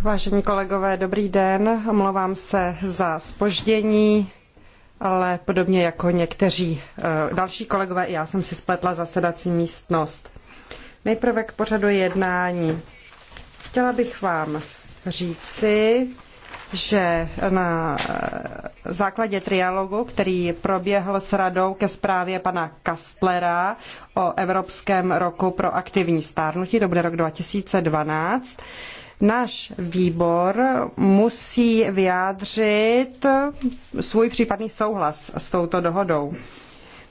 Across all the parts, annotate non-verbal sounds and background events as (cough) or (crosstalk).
Vážení kolegové, dobrý den. Omlouvám se za zpoždění, ale podobně jako někteří eh, další kolegové, já jsem si spletla zasedací místnost. Nejprve k pořadu jednání. Chtěla bych vám říci, že na základě trialogu, který proběhl s radou ke zprávě pana Kastlera o Evropském roku pro aktivní stárnutí, to bude rok 2012, náš výbor musí vyjádřit svůj případný souhlas s touto dohodou.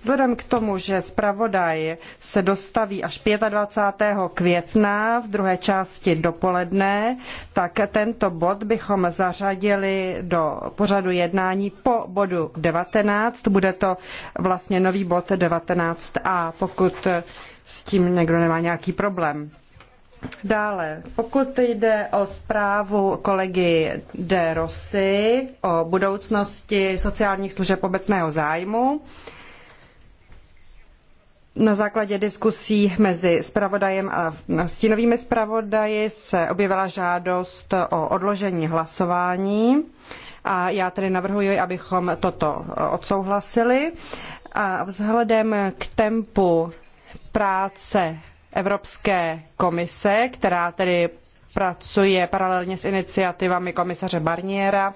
Vzhledem k tomu, že zpravodaj se dostaví až 25. května v druhé části dopoledne, tak tento bod bychom zařadili do pořadu jednání po bodu 19. Bude to vlastně nový bod 19a, pokud s tím někdo nemá nějaký problém. Dále, pokud jde o zprávu kolegy De Rossi o budoucnosti sociálních služeb obecného zájmu, na základě diskusí mezi zpravodajem a stínovými zpravodaji se objevila žádost o odložení hlasování a já tedy navrhuji, abychom toto odsouhlasili. A vzhledem k tempu práce Evropské komise, která tedy pracuje paralelně s iniciativami komisaře Barniera,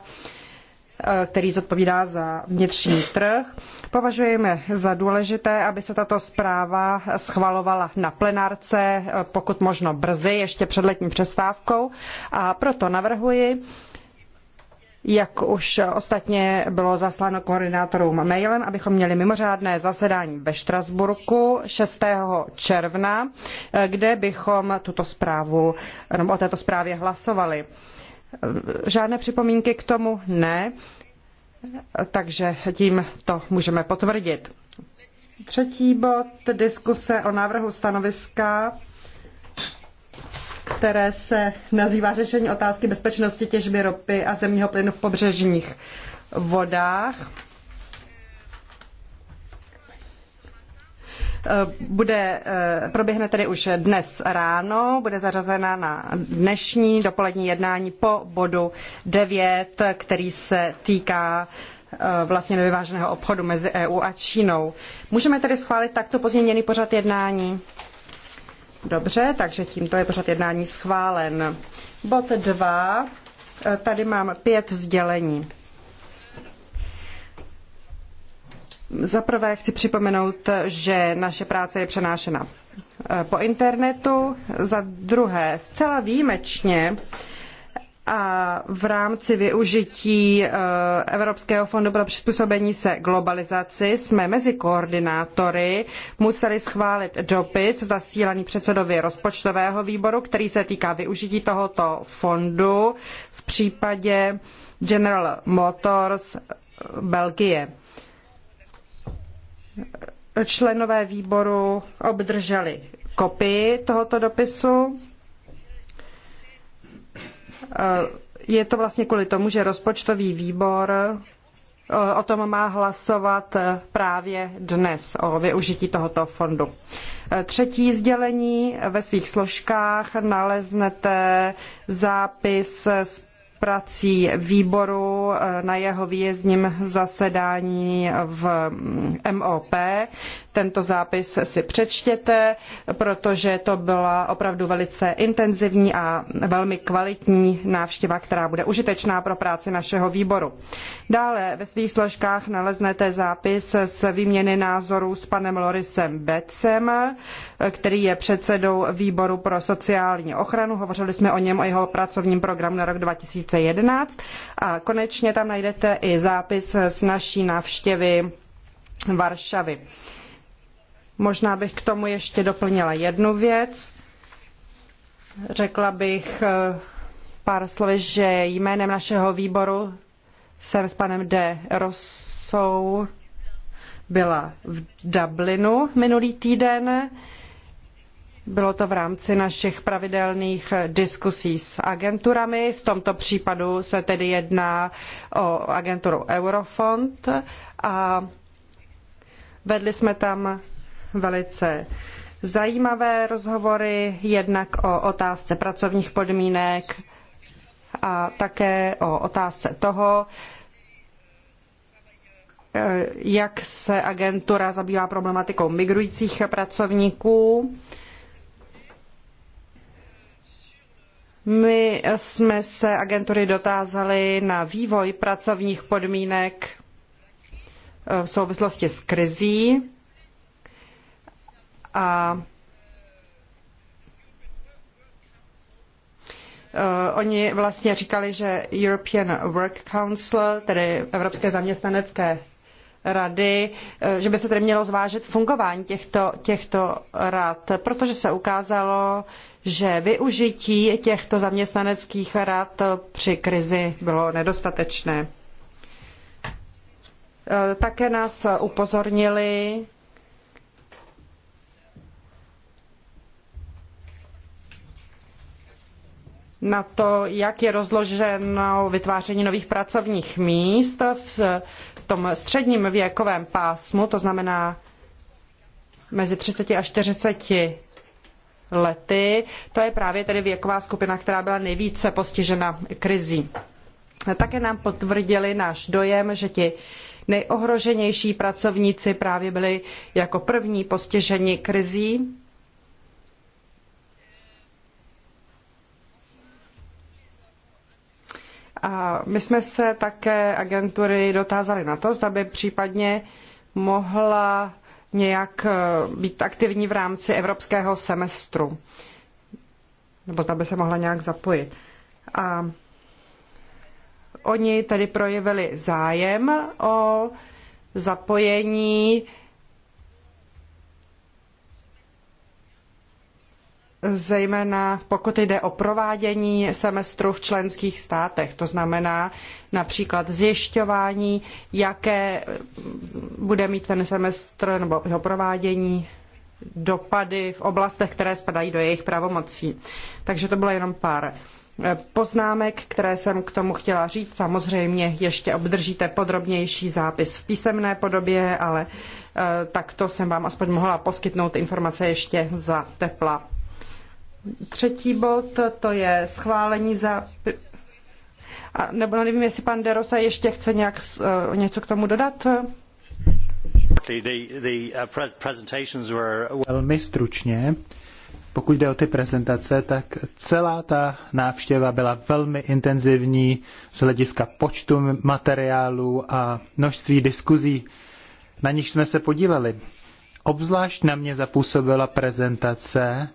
Eh, který zodpovídá za vnitřní trh. Považujeme za důležité, aby se tato zpráva schvalovala na plenárce, eh, pokud možno brzy, ještě před letní přestávkou. A proto navrhuji, jak už ostatně bylo zasláno koordinátorům mailem, abychom měli mimořádné zasedání ve Štrasburku 6. června, eh, kde bychom tuto zprávu, o této zprávě hlasovali. Žádné připomínky k tomu ne, takže tím to můžeme potvrdit. Třetí bod diskuse o návrhu stanoviska, které se nazývá řešení otázky bezpečnosti těžby ropy a zemního plynu v pobřežních vodách. Eh, bude, eh, proběhne tedy už dnes ráno, bude zařazena na dnešní dopolední jednání po bodu 9, který se týká eh, vlastně nevyváženého obchodu mezi EU a Čínou. Můžeme tedy schválit takto pozměněný pořad jednání? Dobře, takže tímto je pořad jednání schválen. Bod 2, tady mám pět sdělení. Za prvé chci připomenout, že naše práce je přenášena eh, po internetu. Za druhé, zcela výjimečně a v rámci využití eh, Evropského fondu pro přizpůsobení se globalizaci jsme mezi koordinátory museli schválit dopis zasílaný předsedovi rozpočtového výboru, který se týká využití tohoto fondu v případě General Motors Belgie členové výboru obdrželi kopii tohoto dopisu. Eh, je to vlastně kvůli tomu, že rozpočtový výbor eh, o tom má hlasovat eh, právě dnes o využití tohoto fondu. Třetí sdělení ve svých složkách naleznete zápis z prací výboru eh, na jeho výjezdním zasedání v MOP. Mm, tento zápis si přečtěte, protože to byla opravdu velice intenzivní a velmi kvalitní návštěva, která bude užitečná pro práci našeho výboru. Dále ve svých složkách naleznete zápis s výměny názorů s panem Lorisem Becem, který je předsedou výboru pro sociální ochranu. Hovořili jsme o něm, o jeho pracovním programu na rok 2011. A konečně tam najdete i zápis z naší návštěvy Varšavy. Možná bych k tomu ještě doplnila jednu věc. Řekla bych eh, pár slov, že jménem našeho výboru jsem s panem De Rossou byla v Dublinu minulý týden. Bylo to v rámci našich pravidelných diskusí s agenturami. V tomto případu se tedy jedná o agenturu Eurofond a vedli jsme tam velice zajímavé rozhovory, jednak o otázce pracovních podmínek a také o otázce toho, eh, jak se agentura zabývá problematikou migrujících pracovníků. My jsme se agentury dotázali na vývoj pracovních podmínek eh, v souvislosti s krizí a eh, oni vlastně říkali, že European Work Council, tedy Evropské zaměstnanecké rady, eh, že by se tedy mělo zvážit fungování těchto, těchto rad, protože se ukázalo, že využití těchto zaměstnaneckých rad při krizi bylo nedostatečné. Eh, také nás upozornili na to, jak je rozloženo vytváření nových pracovních míst v tom středním věkovém pásmu, to znamená mezi 30 a 40 lety. To je právě tedy věková skupina, která byla nejvíce postižena krizí. Také nám potvrdili náš dojem, že ti nejohroženější pracovníci právě byli jako první postiženi krizí A my jsme se také agentury dotázali na to, zda by případně mohla nějak eh, být aktivní v rámci evropského semestru. Nebo zda by se mohla nějak zapojit. A oni tedy projevili zájem o zapojení zejména pokud jde o provádění semestru v členských státech. To znamená například zjišťování, jaké bude mít ten semestr nebo jeho provádění dopady v oblastech, které spadají do jejich pravomocí. Takže to bylo jenom pár eh, poznámek, které jsem k tomu chtěla říct. Samozřejmě ještě obdržíte podrobnější zápis v písemné podobě, ale eh, takto jsem vám aspoň mohla poskytnout informace ještě za tepla Třetí bod, to je schválení za... A, nebo no, nevím, jestli pan Derosa ještě chce nějak uh, něco k tomu dodat. Uh, velmi stručně, pokud jde o ty prezentace, tak celá ta návštěva byla velmi intenzivní z hlediska počtu materiálů a množství diskuzí, na nich jsme se podíleli. Obzvlášť na mě zapůsobila prezentace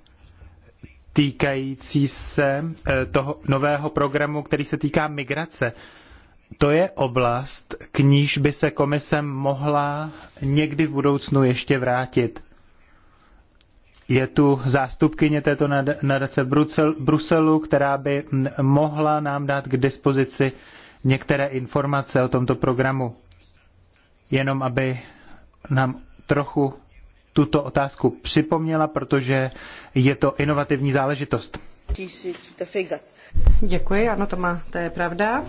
týkající se eh, toho nového programu, který se týká migrace. To je oblast, k níž by se komise mohla někdy v budoucnu ještě vrátit. Je tu zástupkyně této nadace Bruselu, která by mohla nám dát k dispozici některé informace o tomto programu. Jenom aby nám trochu tuto otázku připomněla, protože je to inovativní záležitost. Děkuji, ano, to, má, to je pravda.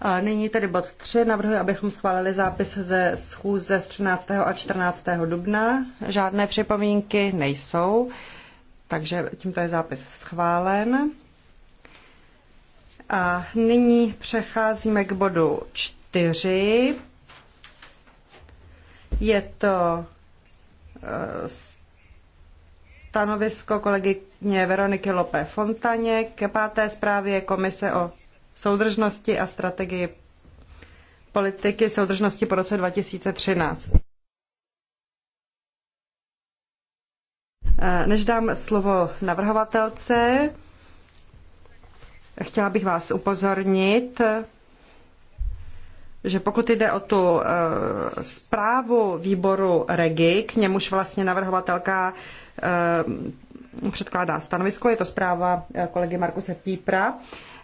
A nyní tedy bod 3. Navrhuji, abychom schválili zápis ze schůze z 13. a 14. dubna. Žádné připomínky nejsou, takže tímto je zápis schválen. A nyní přecházíme k bodu 4. Je to stanovisko kolegyně Veroniky Lope Fontaně k páté zprávě Komise o soudržnosti a strategii politiky soudržnosti po roce 2013. Eh, než dám slovo navrhovatelce, chtěla bych vás upozornit, že pokud jde o tu e, zprávu výboru REGI, k němuž vlastně navrhovatelka e, předkládá stanovisko, je to zpráva eh, kolegy Markuse Pípra,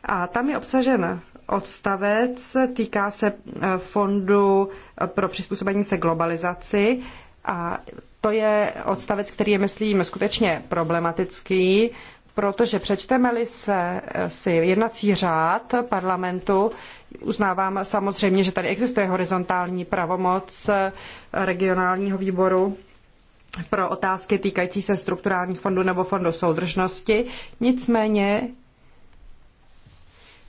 a tam je obsažen odstavec, týká se fondu pro přizpůsobení se globalizaci a to je odstavec, který je, myslím, skutečně problematický protože přečteme-li se si jednací řád parlamentu, uznávám samozřejmě, že tady existuje horizontální pravomoc regionálního výboru pro otázky týkající se strukturálních fondů nebo fondu soudržnosti. Nicméně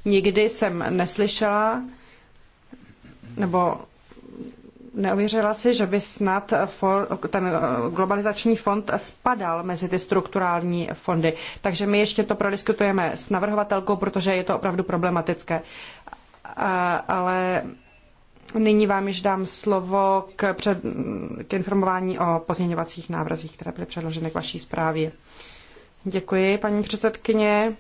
nikdy jsem neslyšela nebo neověřila si, že by snad ten eh, globalizační fond spadal mezi ty strukturální fondy. Takže my ještě to prodiskutujeme s navrhovatelkou, protože je to opravdu problematické. Eh, ale nyní vám již dám slovo k, před, k informování o pozměňovacích návrzích, které byly předloženy k vaší zprávě. Děkuji, paní předsedkyně.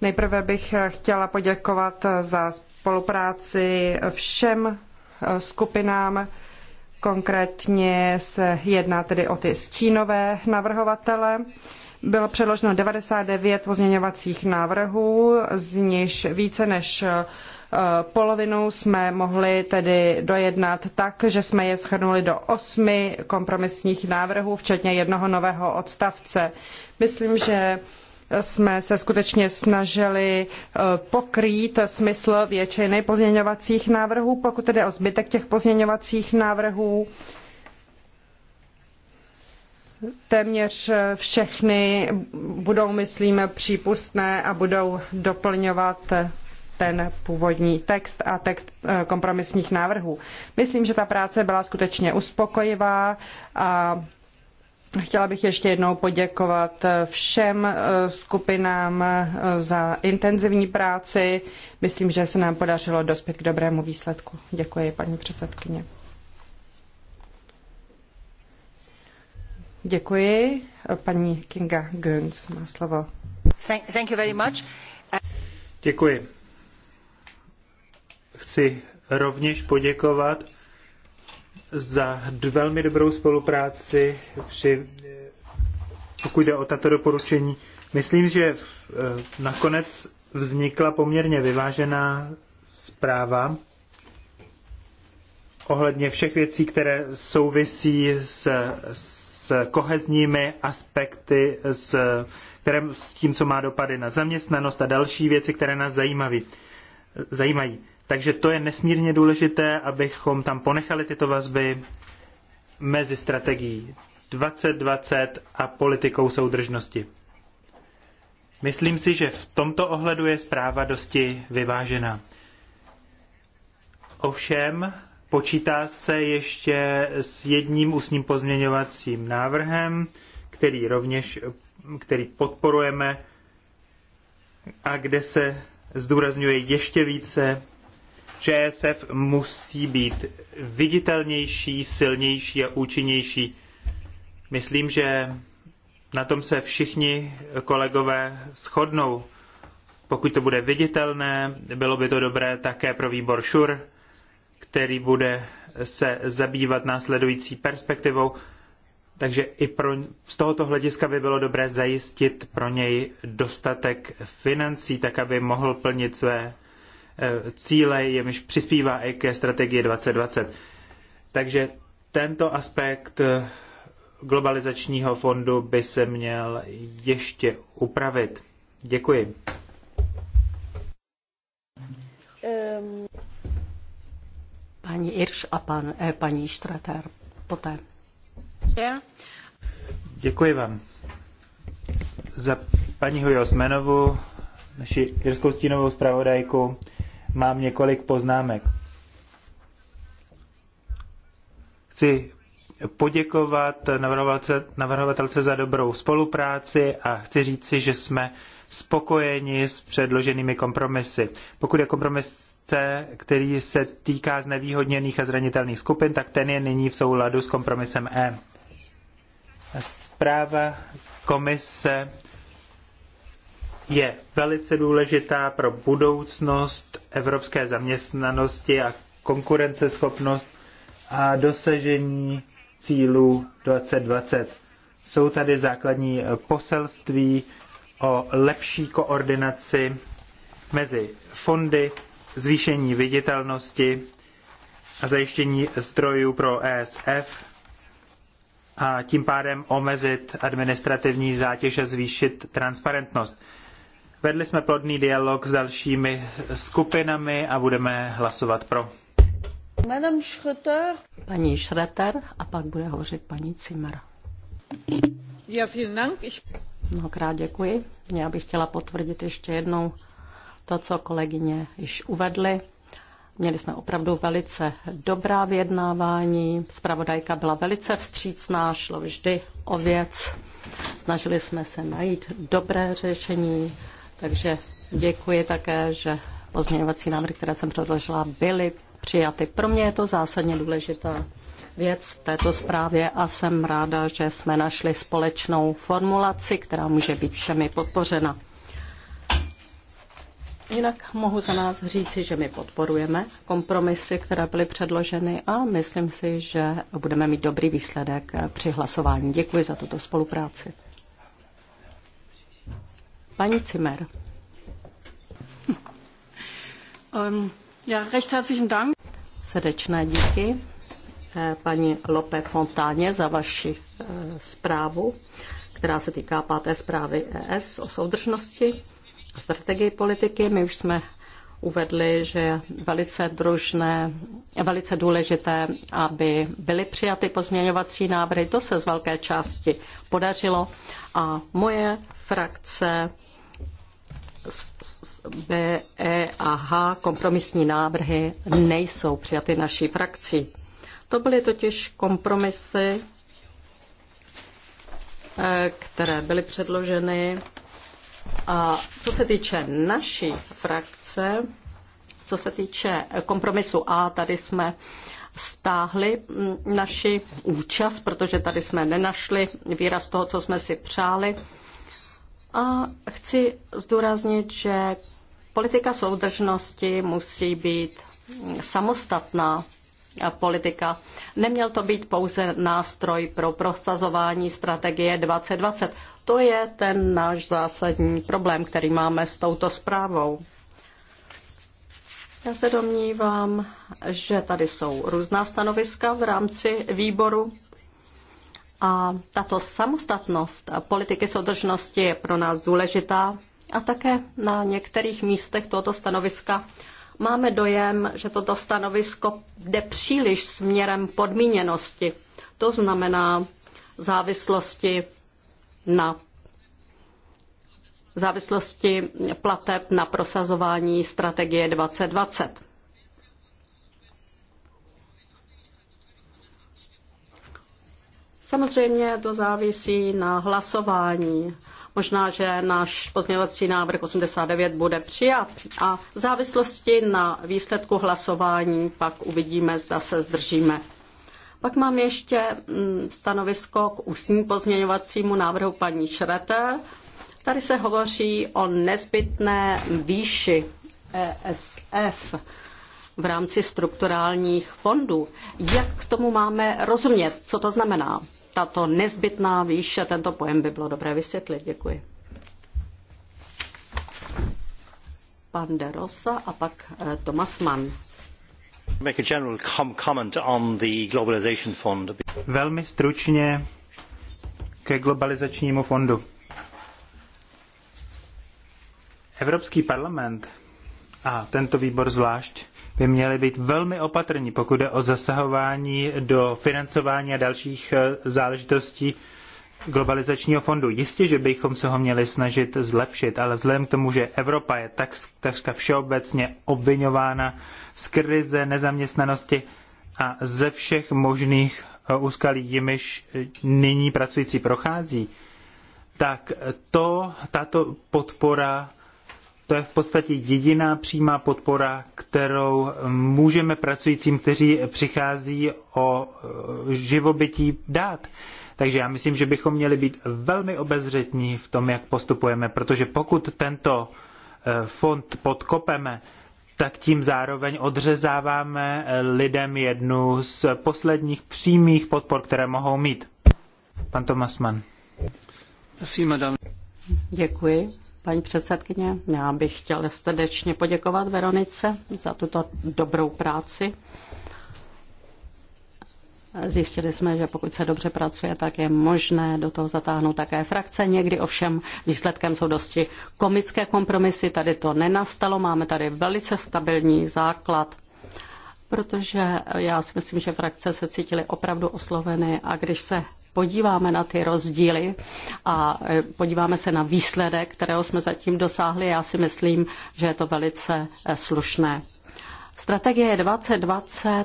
Nejprve bych chtěla poděkovat za spolupráci všem skupinám. Konkrétně se jedná tedy o ty stínové navrhovatele. Bylo předloženo 99 pozměňovacích návrhů, z nichž více než eh, polovinu jsme mohli tedy dojednat tak, že jsme je shrnuli do osmi kompromisních návrhů, včetně jednoho nového odstavce. Myslím, že jsme se skutečně snažili eh, pokrýt smysl většiny pozměňovacích návrhů, pokud jde o zbytek těch pozměňovacích návrhů. Téměř všechny budou, myslím, přípustné a budou doplňovat ten původní text a text eh, kompromisních návrhů. Myslím, že ta práce byla skutečně uspokojivá a Chtěla bych ještě jednou poděkovat eh, všem eh, skupinám eh, za intenzivní práci. Myslím, že se nám podařilo dospět k dobrému výsledku. Děkuji, paní předsedkyně. Děkuji. Paní Kinga Gönz má slovo. Thank you very much. Děkuji. Chci rovněž poděkovat za velmi dobrou spolupráci při, pokud jde o tato doporučení. Myslím, že eh, nakonec vznikla poměrně vyvážená zpráva ohledně všech věcí, které souvisí s, s kohezními aspekty, s, které, s tím, co má dopady na zaměstnanost a další věci, které nás zajímaví, zajímají. Takže to je nesmírně důležité, abychom tam ponechali tyto vazby mezi strategií 2020 a politikou soudržnosti. Myslím si, že v tomto ohledu je zpráva dosti vyvážená. Ovšem, počítá se ještě s jedním ústním pozměňovacím návrhem, který rovněž který podporujeme a kde se zdůrazňuje ještě více ČSF musí být viditelnější, silnější a účinnější. Myslím, že na tom se všichni kolegové shodnou. Pokud to bude viditelné, bylo by to dobré také pro výbor ŠUR, který bude se zabývat následující perspektivou. Takže i pro, z tohoto hlediska by bylo dobré zajistit pro něj dostatek financí, tak aby mohl plnit své cíle, jimž přispívá i ke strategii 2020. Takže tento aspekt eh, globalizačního fondu by se měl ještě upravit. Děkuji. Um. Paní Irš a pan, eh, paní Štrater poté. Yeah. Děkuji vám. Za paní Hojosmenovu, naši irskou stínovou zpravodajku, mám několik poznámek. Chci poděkovat navrhovatelce za dobrou spolupráci a chci si, že jsme spokojeni s předloženými kompromisy. Pokud je kompromis C, který se týká znevýhodněných a zranitelných skupin, tak ten je nyní v souladu s kompromisem E. Zpráva komise je velice důležitá pro budoucnost evropské zaměstnanosti a konkurenceschopnost a dosažení cílů 2020. Jsou tady základní poselství o lepší koordinaci mezi fondy, zvýšení viditelnosti a zajištění zdrojů pro ESF a tím pádem omezit administrativní zátěž a zvýšit transparentnost. Vedli jsme plodný dialog s dalšími skupinami a budeme hlasovat pro. Madame Schröter. Paní Schröter a pak bude hovořit paní Cimera. Ja, vielen Dank. Ich... Mnohokrát děkuji. Já bych chtěla potvrdit ještě jednou to, co kolegyně již uvedly. Měli jsme opravdu velice dobrá vyjednávání. Spravodajka byla velice vstřícná, šlo vždy o věc. Snažili jsme se najít dobré řešení takže děkuji také, že pozměňovací návrhy, které jsem předložila, byly přijaty. Pro mě je to zásadně důležitá věc v této zprávě a jsem ráda, že jsme našli společnou formulaci, která může být všemi podpořena. Jinak mohu za nás říci, že my podporujeme kompromisy, které byly předloženy a myslím si, že budeme mít dobrý výsledek při hlasování. Děkuji za tuto spolupráci. Paní Cimer. Um, ja, recht herzlichen Dank. Srdečné díky eh, paní Lope Fontáně za vaši eh, zprávu, která se týká páté zprávy ES o soudržnosti a strategii politiky. My už jsme uvedli, že je velice družné, velice důležité, aby byly přijaty pozměňovací návrhy. To se z velké části podařilo a moje frakce B, E a H kompromisní návrhy nejsou přijaty naší frakcí. To byly totiž kompromisy, eh, které byly předloženy. A co se týče naší frakce, co se týče kompromisu A, tady jsme stáhli mm, naši účast, protože tady jsme nenašli výraz toho, co jsme si přáli. A chci zdůraznit, že politika soudržnosti musí být samostatná politika. Neměl to být pouze nástroj pro prosazování strategie 2020. To je ten náš zásadní problém, který máme s touto zprávou. Já se domnívám, že tady jsou různá stanoviska v rámci výboru. A tato samostatnost politiky soudržnosti je pro nás důležitá a také na některých místech tohoto stanoviska máme dojem, že toto stanovisko jde příliš směrem podmíněnosti. To znamená závislosti na závislosti plateb na prosazování strategie 2020. Samozřejmě to závisí na hlasování. Možná, že náš pozměňovací návrh 89 bude přijat a v závislosti na výsledku hlasování pak uvidíme, zda se zdržíme. Pak mám ještě mm, stanovisko k ústním pozměňovacímu návrhu paní Šrete. Tady se hovoří o nezbytné výši ESF v rámci strukturálních fondů. Jak k tomu máme rozumět? Co to znamená? tato nezbytná výše, tento pojem by bylo dobré vysvětlit. Děkuji. Pan De Rosa a pak eh, Thomas Mann. Make a general comment on the globalization fund. Velmi stručně ke globalizačnímu fondu. Evropský parlament a tento výbor zvlášť by měli být velmi opatrní, pokud jde o zasahování do financování a dalších eh, záležitostí globalizačního fondu. Jistě, že bychom se ho měli snažit zlepšit, ale vzhledem k tomu, že Evropa je tak, takřka všeobecně obvinována z krize nezaměstnanosti a ze všech možných eh, úskalí, jimiž eh, nyní pracující prochází, tak to, tato podpora to je v podstatě jediná přímá podpora, kterou můžeme pracujícím, kteří přichází o eh, živobytí dát. Takže já myslím, že bychom měli být velmi obezřetní v tom, jak postupujeme, protože pokud tento eh, fond podkopeme, tak tím zároveň odřezáváme eh, lidem jednu z posledních přímých podpor, které mohou mít. Pan Tomasman. Děkuji. Paní předsedkyně, já bych chtěla srdečně poděkovat Veronice za tuto dobrou práci. Zjistili jsme, že pokud se dobře pracuje, tak je možné do toho zatáhnout také frakce. Někdy ovšem výsledkem jsou dosti komické kompromisy. Tady to nenastalo, máme tady velice stabilní základ protože já si myslím, že frakce se cítily opravdu osloveny a když se podíváme na ty rozdíly a e, podíváme se na výsledek, kterého jsme zatím dosáhli, já si myslím, že je to velice e, slušné. Strategie 2020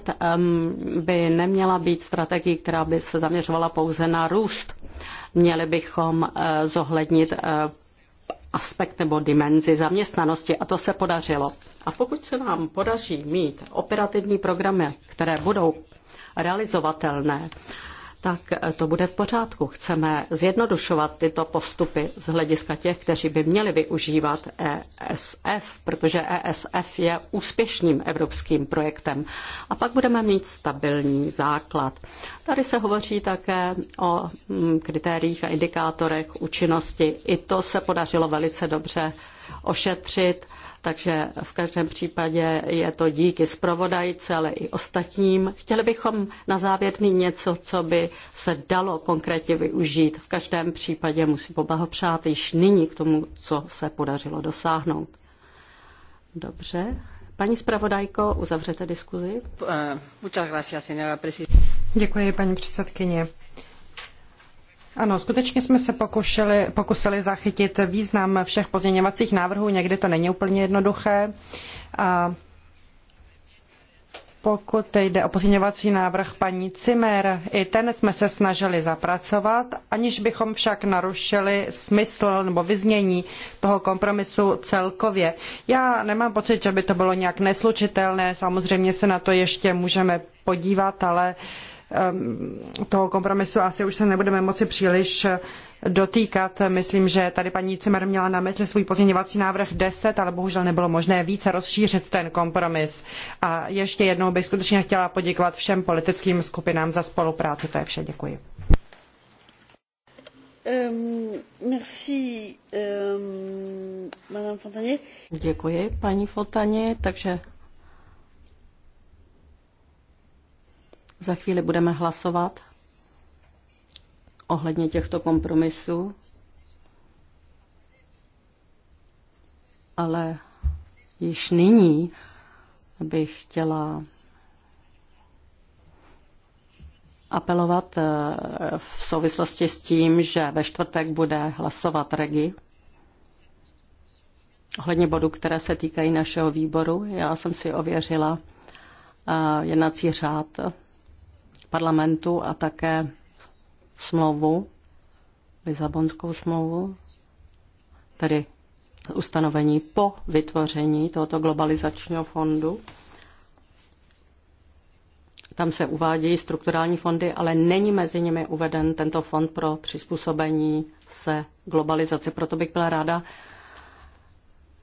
by neměla být strategií, která by se zaměřovala pouze na růst. Měli bychom e, zohlednit aspekt nebo dimenzi zaměstnanosti a to se podařilo. A pokud se nám podaří mít operativní programy, které budou realizovatelné, tak to bude v pořádku. Chceme zjednodušovat tyto postupy z hlediska těch, kteří by měli využívat ESF, protože ESF je úspěšným evropským projektem. A pak budeme mít stabilní základ. Tady se hovoří také o mm, kritériích a indikátorech účinnosti. I to se podařilo velice dobře ošetřit takže v každém případě je to díky zpravodajce, ale i ostatním. Chtěli bychom na závěr mít něco, co by se dalo konkrétně využít. V každém případě musím poblahopřát již nyní k tomu, co se podařilo dosáhnout. Dobře. Paní zpravodajko, uzavřete diskuzi. Eh, Děkuji, paní předsedkyně. Ano, skutečně jsme se pokušeli, pokusili zachytit význam všech pozměňovacích návrhů, někdy to není úplně jednoduché. A pokud jde o pozměňovací návrh paní Cimer, i ten jsme se snažili zapracovat, aniž bychom však narušili smysl nebo vyznění toho kompromisu celkově. Já nemám pocit, že by to bylo nějak neslučitelné, samozřejmě se na to ještě můžeme podívat, ale uh, Ehm, toho kompromisu asi už se nebudeme moci příliš dotýkat. Myslím, že tady paní Cimer měla na mysli svůj pozměňovací návrh 10, ale bohužel nebylo možné více rozšířit ten kompromis. A ještě jednou bych skutečně chtěla poděkovat všem politickým skupinám za spolupráci. To je vše. Děkuji. Um, merci, um, Děkuji, paní Fontanier. Takže Za chvíli budeme hlasovat ohledně těchto kompromisů, ale již nyní bych chtěla apelovat eh, v souvislosti s tím, že ve čtvrtek bude hlasovat Regi ohledně bodu, které se týkají našeho výboru. Já jsem si ověřila eh, jednací řád parlamentu a také smlouvu, Lisabonskou smlouvu, tedy ustanovení po vytvoření tohoto globalizačního fondu. Tam se uvádějí strukturální fondy, ale není mezi nimi uveden tento fond pro přizpůsobení se globalizaci. Proto bych byla ráda,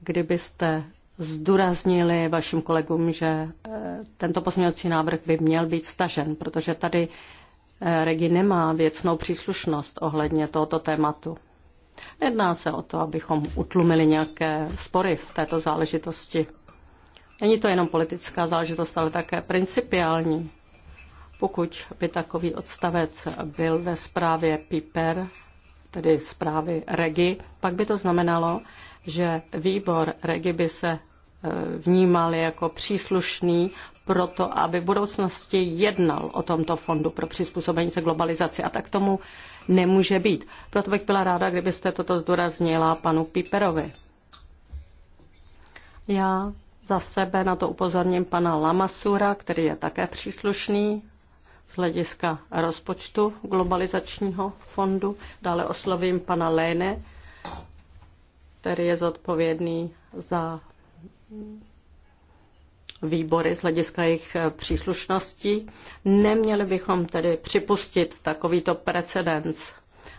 kdybyste zdůraznili vašim kolegům, že eh, tento pozměňovací návrh by měl být stažen, protože tady eh, Regi nemá věcnou příslušnost ohledně tohoto tématu. Jedná se o to, abychom utlumili nějaké spory v této záležitosti. Není to jenom politická záležitost, ale také principiální. Pokud by takový odstavec byl ve zprávě PIPER, tedy zprávy REGI, pak by to znamenalo, že výbor Regi by se e, vnímal jako příslušný pro to, aby v budoucnosti jednal o tomto fondu pro přizpůsobení se globalizaci. A tak tomu nemůže být. Proto bych byla ráda, kdybyste toto zdůraznila panu Piperovi. Já za sebe na to upozorním pana Lamasura, který je také příslušný z hlediska rozpočtu globalizačního fondu. Dále oslovím pana Léne, který je zodpovědný za výbory z hlediska jejich eh, příslušností. Neměli bychom tedy připustit takovýto precedens.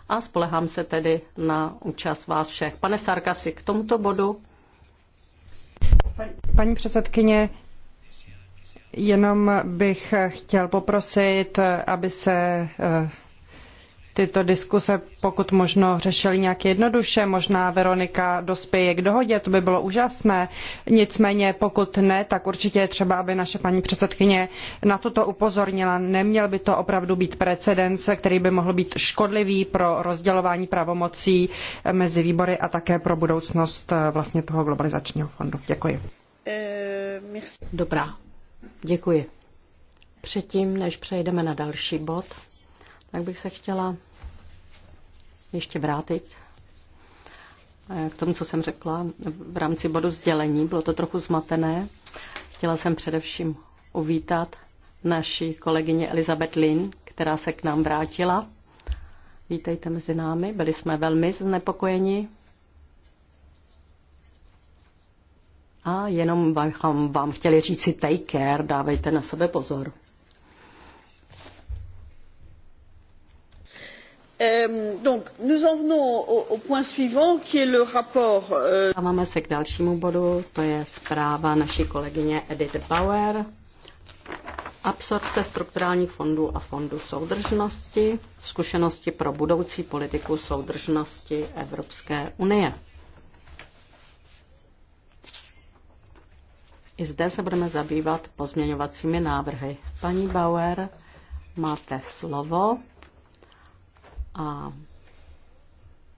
A spolehám se tedy na účast vás všech. Pane Sarkasi, k tomuto bodu. Paní předsedkyně, jenom bych chtěl poprosit, aby se eh, tyto diskuse pokud možno řešili nějak jednoduše. Možná Veronika dospěje k dohodě, to by bylo úžasné. Nicméně pokud ne, tak určitě je třeba, aby naše paní předsedkyně na toto upozornila. Neměl by to opravdu být precedens, který by mohl být škodlivý pro rozdělování pravomocí mezi výbory a také pro budoucnost eh, vlastně toho globalizačního fondu. Děkuji. Eh, Dobrá, děkuji. Předtím, než přejdeme na další bod, tak bych se chtěla ještě vrátit k tomu, co jsem řekla v rámci bodu sdělení. Bylo to trochu zmatené. Chtěla jsem především uvítat naši kolegyně Elizabeth Lin, která se k nám vrátila. Vítejte mezi námi. Byli jsme velmi znepokojeni. A jenom vám, vám chtěli si take care, dávejte na sebe pozor. Ehm, donc, nous en venons au, au point suivant, qui est le rapport. Euh, se k dalšímu bodu, to je zpráva naší kolegyně Edith Bauer. Absorce strukturálních fondů a fondů soudržnosti, zkušenosti pro budoucí politiku soudržnosti Evropské unie. I zde se budeme zabývat pozměňovacími návrhy. Paní Bauer, máte slovo. A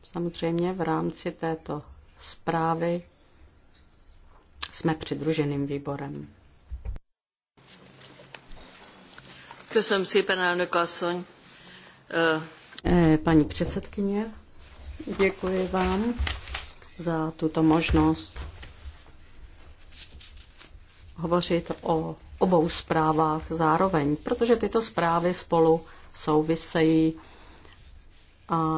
samozřejmě v rámci této zprávy jsme přidruženým výborem. Köszönöm si elnök Nekasoň. Eh, paní předsedkyně, děkuji vám za tuto možnost hovořit o obou zprávách zároveň, protože tyto zprávy spolu souvisejí a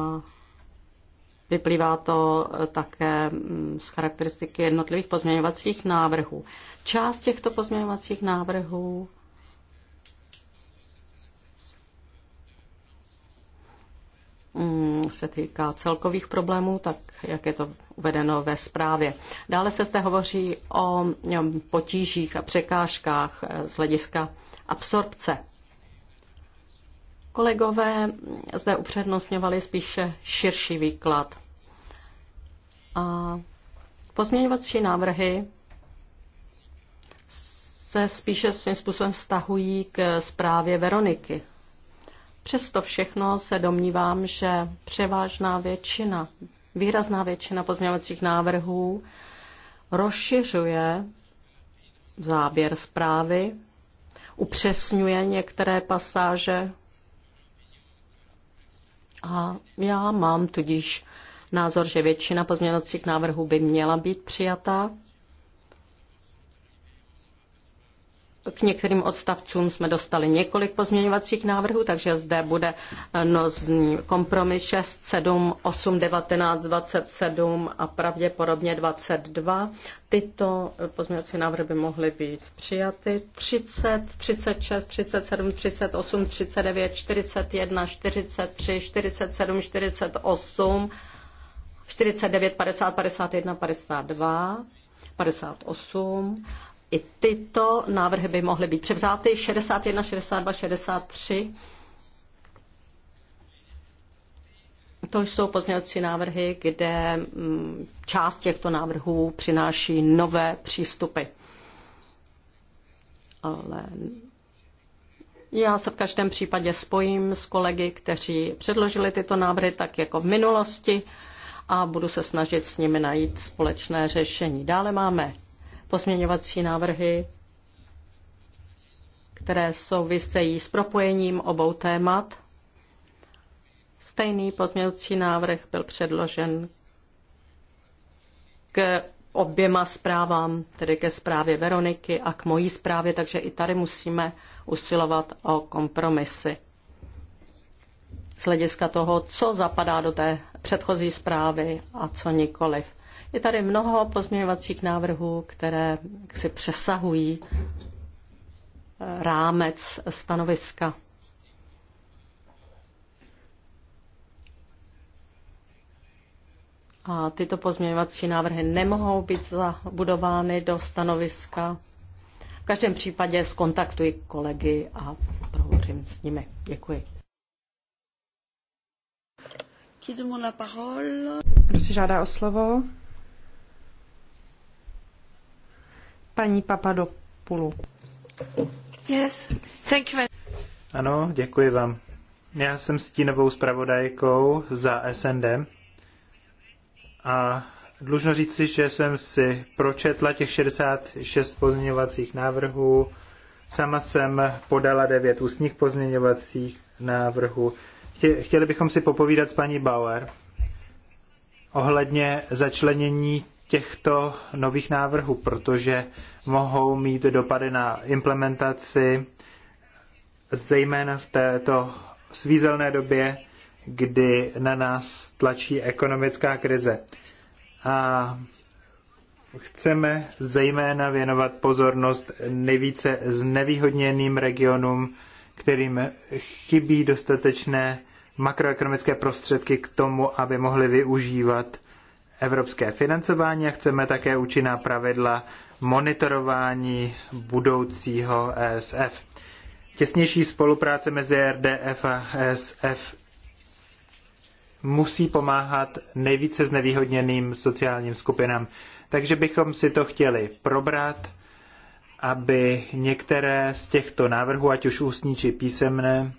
Vyplývá to také mm, z charakteristiky jednotlivých pozměňovacích návrhů. Část těchto pozměňovacích návrhů mm, se týká celkových problémů, tak jak je to uvedeno ve zprávě. Dále se zde hovoří o potížích a překážkách eh, z hlediska absorpce Kolegové zde upřednostňovali spíše širší výklad. A pozměňovací návrhy se spíše svým způsobem vztahují k zprávě Veroniky. Přesto všechno se domnívám, že převážná většina, výrazná většina pozměňovacích návrhů rozšiřuje záběr zprávy, upřesňuje některé pasáže a já mám tudíž názor, že většina pozměňovacích návrhů by měla být přijatá k některým odstavcům jsme dostali několik pozměňovacích návrhů, takže zde bude eh, nozní kompromis 6, 7, 8, 19, 27 a pravděpodobně 22. Tyto eh, pozměňovací návrhy by mohly být přijaty. 30, 36, 37, 38, 39, 41, 43, 47, 48, 49, 50, 51, 52, 58 i tyto návrhy by mohly být převzáty. 61, 62, 63. To jsou pozměňovací návrhy, kde mm, část těchto návrhů přináší nové přístupy. Ale já se v každém případě spojím s kolegy, kteří předložili tyto návrhy tak jako v minulosti a budu se snažit s nimi najít společné řešení. Dále máme pozměňovací návrhy, které souvisejí s propojením obou témat. Stejný pozměňovací návrh byl předložen k oběma zprávám, tedy ke zprávě Veroniky a k mojí zprávě, takže i tady musíme usilovat o kompromisy. Z hlediska toho, co zapadá do té předchozí zprávy a co nikoliv. Je tady mnoho pozměňovacích návrhů, které si přesahují eh, rámec stanoviska. A tyto pozměňovací návrhy nemohou být zabudovány do stanoviska. V každém případě skontaktuji kolegy a prohovořím s nimi. Děkuji. Kdo si žádá o slovo? paní Papadopoulou. Yes, thank you. Ano, děkuji vám. Já jsem stínovou zpravodajkou za SND a dlužno říci, že jsem si pročetla těch 66 pozměňovacích návrhů. Sama jsem podala 9 ústních pozměňovacích návrhů. Chtěli bychom si popovídat s paní Bauer ohledně začlenění těchto nových návrhů, protože mohou mít dopady na implementaci, zejména v této svízelné době, kdy na nás tlačí ekonomická krize. A chceme zejména věnovat pozornost nejvíce znevýhodněným regionům, kterým chybí dostatečné makroekonomické prostředky k tomu, aby mohli využívat evropské financování a chceme také účinná pravidla monitorování budoucího ESF. Těsnější spolupráce mezi e RDF a ESF musí pomáhat nejvíce znevýhodněným sociálním skupinám. Takže bychom si to chtěli probrat, aby některé z těchto návrhů, ať už ústní či písemné,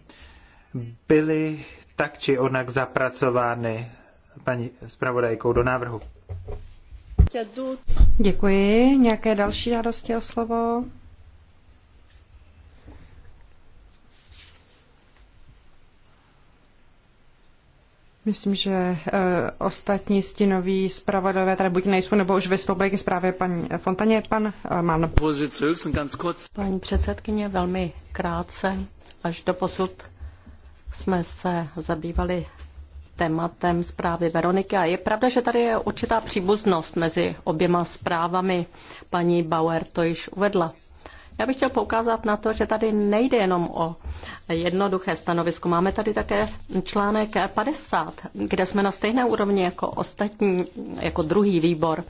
byly tak či onak zapracovány paní zpravodajkou do návrhu. Děkuji. Nějaké další žádosti o slovo? Myslím, že e, ostatní stinoví zpravodové tady buď nejsou, nebo už vystoupili k zprávě paní Fontaně. Pan e, Mann. Paní předsedkyně, velmi krátce. Až do posud jsme se zabývali tématem zprávy Veroniky. A je pravda, že tady je určitá příbuznost mezi oběma zprávami. Paní Bauer to již uvedla. Já bych chtěl poukázat na to, že tady nejde jenom o jednoduché stanovisko. Máme tady také článek 50, kde jsme na stejné úrovni jako ostatní, jako druhý výbor.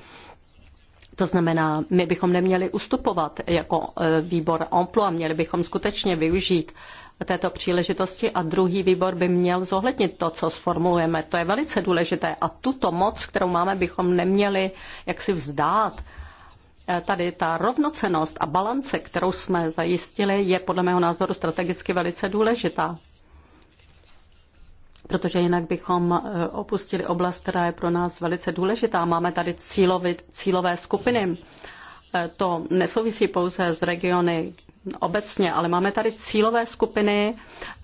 To znamená, my bychom neměli ustupovat jako e, výbor OMPLO a měli bychom skutečně využít uh, této příležitosti a druhý výbor by měl zohlednit to, co sformulujeme. To je velice důležité a tuto moc, kterou máme, bychom neměli jaksi vzdát. E, tady ta rovnocenost a balance, kterou jsme zajistili, je podle mého názoru strategicky velice důležitá. Protože jinak bychom e, opustili oblast, která je pro nás velice důležitá. Máme tady cílovit, cílové skupiny. E, to nesouvisí pouze s regiony, obecně, ale máme tady cílové skupiny,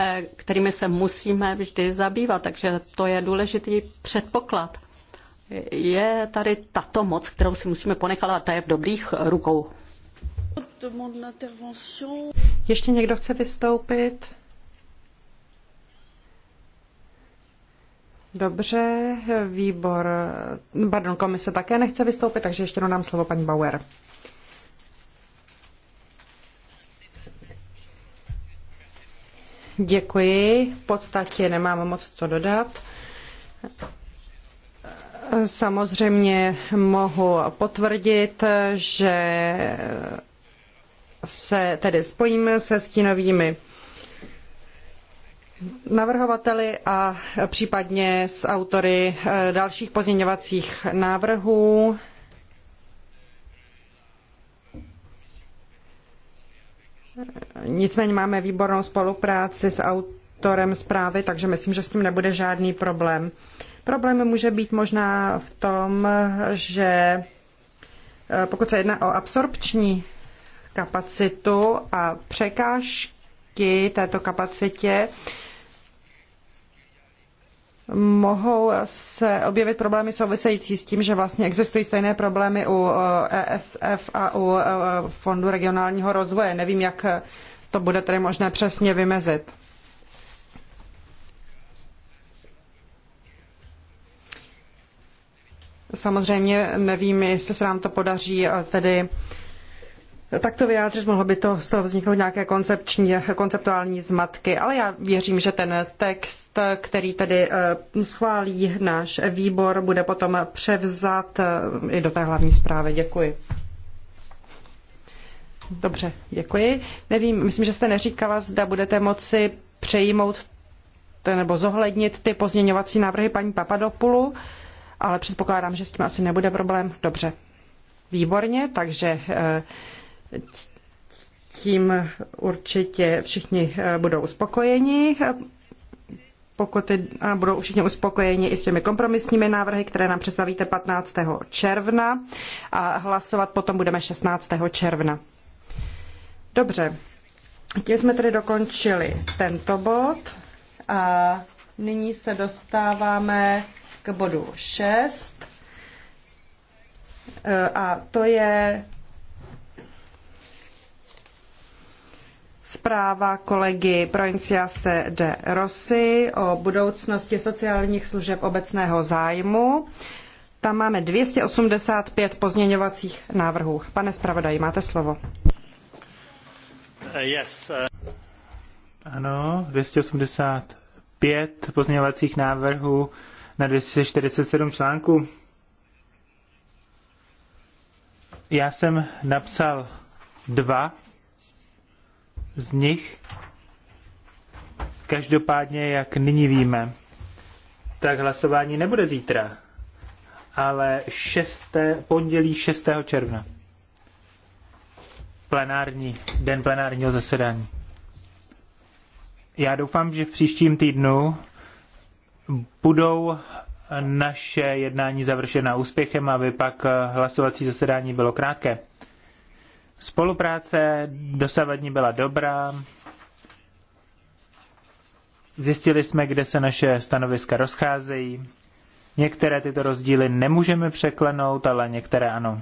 eh, kterými se musíme vždy zabývat, takže to je důležitý předpoklad. Je tady tato moc, kterou si musíme ponechat a ta je v dobrých rukou. Ještě někdo chce vystoupit? Dobře, výbor, pardon, komise také nechce vystoupit, takže ještě jednou dám slovo paní Bauer. Děkuji. V podstatě nemám moc co dodat. Samozřejmě mohu potvrdit, že se tedy spojíme se stínovými navrhovateli a případně s autory dalších pozměňovacích návrhů Nicméně máme výbornou spolupráci s autorem zprávy, takže myslím, že s tím nebude žádný problém. Problém může být možná v tom, že eh, pokud se jedná o absorpční kapacitu a překážky této kapacitě, mohou se objevit problémy související s tím, že vlastně existují stejné problémy u ESF eh, e a u eh, Fondu regionálního rozvoje. Nevím, jak to bude tedy možné přesně vymezit. Samozřejmě nevím, jestli se nám to podaří eh, tedy takto vyjádřit, mohlo by to z toho vzniknout nějaké koncepční, konceptuální zmatky, ale já věřím, že ten text, který tedy eh, schválí náš výbor, bude potom převzat eh, i do té hlavní zprávy. Děkuji. Dobře, děkuji. Nevím, myslím, že jste neříkala, zda budete moci přejmout nebo zohlednit ty pozměňovací návrhy paní Papadopulu, ale předpokládám, že s tím asi nebude problém. Dobře, výborně, takže eh, tím určitě všichni eh, budou uspokojeni. pokud budou všichni uspokojeni i s těmi kompromisními návrhy, které nám představíte 15. června a hlasovat potom budeme 16. června. Dobře, tím jsme tedy dokončili tento bod a nyní se dostáváme k bodu 6 eh, a to je zpráva kolegy Provinciase de Rossi o budoucnosti sociálních služeb obecného zájmu. Tam máme 285 pozměňovacích návrhů. Pane zpravodaji, máte slovo. Uh, yes, uh... Ano, 285 pozměňovacích návrhů na 247 článků. Já jsem napsal dva z nich. Každopádně, jak nyní víme, tak hlasování nebude zítra, ale 6. pondělí 6. června. Plenární, den plenárního zasedání. Já doufám, že v příštím týdnu budou naše jednání završena úspěchem, aby pak hlasovací zasedání bylo krátké. Spolupráce dosavadní byla dobrá. Zjistili jsme, kde se naše stanoviska rozcházejí. Některé tyto rozdíly nemůžeme překlenout, ale některé ano.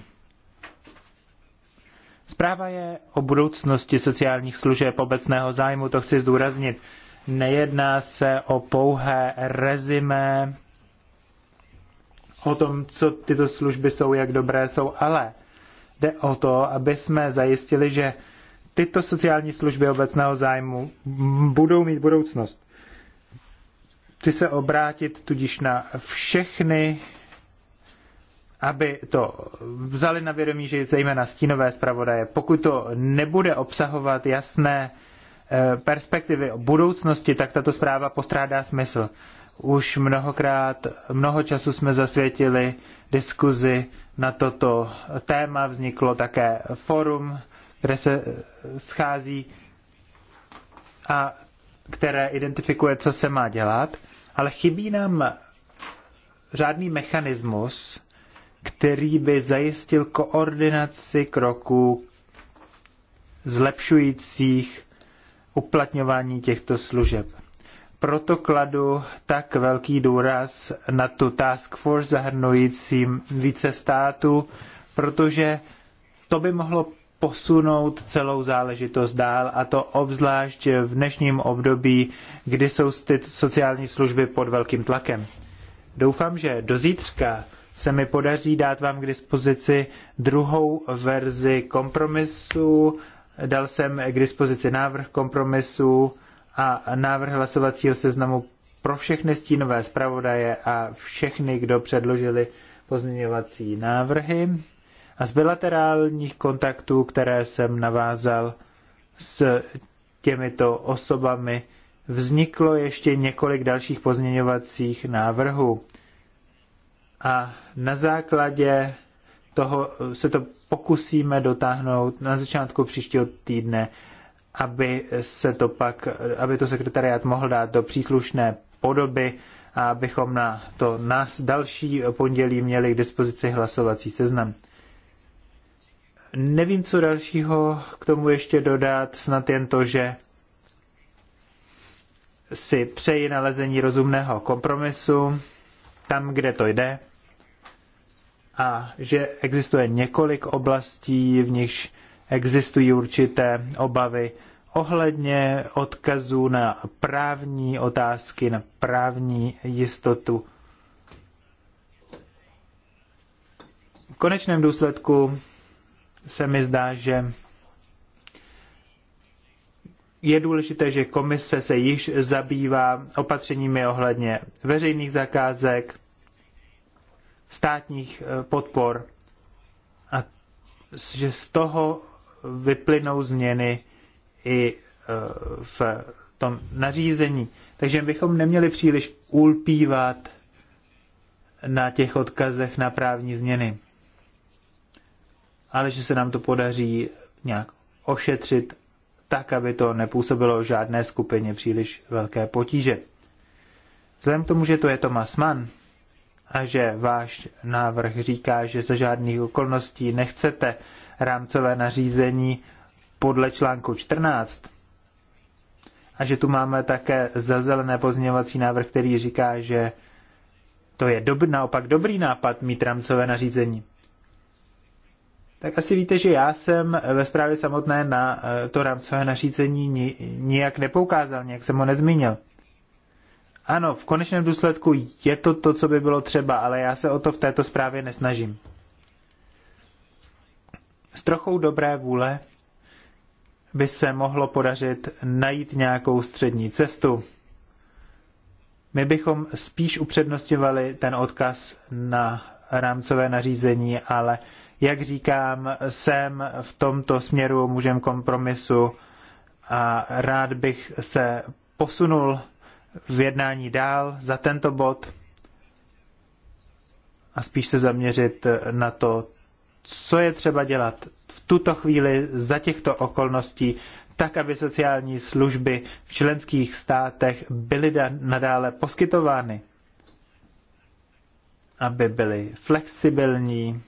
Zpráva je o budoucnosti sociálních služeb obecného zájmu, to chci zdůraznit. Nejedná se o pouhé rezime o tom, co tyto služby jsou, jak dobré jsou, ale Jde o to, aby jsme zajistili, že tyto sociální služby obecného zájmu budou mít budoucnost. Chci se obrátit tudíž na všechny, aby to vzali na vědomí, že zejména stínové zpravodaje, pokud to nebude obsahovat jasné eh, perspektivy o budoucnosti, tak tato zpráva postrádá smysl. Už mnohokrát, mnoho času jsme zasvětili diskuzi na toto téma. Vzniklo také forum, kde se schází a které identifikuje, co se má dělat, ale chybí nám žádný mechanismus, který by zajistil koordinaci kroků zlepšujících uplatňování těchto služeb. Proto kladu tak velký důraz na tu task force zahrnující více států, protože to by mohlo posunout celou záležitost dál a to obzvlášť v dnešním období, kdy jsou ty sociální služby pod velkým tlakem. Doufám, že do zítřka se mi podaří dát vám k dispozici druhou verzi kompromisu. Dal jsem k dispozici návrh kompromisu a návrh hlasovacího seznamu pro všechny stínové zpravodaje a všechny, kdo předložili pozměňovací návrhy. A z bilaterálních kontaktů, které jsem navázal s těmito osobami, vzniklo ještě několik dalších pozměňovacích návrhů. A na základě toho se to pokusíme dotáhnout na začátku příštího týdne aby se to pak, aby to sekretariát mohl dát do příslušné podoby a abychom na to nás další pondělí měli k dispozici hlasovací seznam. Nevím, co dalšího k tomu ještě dodat, snad jen to, že si přeji nalezení rozumného kompromisu tam, kde to jde a že existuje několik oblastí, v nichž existují určité obavy ohledně odkazů na právní otázky, na právní jistotu. V konečném důsledku se mi zdá, že je důležité, že komise se již zabývá opatřeními ohledně veřejných zakázek, státních eh, podpor a že z toho vyplynou změny i e, v tom nařízení. Takže bychom neměli příliš ulpívat na těch odkazech na právní změny. Ale že se nám to podaří nějak ošetřit tak, aby to nepůsobilo žádné skupině příliš velké potíže. Vzhledem k tomu, že to je Thomas Mann a že váš návrh říká, že za žádných okolností nechcete rámcové nařízení podle článku 14 a že tu máme také zazelené pozměňovací návrh, který říká, že to je dob, naopak dobrý nápad mít rámcové nařízení. Tak asi víte, že já jsem ve zprávě samotné na eh, to rámcové nařízení nijak nepoukázal, nějak jsem ho nezmínil. Ano, v konečném důsledku je to to, co by bylo třeba, ale já se o to v této zprávě nesnažím. S trochou dobré vůle by se mohlo podařit najít nějakou střední cestu. My bychom spíš upřednostňovali ten odkaz na rámcové nařízení, ale jak říkám, jsem v tomto směru můžem kompromisu a rád bych se posunul v jednání dál za tento bod a spíš se zaměřit na to, co je třeba dělat v tuto chvíli za těchto okolností, tak aby sociální služby v členských státech byly nadále poskytovány, aby byly flexibilní,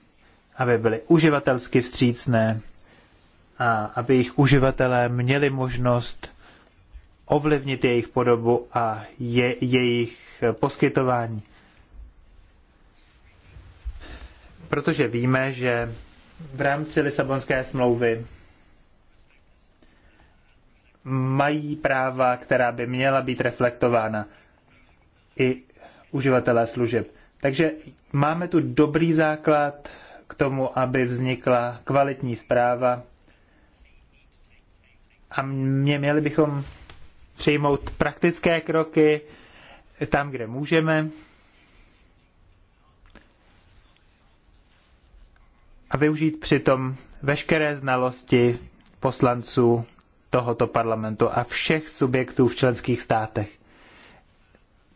aby byly uživatelsky vstřícné a aby jejich uživatelé měli možnost ovlivnit jejich podobu a je, jejich poskytování. protože víme, že v rámci Lisabonské smlouvy mají práva, která by měla být reflektována i uživatelé služeb. Takže máme tu dobrý základ k tomu, aby vznikla kvalitní zpráva a mě, měli bychom přijmout praktické kroky tam, kde můžeme a využít přitom veškeré znalosti poslanců tohoto parlamentu a všech subjektů v členských státech.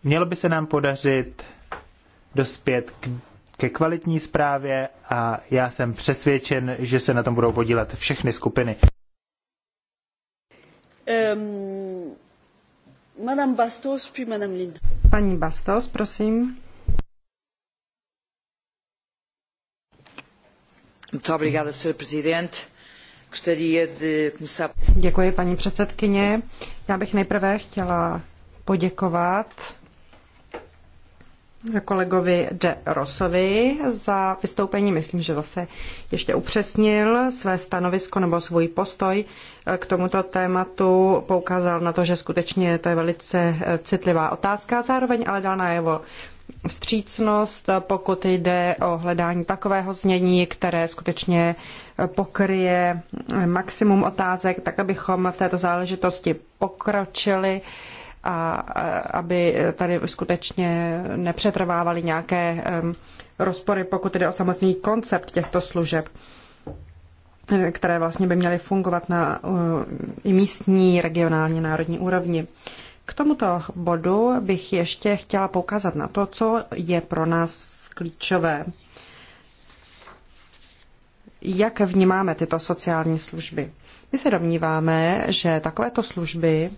Mělo by se nám podařit dospět k, ke kvalitní zprávě a já jsem přesvědčen, že se na tom budou podílet všechny skupiny. Um, Madame Bastos, puis Madame Paní Bastos, prosím. Děkuji, paní předsedkyně. Já bych nejprve chtěla poděkovat kolegovi De Rosovi za vystoupení. Myslím, že zase ještě upřesnil své stanovisko nebo svůj postoj k tomuto tématu. Poukázal na to, že skutečně to je velice citlivá otázka, zároveň ale dal najevo vstřícnost, pokud jde o hledání takového znění, které skutečně pokryje maximum otázek, tak abychom v této záležitosti pokročili a aby tady skutečně nepřetrvávaly nějaké rozpory, pokud jde o samotný koncept těchto služeb které vlastně by měly fungovat na i místní, regionální, národní úrovni. K tomuto bodu bych ještě chtěla poukázat na to, co je pro nás klíčové. Jak vnímáme tyto sociální služby? My se domníváme, že takovéto služby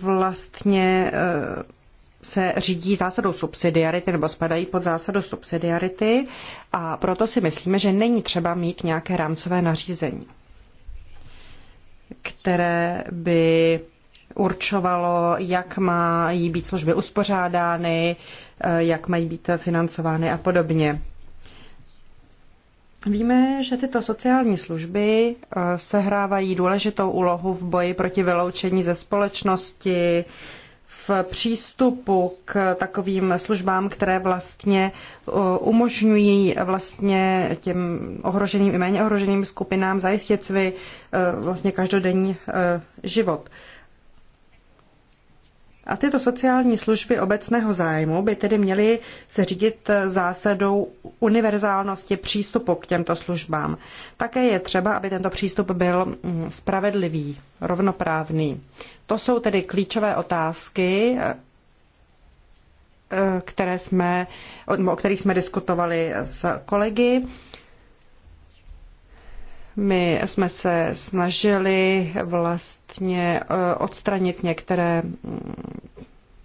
vlastně eh, se řídí zásadou subsidiarity nebo spadají pod zásadu subsidiarity a proto si myslíme, že není třeba mít nějaké rámcové nařízení, které by určovalo, jak mají být služby uspořádány, eh, jak mají být financovány a podobně. Víme, že tyto sociální služby eh, sehrávají důležitou úlohu v boji proti vyloučení ze společnosti, v přístupu k takovým službám, které vlastně uh, umožňují vlastně těm ohroženým i méně ohroženým skupinám zajistit svůj uh, vlastně každodenní uh, život. A tyto sociální služby obecného zájmu by tedy měly se řídit zásadou univerzálnosti přístupu k těmto službám. Také je třeba, aby tento přístup byl mm, spravedlivý, rovnoprávný. To jsou tedy klíčové otázky, eh, eh, které jsme, o kterých jsme diskutovali s kolegy. My jsme se snažili vlastně eh, odstranit některé mm,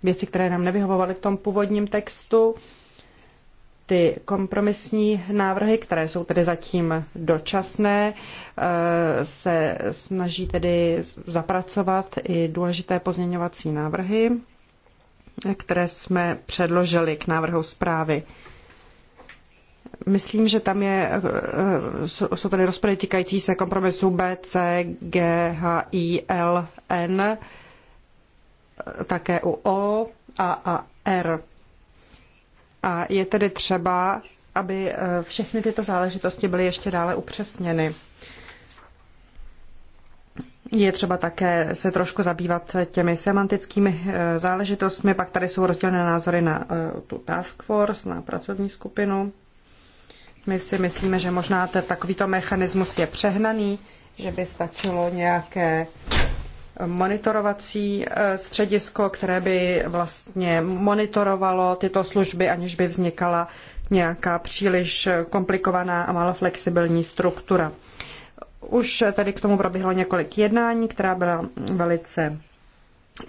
věci, které nám nevyhovovaly v tom původním textu. Ty kompromisní návrhy, které jsou tedy zatím dočasné, eh, se snaží tedy zapracovat i důležité pozměňovací návrhy, které jsme předložili k návrhu zprávy. Myslím, že tam je, eh, jsou tady rozpravy týkající se kompromisu B, C, G, H, I, L, N, také u O a, a R. A je tedy třeba, aby eh, všechny tyto záležitosti byly ještě dále upřesněny. Je třeba také se trošku zabývat těmi semantickými eh, záležitostmi, pak tady jsou rozdělené názory na tu task force, na pracovní skupinu. My si myslíme, že možná ten takovýto mechanismus je přehnaný, že by stačilo nějaké eh, monitorovací eh, středisko, které by vlastně monitorovalo tyto služby, aniž by vznikala nějaká příliš eh, komplikovaná a málo flexibilní struktura. Už tady k tomu proběhlo několik jednání, která byla velice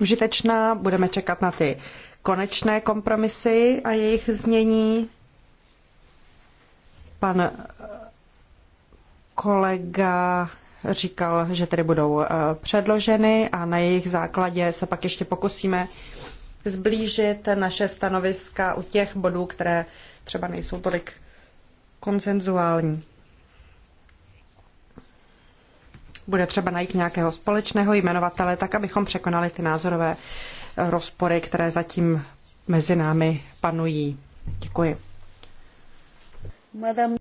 užitečná. Budeme čekat na ty konečné kompromisy a jejich znění. Pan kolega říkal, že tedy budou eh, předloženy a na jejich základě se pak ještě pokusíme zblížit naše stanoviska u těch bodů, které třeba nejsou tolik konsenzuální. Bude třeba najít nějakého společného jmenovatele, tak abychom překonali ty názorové rozpory, které zatím mezi námi panují. Děkuji. Madame...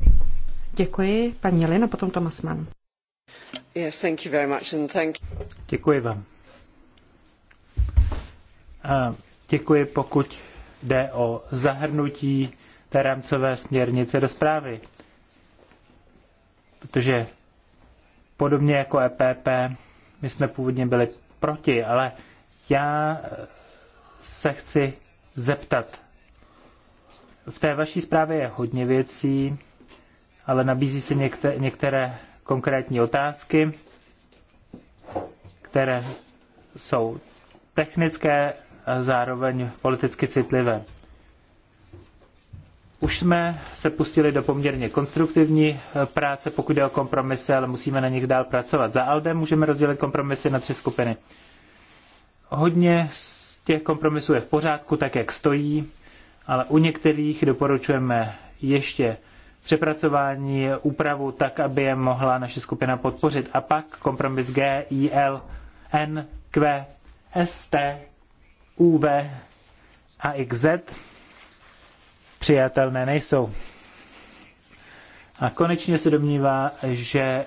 Děkuji, paní Lino, potom Thomas Yes, thank you very much and thank you. Děkuji vám. A děkuji, pokud jde o zahrnutí té rámcové směrnice do zprávy. Protože podobně jako EPP, my jsme původně byli proti, ale já se chci zeptat v té vaší zprávě je hodně věcí, ale nabízí se některé, některé konkrétní otázky, které jsou technické a zároveň politicky citlivé. Už jsme se pustili do poměrně konstruktivní eh, práce, pokud jde o kompromisy, ale musíme na nich dál pracovat. Za ALDE můžeme rozdělit kompromisy na tři skupiny. Hodně z těch kompromisů je v pořádku, tak jak stojí, ale u některých doporučujeme ještě přepracování úpravu tak, aby je mohla naše skupina podpořit. A pak kompromis G, I, L, N, Q, S, T, U, V a X, Z přijatelné nejsou. A konečně se domnívá, že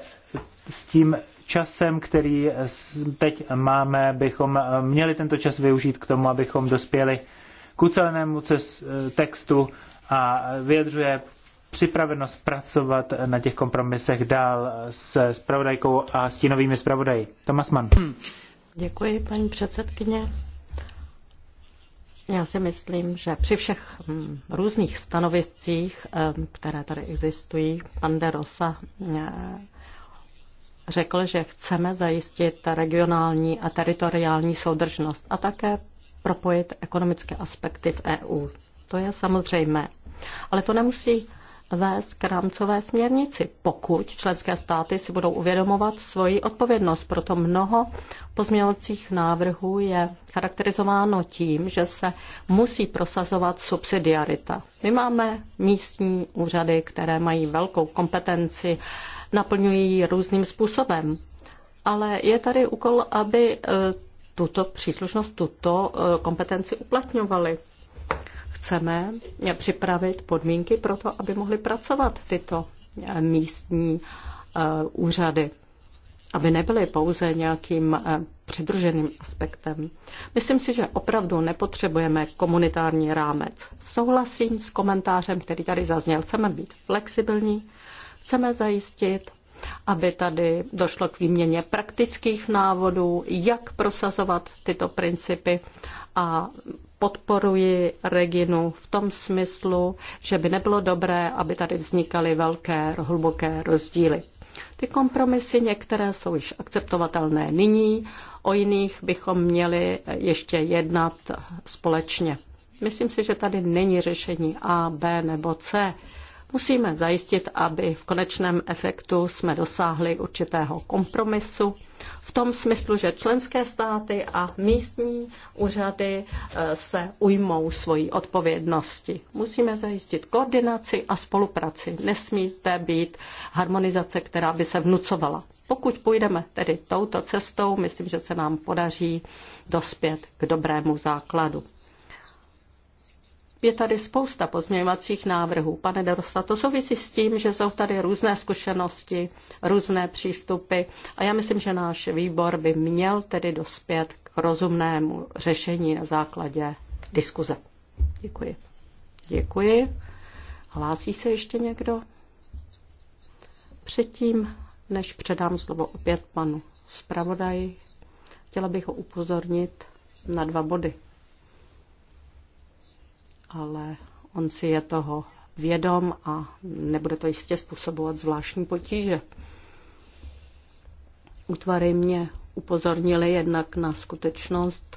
s tím časem, který teď máme, bychom měli tento čas využít k tomu, abychom dospěli k ucelenému textu a vyjadřuje připravenost pracovat na těch kompromisech dál s spravodajkou a stínovými spravodaji. Tomas Mann. Děkuji, paní předsedkyně. Já si myslím, že při všech hm, různých stanoviscích, hm, které tady existují, pan de Rosa hm, řekl, že chceme zajistit regionální a teritoriální soudržnost a také propojit ekonomické aspekty v EU. To je samozřejmé. Ale to nemusí vést k rámcové směrnici, pokud členské státy si budou uvědomovat svoji odpovědnost. Proto mnoho pozměňovacích návrhů je charakterizováno tím, že se musí prosazovat subsidiarita. My máme místní úřady, které mají velkou kompetenci, naplňují ji různým způsobem. Ale je tady úkol, aby eh, tuto příslušnost, tuto e, kompetenci uplatňovali. Chceme e, připravit podmínky pro to, aby mohli pracovat tyto e, místní úřady, aby nebyly pouze nějakým přidruženým aspektem. Myslím si, že opravdu nepotřebujeme komunitární rámec. Souhlasím s komentářem, který tady zazněl. Chceme být flexibilní, chceme zajistit aby tady došlo k výměně praktických návodů, jak prosazovat tyto principy a podporuji Reginu v tom smyslu, že by nebylo dobré, aby tady vznikaly velké, hluboké rozdíly. Ty kompromisy některé jsou již akceptovatelné nyní, o jiných bychom měli ještě jednat společně. Myslím si, že tady není řešení A, B nebo C. Musíme zajistit, aby v konečném efektu jsme dosáhli určitého kompromisu v tom smyslu, že členské státy a místní úřady e, se ujmou svojí odpovědnosti. Musíme zajistit koordinaci a spolupráci. Nesmí zde být harmonizace, která by se vnucovala. Pokud půjdeme tedy touto cestou, myslím, že se nám podaří dospět k dobrému základu. Je tady spousta pozměňovacích návrhů. Pane Dorosta, to souvisí s tím, že jsou tady různé zkušenosti, různé přístupy a já myslím, že náš výbor by měl tedy dospět k rozumnému řešení na základě diskuze. Děkuji. Děkuji. Hlásí se ještě někdo? Předtím, než předám slovo opět panu zpravodaji, chtěla bych ho upozornit na dva body ale on si je toho vědom a nebude to jistě způsobovat zvláštní potíže. Utvary mě upozornili jednak na skutečnost,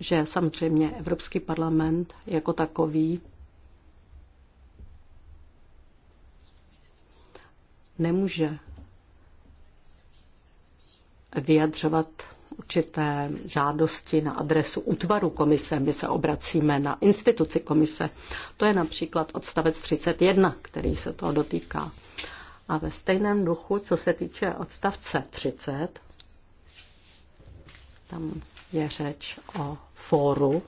že samozřejmě Evropský parlament jako takový nemůže vyjadřovat určité žádosti na adresu útvaru komise. My se obracíme na instituci komise. To je například odstavec 31, který se toho dotýká. A ve stejném duchu, co se týče odstavce 30, tam je řeč o fóru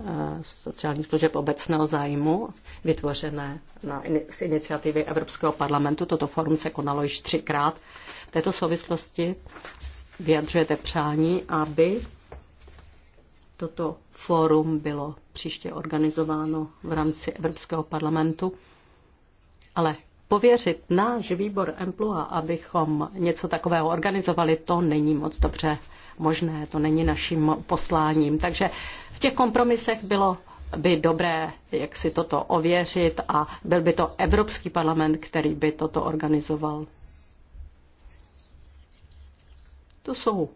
eh, sociálních služeb obecného zájmu, vytvořené na, z iniciativy Evropského parlamentu. Toto forum se konalo již třikrát. V této souvislosti vyjadřujete přání, aby toto fórum bylo příště organizováno v rámci Evropského parlamentu. Ale pověřit náš výbor Emplua, abychom něco takového organizovali, to není moc dobře možné, to není naším posláním. Takže v těch kompromisech bylo by dobré, jak si toto ověřit a byl by to Evropský parlament, který by toto organizoval. To jsou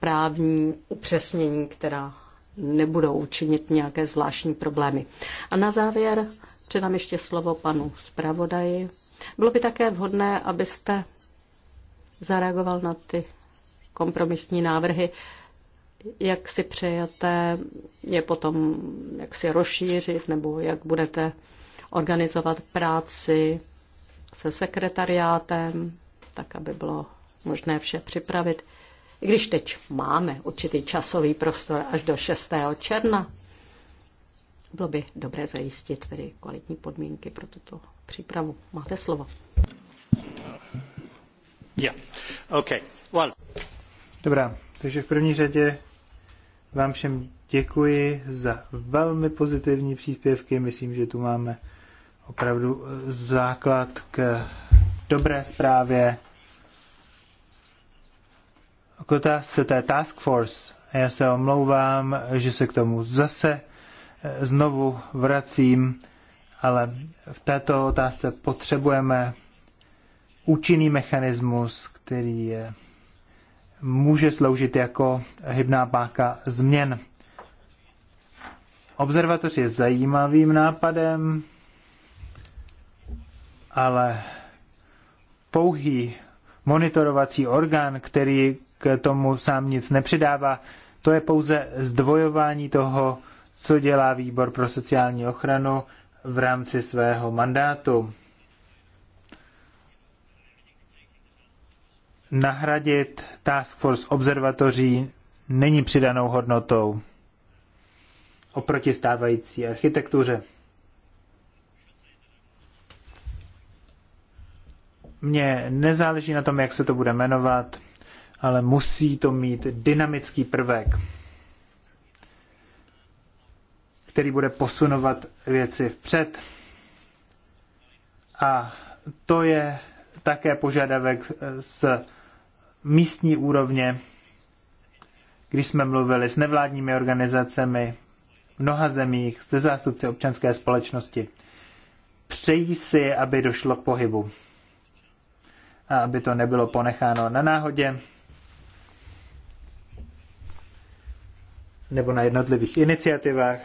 právní upřesnění, která nebudou učinit nějaké zvláštní problémy. A na závěr předám ještě slovo panu zpravodaji. Bylo by také vhodné, abyste zareagoval na ty kompromisní návrhy, jak si přejete je potom, jak si rozšířit, nebo jak budete organizovat práci se sekretariátem, tak aby bylo možné vše připravit. I když teď máme určitý časový prostor až do 6. června, bylo by dobré zajistit tedy kvalitní podmínky pro tuto přípravu. Máte slovo. Yeah. Okay. Well. Dobrá, takže v první řadě vám všem děkuji za velmi pozitivní příspěvky. Myslím, že tu máme opravdu základ k dobré zprávě k jako otázce té task force, já se omlouvám, že se k tomu zase eh, znovu vracím, ale v této otázce potřebujeme účinný mechanismus, který je, může sloužit jako hybná páka změn. Observatoř je zajímavým nápadem, ale pouhý monitorovací orgán, který k tomu sám nic nepřidává. To je pouze zdvojování toho, co dělá výbor pro sociální ochranu v rámci svého mandátu. Nahradit Task Force observatoří není přidanou hodnotou oproti stávající architektuře. Mně nezáleží na tom, jak se to bude jmenovat ale musí to mít dynamický prvek, který bude posunovat věci vpřed. A to je také požadavek z místní úrovně, když jsme mluvili s nevládními organizacemi v mnoha zemích, se zástupci občanské společnosti. Přejí si, aby došlo k pohybu a aby to nebylo ponecháno na náhodě. nebo na jednotlivých iniciativách,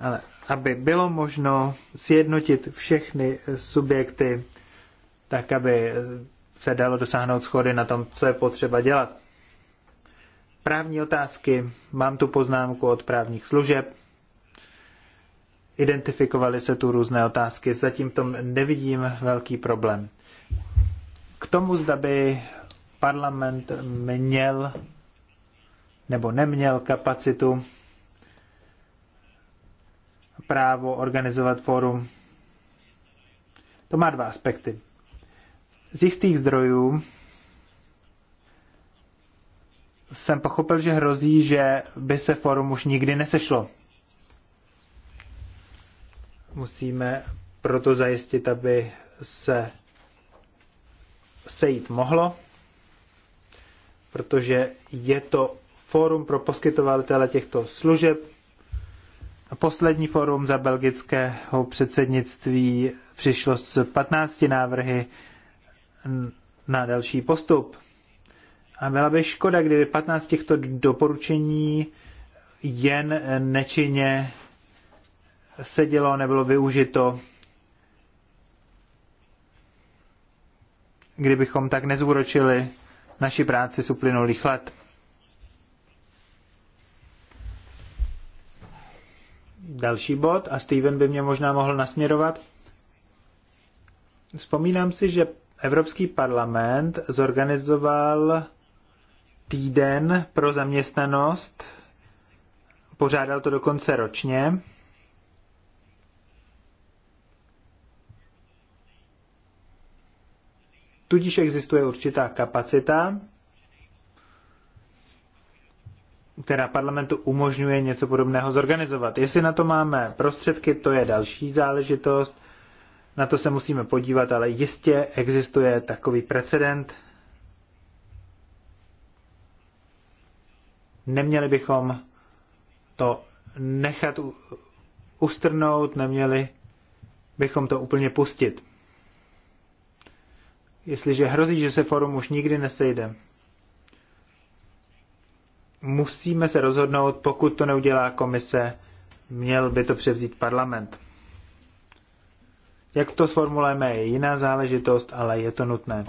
ale aby bylo možno sjednotit všechny subjekty, tak aby se dalo dosáhnout schody na tom, co je potřeba dělat. Právní otázky. Mám tu poznámku od právních služeb. Identifikovaly se tu různé otázky. Zatím tom nevidím velký problém. K tomu, zda by parlament měl nebo neměl kapacitu, právo organizovat fórum. To má dva aspekty. Z jistých zdrojů jsem pochopil, že hrozí, že by se fórum už nikdy nesešlo. Musíme proto zajistit, aby se sejít mohlo, protože je to fórum pro poskytovatele těchto služeb. A poslední fórum za belgického předsednictví přišlo s 15 návrhy na další postup. A byla by škoda, kdyby 15 těchto doporučení jen nečinně sedělo, nebylo využito, kdybychom tak nezúročili naši práci z uplynulých let. další bod a Steven by mě možná mohl nasměrovat. Vzpomínám si, že Evropský parlament zorganizoval týden pro zaměstnanost. Pořádal to dokonce ročně. Tudíž existuje určitá kapacita která parlamentu umožňuje něco podobného zorganizovat. Jestli na to máme prostředky, to je další záležitost. Na to se musíme podívat, ale jistě existuje takový precedent. Neměli bychom to nechat ustrnout, neměli bychom to úplně pustit. Jestliže hrozí, že se forum už nikdy nesejde, musíme se rozhodnout, pokud to neudělá komise, měl by to převzít parlament. Jak to sformulujeme, je jiná záležitost, ale je to nutné.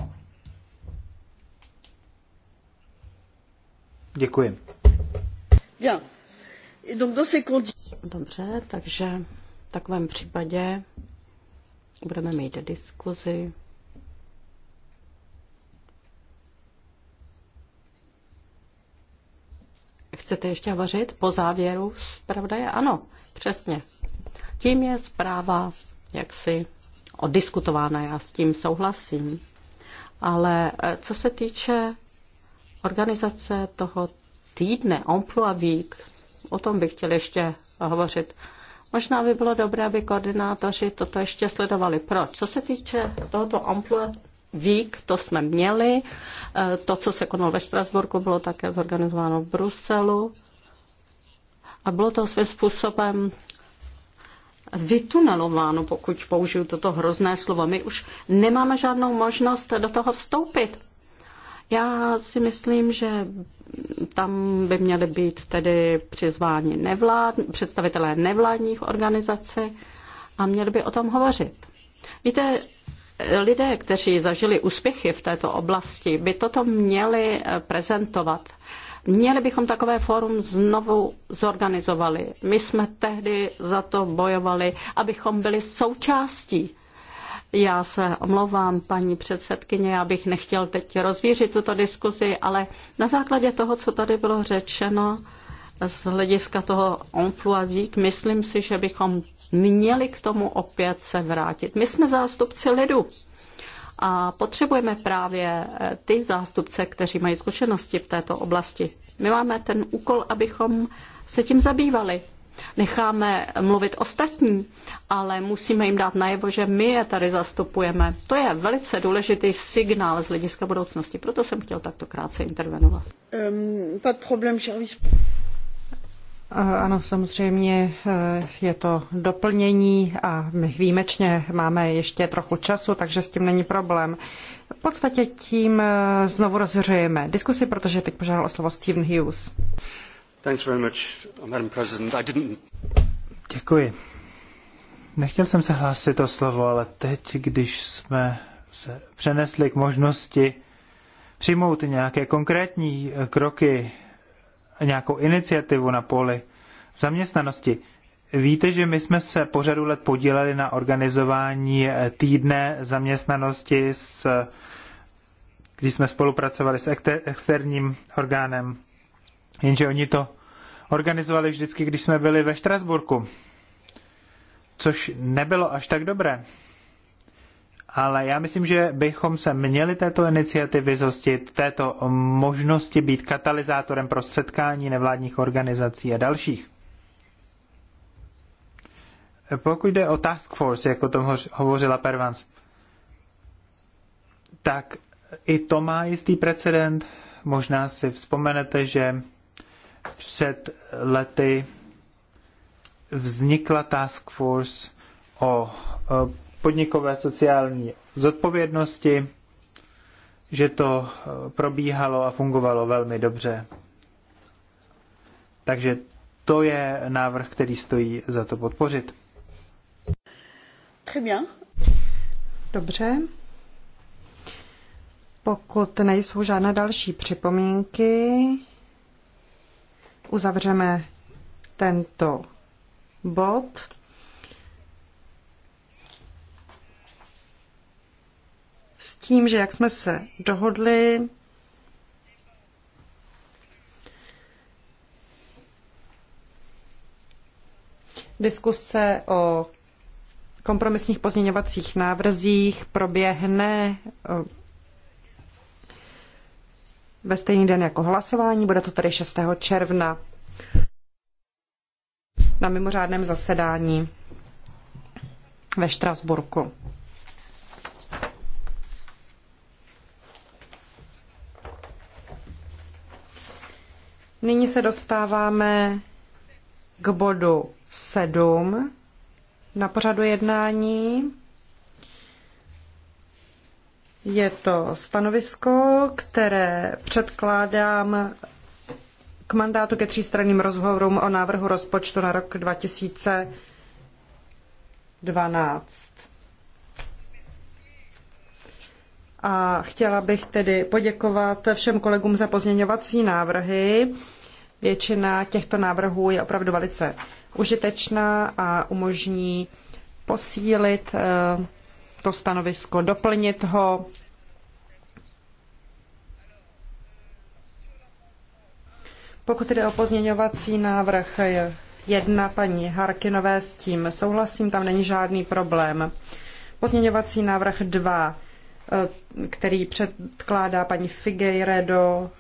Děkuji. Dobře, takže v takovém případě budeme mít diskuzi Chcete ještě hovořit po závěru je? Ano, přesně. Tím je zpráva jaksi odiskutována, já s tím souhlasím. Ale eh, co se týče organizace toho týdne, Omplua Week, o tom bych chtěl ještě hovořit. Možná by bylo dobré, aby koordinátoři toto ještě sledovali. Proč? Co se týče tohoto Omplua vík, to jsme měli. Eh, to, co se konalo ve Štrasburku, bylo také zorganizováno v Bruselu. A bylo to svým způsobem vytunelováno, pokud použiju toto hrozné slovo. My už nemáme žádnou možnost do toho vstoupit. Já si myslím, že tam by měly být tedy přizváni nevlád, představitelé nevládních organizací a měli by o tom hovořit. Víte, lidé, kteří zažili úspěchy v této oblasti, by toto měli eh, prezentovat. Měli bychom takové fórum znovu zorganizovali. My jsme tehdy za to bojovali, abychom byli součástí. Já se omlouvám, paní předsedkyně, já bych nechtěl teď rozvířit tuto diskuzi, ale na základě toho, co tady bylo řečeno, z hlediska toho emploi vík, myslím si, že bychom měli k tomu opět se vrátit. My jsme zástupci lidu a potřebujeme právě eh, ty zástupce, kteří mají zkušenosti v této oblasti. My máme ten úkol, abychom se tím zabývali. Necháme mluvit ostatní, ale musíme jim dát najevo, že my je tady zastupujeme. To je velice důležitý signál z hlediska budoucnosti. Proto jsem chtěl takto krátce intervenovat. Um, ano, samozřejmě eh, je to doplnění a my výjimečně máme ještě trochu času, takže s tím není problém. V podstatě tím eh, znovu rozhořujeme diskusi, protože teď požádal o slovo Stephen Hughes. Thanks very much, Madam President. I didn't... Děkuji. Nechtěl jsem se hlásit o slovo, ale teď, když jsme se přenesli k možnosti přijmout nějaké konkrétní kroky nějakou iniciativu na poli zaměstnanosti. Víte, že my jsme se po řadu let podíleli na organizování eh, týdne zaměstnanosti, s, když jsme spolupracovali s externím orgánem, jenže oni to organizovali vždycky, když jsme byli ve Štrasburku, což nebylo až tak dobré ale já myslím, že bychom se měli této iniciativy zhostit, této možnosti být katalyzátorem pro setkání nevládních organizací a dalších. Pokud jde o task force, jako o tom hovořila Pervans, tak i to má jistý precedent. Možná si vzpomenete, že před lety vznikla task force o podnikové sociální zodpovědnosti, že to eh, probíhalo a fungovalo velmi dobře. Takže to je návrh, který stojí za to podpořit. Dobře. Pokud nejsou žádné další připomínky, uzavřeme tento bod. s tím, že jak jsme se dohodli, diskuse o kompromisních pozměňovacích návrzích proběhne eh, ve stejný den jako hlasování, bude to tedy 6. června na mimořádném zasedání ve Štrasburku. Nyní se dostáváme k bodu 7 na pořadu jednání. Je to stanovisko, které předkládám k mandátu ke třístranným rozhovorům o návrhu rozpočtu na rok 2012. a chtěla bych tedy poděkovat všem kolegům za pozměňovací návrhy. Většina těchto návrhů je opravdu velice užitečná a umožní posílit eh, to stanovisko, doplnit ho. Pokud jde o pozměňovací návrh jedna paní Harkinové, s tím souhlasím, tam není žádný problém. Pozměňovací návrh 2 Eh, který předkládá paní Figueiredo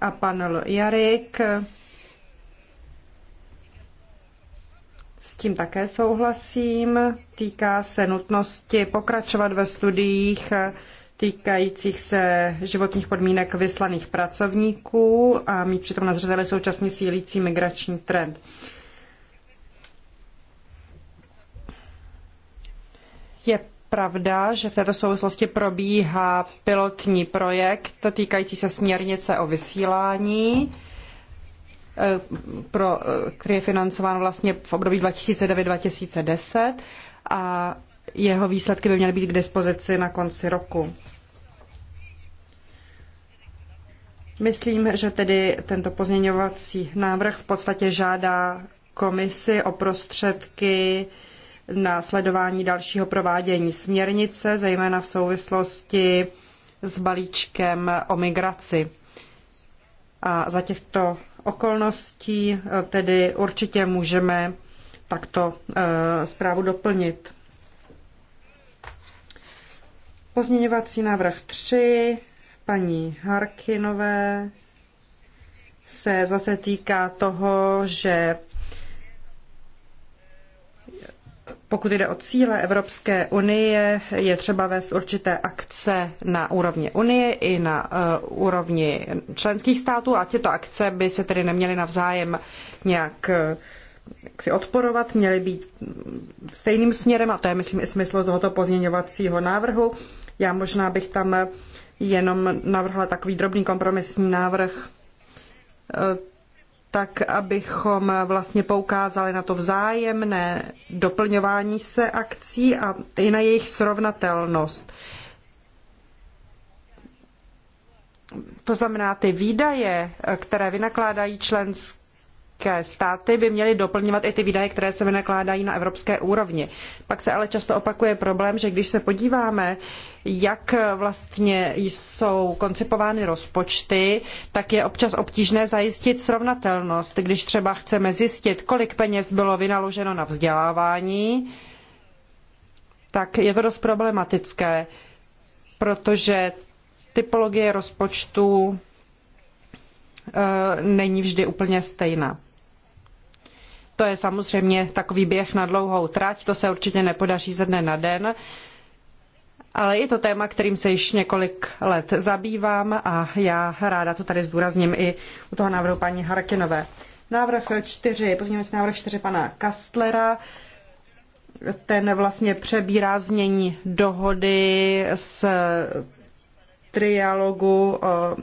a pan Jarik. S tím také souhlasím. Týká se nutnosti pokračovat ve studiích týkajících se životních podmínek vyslaných pracovníků a mít přitom na zřeteli současně sílící migrační trend. Je pravda, že v této souvislosti probíhá pilotní projekt týkající se směrnice o vysílání, eh, pro, eh, který je financován vlastně v období 2009-2010 a jeho výsledky by měly být k dispozici na konci roku. Myslím, že tedy tento pozměňovací návrh v podstatě žádá komisi o prostředky na sledování dalšího provádění směrnice, zejména v souvislosti s balíčkem o migraci. A za těchto okolností eh, tedy určitě můžeme takto eh, zprávu doplnit. Pozměňovací návrh 3 paní Harkinové se zase týká toho, že pokud jde o cíle Evropské unie, je třeba vést určité akce na úrovni unie i na uh, úrovni členských států a tyto akce by se tedy neměly navzájem nějak eh, si odporovat, měly být stejným směrem a to je, myslím, i smysl tohoto pozměňovacího návrhu. Já možná bych tam jenom navrhla takový drobný kompromisní návrh eh, tak abychom vlastně poukázali na to vzájemné doplňování se akcí a i na jejich srovnatelnost. To znamená, ty výdaje, které vynakládají členské členské státy by měly doplňovat i ty výdaje, které se vynakládají na evropské úrovni. Pak se ale často opakuje problém, že když se podíváme, jak vlastně jsou koncipovány rozpočty, tak je občas obtížné zajistit srovnatelnost. Když třeba chceme zjistit, kolik peněz bylo vynaloženo na vzdělávání, tak je to dost problematické, protože typologie rozpočtu e, není vždy úplně stejná. To je samozřejmě takový běh na dlouhou trať, to se určitě nepodaří ze dne na den, ale je to téma, kterým se již několik let zabývám a já ráda to tady zdůrazním i u toho návrhu paní Harkinové. Návrh 4, pozměňovací návrh 4 pana Kastlera, ten vlastně přebírá znění dohody z trialogu o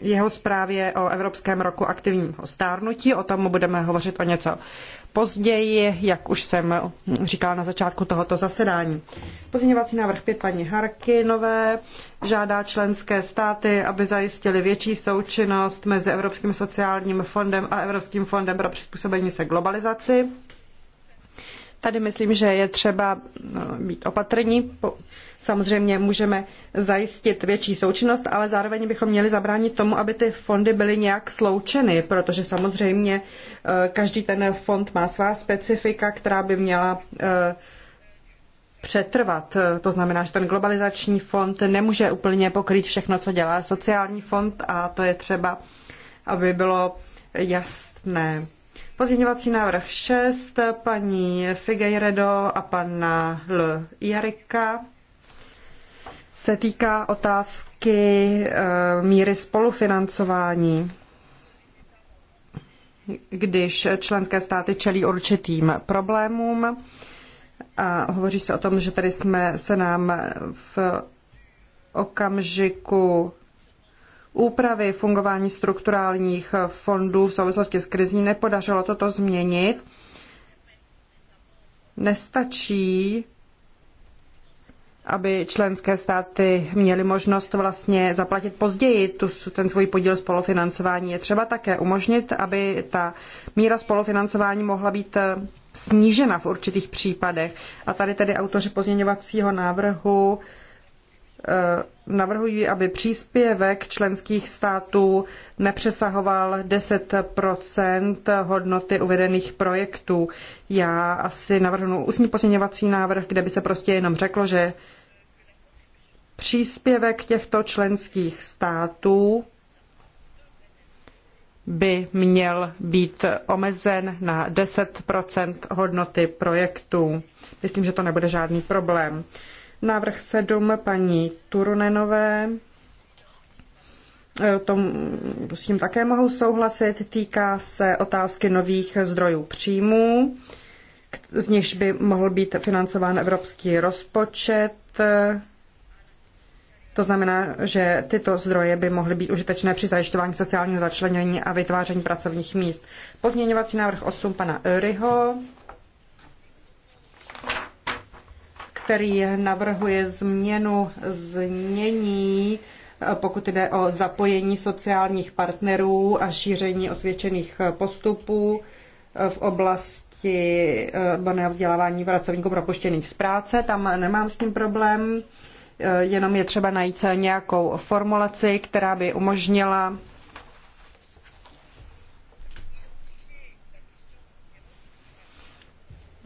jeho zprávě o Evropském roku aktivního stárnutí. O tom budeme hovořit o něco později, jak už jsem říkala na začátku tohoto zasedání. Pozměňovací návrh 5 paní Harkinové žádá členské státy, aby zajistili větší součinnost mezi Evropským sociálním fondem a Evropským fondem pro přizpůsobení se globalizaci. Tady myslím, že je třeba no, být opatrní, Samozřejmě můžeme zajistit větší součinnost, ale zároveň bychom měli zabránit tomu, aby ty fondy byly nějak sloučeny, protože samozřejmě eh, každý ten fond má svá specifika, která by měla eh, přetrvat. To znamená, že ten globalizační fond nemůže úplně pokrýt všechno, co dělá sociální fond a to je třeba, aby bylo jasné. Pozměňovací návrh 6, paní Figueiredo a pana L. Jarika se týká otázky eh, míry spolufinancování, když členské státy čelí určitým problémům. A hovoří se o tom, že tady jsme se nám v okamžiku úpravy fungování strukturálních fondů v souvislosti s krizí nepodařilo toto změnit. Nestačí aby členské státy měly možnost vlastně zaplatit později tu, ten svůj podíl spolufinancování. Je třeba také umožnit, aby ta míra spolufinancování mohla být eh, snížena v určitých případech. A tady tedy autoři pozměňovacího návrhu eh, navrhují, aby příspěvek členských států nepřesahoval 10 hodnoty uvedených projektů. Já asi navrhnu ústní pozměňovací návrh, kde by se prostě jenom řeklo, že Příspěvek těchto členských států by měl být omezen na 10 hodnoty projektů. Myslím, že to nebude žádný problém. Návrh 7 paní Turunenové. Eh, tom, s tím také mohu souhlasit. Týká se otázky nových zdrojů příjmů, z nichž by mohl být financován evropský rozpočet to znamená, že tyto zdroje by mohly být užitečné při zajišťování sociálního začlenění a vytváření pracovních míst. Pozměňovací návrh 8 pana Öryho, který navrhuje změnu znění pokud jde o zapojení sociálních partnerů a šíření osvědčených postupů v oblasti odborného eh, vzdělávání pracovníků propuštěných z práce. Tam nemám s tím problém. Eh, jenom je třeba najít nějakou formulaci, která by umožnila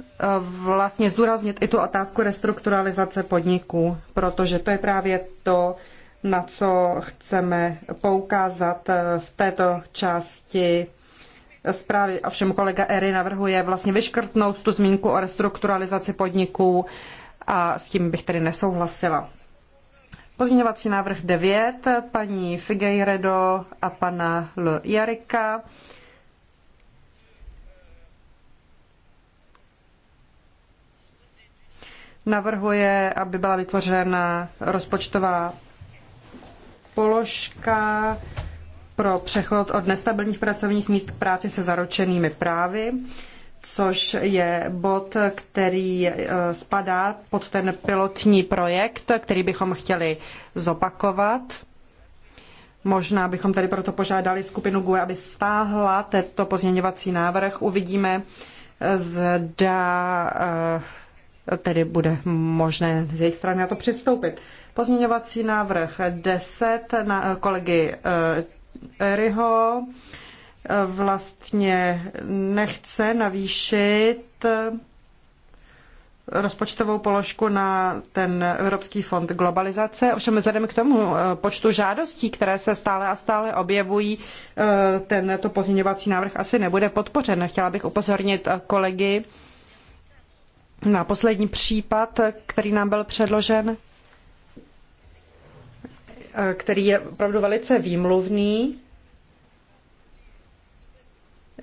eh, vlastně zdůraznit i tu otázku restrukturalizace podniků, protože to je právě to, na co chceme poukázat eh, v této části zprávy. Ovšem kolega Ery navrhuje vlastně vyškrtnout tu zmínku o restrukturalizaci podniků a s tím bych tedy nesouhlasila. Pozměňovací návrh 9 paní Figueiredo a pana L. Jarika. Navrhuje, aby byla vytvořena rozpočtová položka pro přechod od nestabilních pracovních míst k práci se zaručenými právy což je bod, který eh, spadá pod ten pilotní projekt, který bychom chtěli zopakovat. Možná bychom tady proto požádali skupinu GUE, aby stáhla tento pozměňovací návrh. Uvidíme, eh, zda eh, tedy bude možné z jejich strany na to přistoupit. Pozměňovací návrh 10 na kolegy Eriho vlastně nechce navýšit rozpočtovou položku na ten Evropský fond globalizace. Ovšem vzhledem k tomu eh, počtu žádostí, které se stále a stále objevují, eh, tento pozměňovací návrh asi nebude podpořen. Chtěla bych upozornit kolegy na poslední případ, který nám byl předložen, eh, který je opravdu velice výmluvný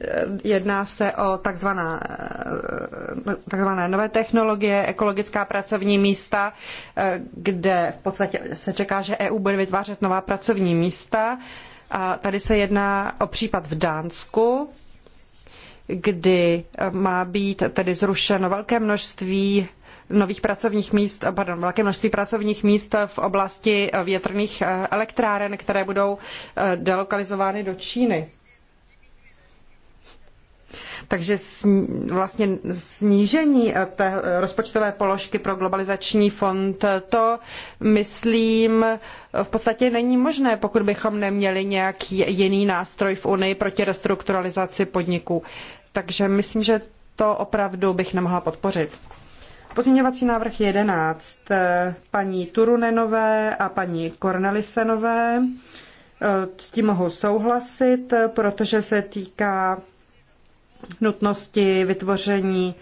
Eh, jedná se o takzvaná, eh, takzvané nové technologie, ekologická pracovní místa, eh, kde v podstatě se čeká, že EU bude vytvářet nová pracovní místa. A tady se jedná o případ v Dánsku, kdy má být tedy zrušeno velké množství nových pracovních míst, pardon, velké množství pracovních míst v oblasti větrných elektráren, které budou delokalizovány do Číny. Takže vlastně snížení eh, té eh, rozpočtové položky pro globalizační fond, eh, to myslím v podstatě není možné, pokud bychom neměli nějaký jiný nástroj v Unii proti restrukturalizaci podniků. Takže myslím, že to opravdu bych nemohla podpořit. Pozměňovací návrh 11 paní Turunenové a paní Kornelisenové. S tím mohu souhlasit, protože se týká nutnosti vytvoření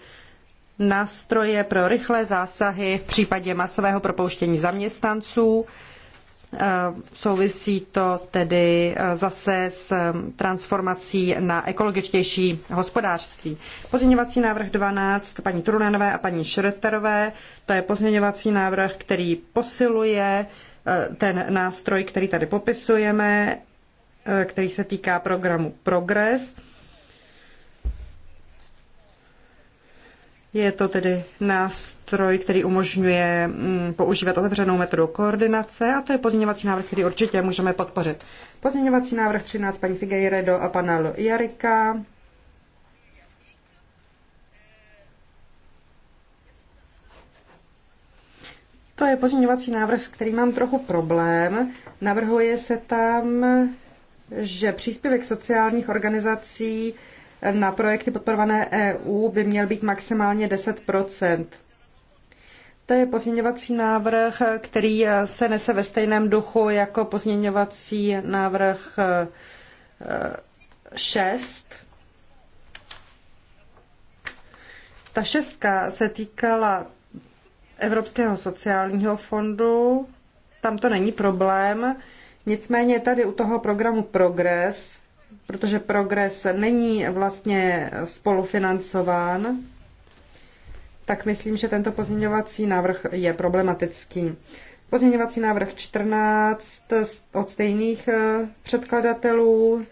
nástroje pro rychlé zásahy v případě masového propouštění zaměstnanců. Eh, souvisí to tedy eh, zase s eh, transformací na ekologičtější hospodářství. Pozměňovací návrh 12 paní Trunanové a paní Šreterové, to je pozměňovací návrh, který posiluje ten nástroj, který tady popisujeme, který se týká programu Progress Je to tedy nástroj, který umožňuje mm, používat otevřenou metodu koordinace a to je pozměňovací návrh, který určitě můžeme podpořit. Pozměňovací návrh 13 paní Figueiredo a pana Jarika. To je pozměňovací návrh, s kterým mám trochu problém. Navrhuje se tam, že příspěvek sociálních organizací na projekty podporované EU by měl být maximálně 10 to je pozměňovací návrh, který se nese ve stejném duchu jako pozměňovací návrh 6. Eh, Ta šestka se týkala Evropského sociálního fondu, tam to není problém, nicméně tady u toho programu Progress protože progres není vlastně spolufinancován, tak myslím, že tento pozměňovací návrh je problematický. Pozměňovací návrh 14 od stejných eh, předkladatelů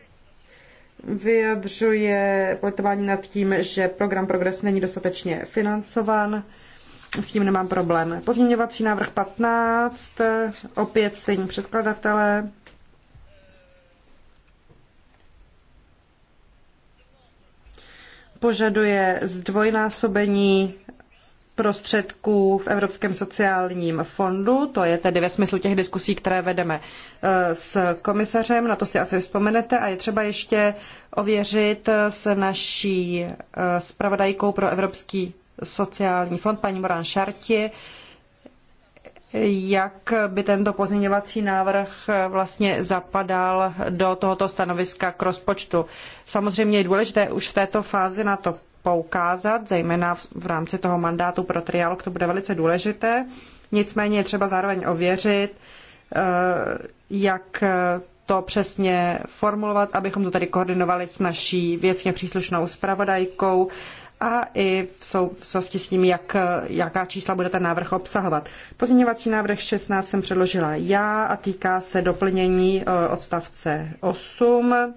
vyjadřuje politování nad tím, že program Progres není dostatečně financován. S tím nemám problém. Pozměňovací návrh 15, opět stejní předkladatelé. požaduje zdvojnásobení prostředků v Evropském sociálním fondu, to je tedy ve smyslu těch diskusí, které vedeme eh, s komisařem, na to si asi vzpomenete, a je třeba ještě ověřit eh, s naší spravodajkou eh, pro Evropský sociální fond, paní Moran Šartě, jak by tento pozměňovací návrh vlastně zapadal do tohoto stanoviska k rozpočtu. Samozřejmě je důležité už v této fázi na to poukázat, zejména v rámci toho mandátu pro trialog, to bude velice důležité. Nicméně je třeba zároveň ověřit, eh, jak to přesně formulovat, abychom to tady koordinovali s naší věcně příslušnou zpravodajkou a i v souvislosti s tím, jak, jaká čísla bude ten návrh obsahovat. Pozměňovací návrh 16 jsem předložila já a týká se doplnění eh, odstavce 8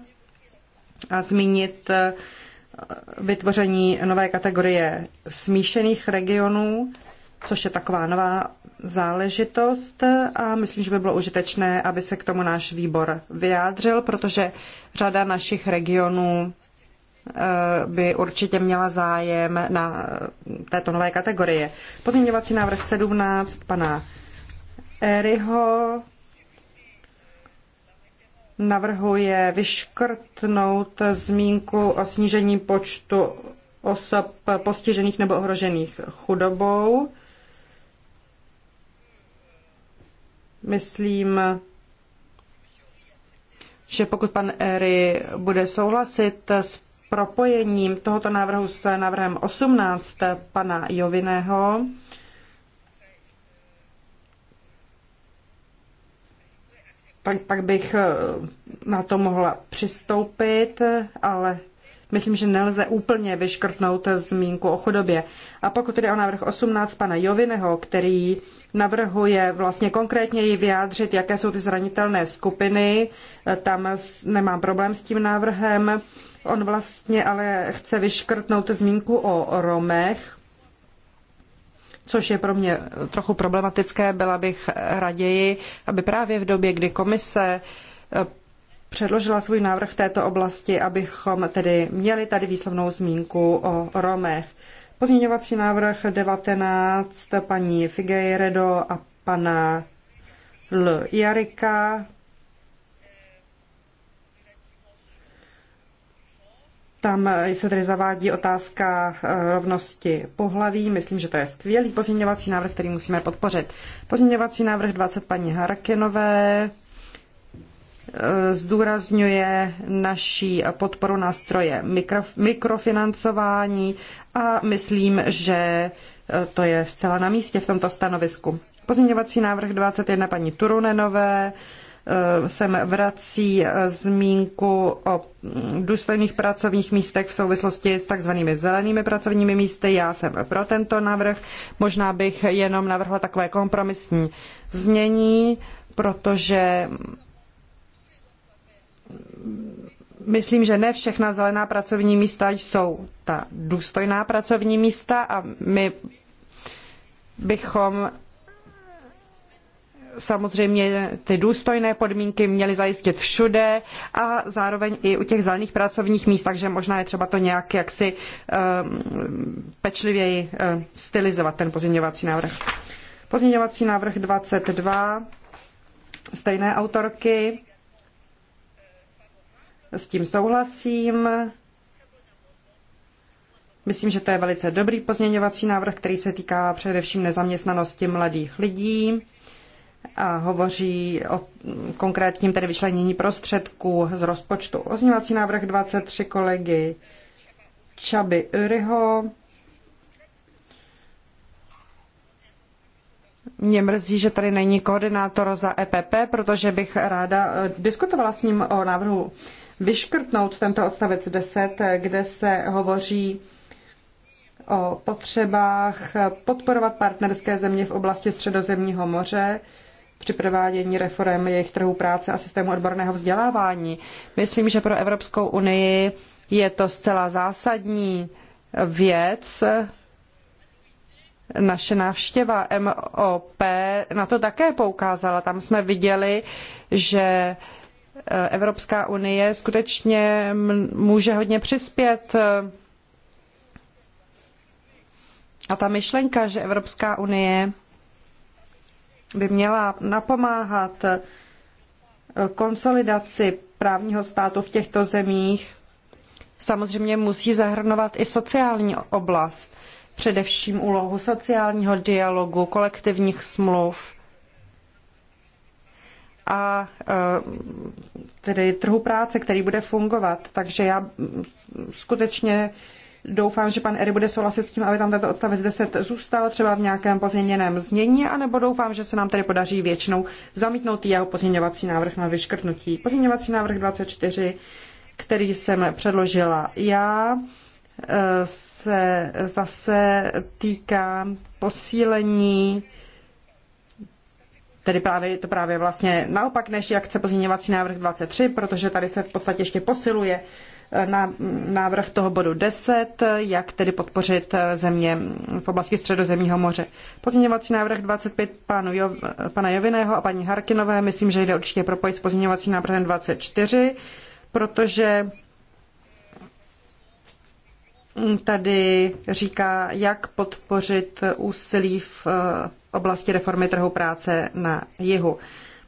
a zmínit eh, vytvoření nové kategorie smíšených regionů, což je taková nová záležitost a myslím, že by bylo užitečné, aby se k tomu náš výbor vyjádřil, protože řada našich regionů Eh, by určitě měla zájem na této nové kategorie. Pozměňovací návrh 17 pana Eryho navrhuje vyškrtnout zmínku o snížení počtu osob postižených nebo ohrožených chudobou. Myslím, že pokud pan Ery bude souhlasit s propojením tohoto návrhu s návrhem 18 pana Joviného. Pak, pak bych eh, na to mohla přistoupit, ale myslím, že nelze úplně vyškrtnout zmínku o chudobě. A pokud tedy o návrh 18 pana Joviného, který navrhuje vlastně konkrétněji vyjádřit, jaké jsou ty zranitelné skupiny, eh, tam nemám problém s tím návrhem. On vlastně ale chce vyškrtnout zmínku o Romech, což je pro mě trochu problematické. Byla bych raději, aby právě v době, kdy komise eh, předložila svůj návrh v této oblasti, abychom tedy měli tady výslovnou zmínku o Romech. Pozměňovací návrh 19 paní Figueiredo a pana L. Jarika. Tam se tedy zavádí otázka eh, rovnosti pohlaví. Myslím, že to je skvělý pozměňovací návrh, který musíme podpořit. Pozměňovací návrh 20 paní Harkinové eh, zdůrazňuje naší podporu nástroje mikrofinancování a myslím, že eh, to je zcela na místě v tomto stanovisku. Pozměňovací návrh 21 paní Turunenové Eh, sem vrací eh, zmínku o důstojných pracovních místech v souvislosti s takzvanými zelenými pracovními místy. Já jsem pro tento návrh. Možná bych jenom navrhla takové kompromisní znění, protože myslím, že ne všechna zelená pracovní místa jsou ta důstojná pracovní místa a my bychom samozřejmě ty důstojné podmínky měly zajistit všude a zároveň i u těch zelených pracovních míst, takže možná je třeba to nějak jaksi ehm, pečlivěji ehm, stylizovat, ten pozměňovací návrh. Pozměňovací návrh 22 stejné autorky. S tím souhlasím. Myslím, že to je velice dobrý pozměňovací návrh, který se týká především nezaměstnanosti mladých lidí hovoří o konkrétním tedy vyčlenění prostředků z rozpočtu. Oznívací návrh 23 kolegy Čaby Uryho. Mě mrzí, že tady není koordinátor za EPP, protože bych ráda eh, diskutovala s ním o návrhu vyškrtnout tento odstavec 10, eh, kde se hovoří o potřebách podporovat partnerské země v oblasti Středozemního moře při provádění reform jejich trhu práce a systému odborného vzdělávání. Myslím, že pro Evropskou unii je to zcela zásadní věc. Naše návštěva MOP na to také poukázala. Tam jsme viděli, že Evropská unie skutečně může hodně přispět. A ta myšlenka, že Evropská unie by měla napomáhat eh, konsolidaci právního státu v těchto zemích, samozřejmě musí zahrnovat i sociální oblast, především úlohu sociálního dialogu, kolektivních smluv a eh, tedy trhu práce, který bude fungovat. Takže já mm, skutečně Doufám, že pan Ery bude souhlasit s tím, aby tam tento odstavec 10 zůstal třeba v nějakém pozměněném znění, anebo doufám, že se nám tedy podaří většinou zamítnout jeho pozměňovací návrh na vyškrtnutí. Pozměňovací návrh 24, který jsem předložila já, eh, se zase týká posílení tedy právě je to právě vlastně naopak, než jak chce pozměňovací návrh 23, protože tady se v podstatě ještě posiluje uh, Eh, na návrh toho bodu 10, jak tedy podpořit eh, země v oblasti středozemního moře. Pozměňovací návrh 25 pánu jo, pana Joviného a paní Harkinové, myslím, že jde určitě propojit s pozměňovacím návrhem 24, protože tady říká, jak podpořit úsilí v eh, oblasti reformy trhu práce na jihu.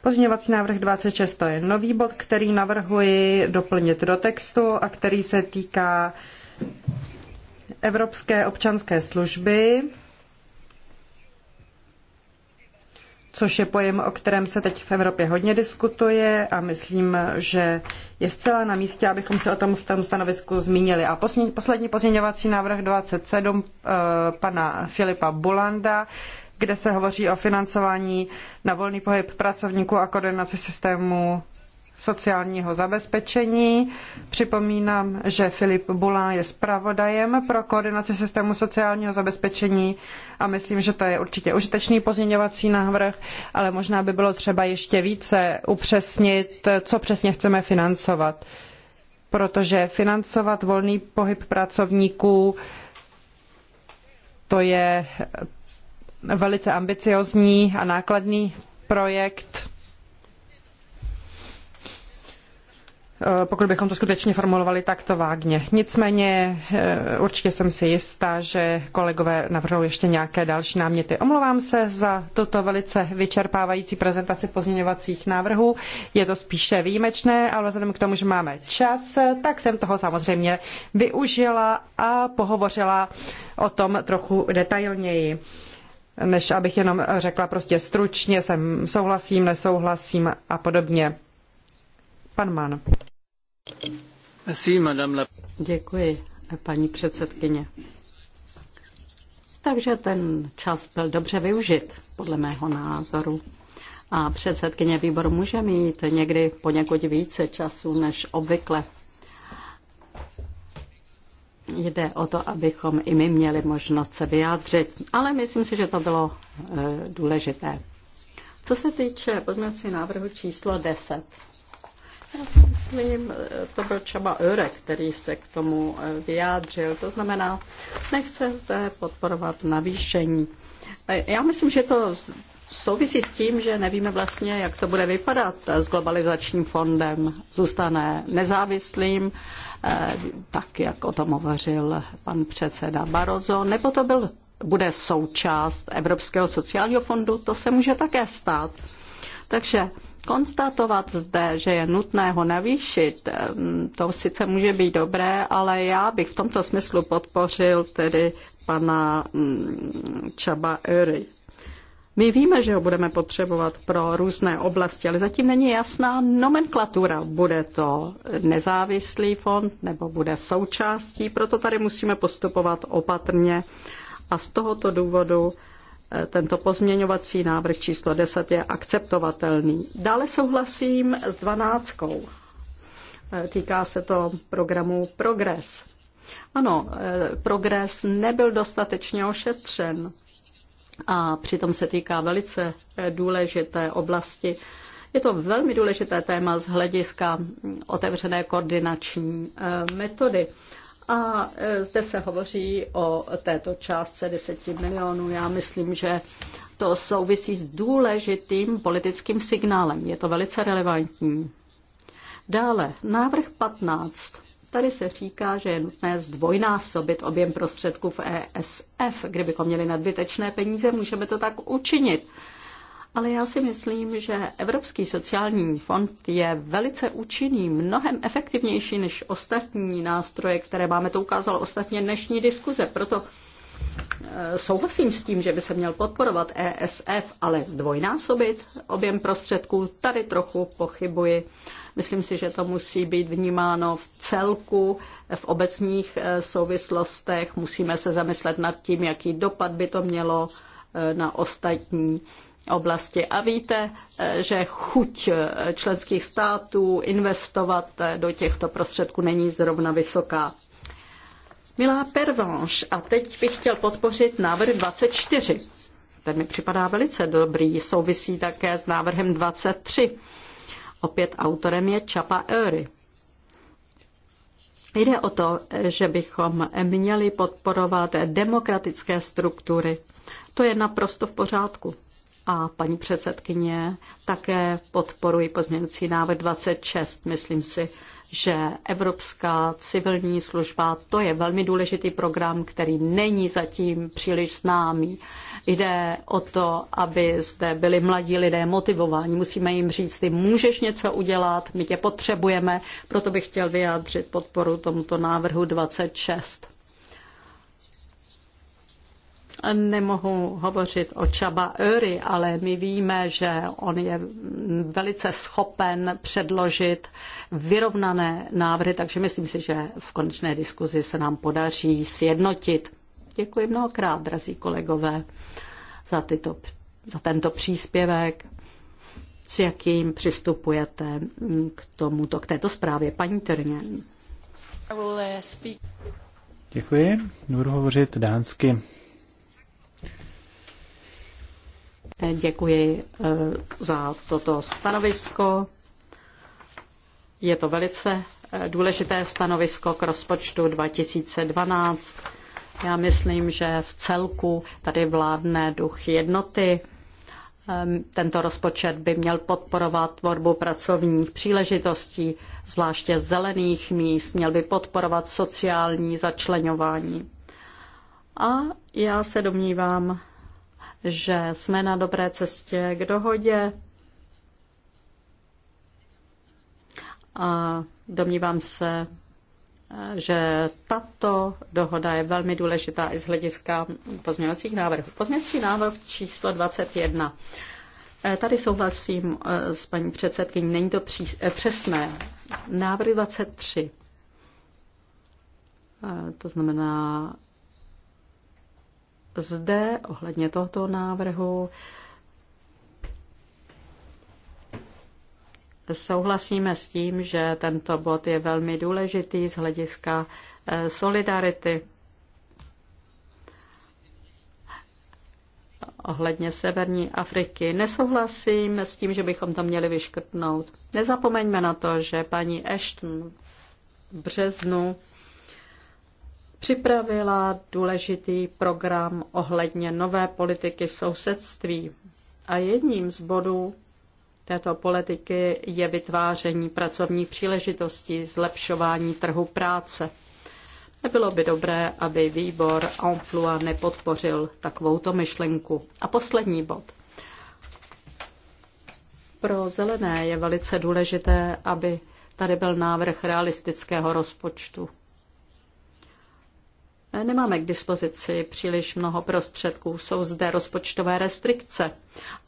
Pozměňovací návrh 26 to je nový bod, který navrhuji doplnit do textu a který se týká Evropské občanské služby, což je pojem, o kterém se teď v Evropě hodně diskutuje a myslím, že je zcela na místě, abychom se o tom v tom stanovisku zmínili. A poslední pozměňovací návrh 27 eh, pana Filipa Bulanda kde se hovoří o financování na volný pohyb pracovníků a koordinaci systému sociálního zabezpečení. Připomínám, že Filip Bula je zpravodajem pro koordinaci systému sociálního zabezpečení a myslím, že to je určitě užitečný pozměňovací návrh, ale možná by bylo třeba ještě více upřesnit, co přesně chceme financovat. Protože financovat volný pohyb pracovníků to je velice ambiciózní a nákladný projekt. Eh, pokud bychom to skutečně formulovali takto vágně. Nicméně eh, určitě jsem si jistá, že kolegové navrhnou ještě nějaké další náměty. Omlouvám se za tuto velice vyčerpávající prezentaci pozměňovacích návrhů. Je to spíše výjimečné, ale vzhledem k tomu, že máme čas, tak jsem toho samozřejmě využila a pohovořila o tom trochu detailněji než abych jenom řekla prostě stručně, jsem souhlasím, nesouhlasím a podobně. Pan Man. Děkuji, paní předsedkyně. Takže ten čas byl dobře využit, podle mého názoru. A předsedkyně výboru může mít někdy poněkud více času než obvykle jde o to, abychom i my měli možnost se vyjádřit, ale myslím si, že to bylo e, důležité. Co se týče pozměňovacího návrhu číslo 10, já si myslím, e, to byl třeba Örek, který se k tomu e, vyjádřil. To znamená, nechce zde podporovat navýšení. Já myslím, že to souvisí s tím, že nevíme vlastně, jak to bude vypadat s globalizačním fondem. Zůstane nezávislým Eh, tak jak o tom hovořil pan předseda Barozo, nebo to byl, bude součást Evropského sociálního fondu, to se může také stát. Takže konstatovat zde, že je nutné ho navýšit, eh, to sice může být dobré, ale já bych v tomto smyslu podpořil tedy pana mm, Čaba Öry. My víme, že ho budeme potřebovat pro různé oblasti, ale zatím není jasná nomenklatura. Bude to nezávislý fond nebo bude součástí, proto tady musíme postupovat opatrně. A z tohoto důvodu eh, tento pozměňovací návrh číslo 10 je akceptovatelný. Dále souhlasím s 12. Eh, týká se to programu Progress. Ano, eh, progres nebyl dostatečně ošetřen a přitom se týká velice důležité oblasti. Je to velmi důležité téma z hlediska otevřené koordinační eh, metody. A eh, zde se hovoří o této částce 10 milionů. Já myslím, že to souvisí s důležitým politickým signálem. Je to velice relevantní. Dále, návrh 15 Tady se říká, že je nutné zdvojnásobit objem prostředků v ESF. Kdybychom měli nadbytečné peníze, můžeme to tak učinit. Ale já si myslím, že Evropský sociální fond je velice účinný, mnohem efektivnější než ostatní nástroje, které máme. To ukázalo ostatně dnešní diskuze. Proto eh, souhlasím s tím, že by se měl podporovat ESF, ale zdvojnásobit objem prostředků, tady trochu pochybuji. Myslím si, že to musí být vnímáno v celku, v obecních eh, souvislostech. Musíme se zamyslet nad tím, jaký dopad by to mělo eh, na ostatní oblasti. A víte, eh, že chuť členských států investovat do těchto prostředků není zrovna vysoká. Milá Pervanche, a teď bych chtěl podpořit návrh 24. Ten mi připadá velice dobrý, souvisí také s návrhem 23. Opět autorem je Čapa Öry. Jde o to, že bychom měli podporovat demokratické struktury. To je naprosto v pořádku. A paní předsedkyně, také podporuji pozměnící návrh 26. Myslím si, že Evropská civilní služba, to je velmi důležitý program, který není zatím příliš známý. Jde o to, aby zde byli mladí lidé motivováni. Musíme jim říct, ty můžeš něco udělat, my tě potřebujeme. Proto bych chtěl vyjádřit podporu tomuto návrhu 26 nemohu hovořit o Čaba Öry, ale my víme, že on je velice schopen předložit vyrovnané návrhy, takže myslím si, že v konečné diskuzi se nám podaří sjednotit. Děkuji mnohokrát, drazí kolegové za, tyto, za tento příspěvek, s jakým přistupujete k tomuto, k této zprávě. Paní Trně. Děkuji. Budu hovořit dánsky. Děkuji eh, za toto stanovisko. Je to velice eh, důležité stanovisko k rozpočtu 2012 já myslím, že v celku tady vládne duch jednoty. Ehm, tento rozpočet by měl podporovat tvorbu pracovních příležitostí, zvláště zelených míst, měl by podporovat sociální začlenování. A já se domnívám, že jsme na dobré cestě k dohodě. A domnívám se, že tato dohoda je velmi důležitá i z hlediska pozměňovacích návrhů. Pozměňovací návrh číslo 21. Eh, tady souhlasím eh, s paní předsedkyní, není to eh, přesné. Návrh 23. To znamená, zde ohledně tohoto návrhu Souhlasíme s tím, že tento bod je velmi důležitý z hlediska eh, solidarity. Ohledně Severní Afriky nesouhlasím s tím, že bychom to měli vyškrtnout. Nezapomeňme na to, že paní Ashton v březnu připravila důležitý program ohledně nové politiky sousedství. A jedním z bodů této politiky je vytváření pracovních příležitostí, zlepšování trhu práce. Nebylo by dobré, aby výbor Emploi nepodpořil takovouto myšlenku. A poslední bod. Pro zelené je velice důležité, aby tady byl návrh realistického rozpočtu nemáme k dispozici příliš mnoho prostředků, jsou zde rozpočtové restrikce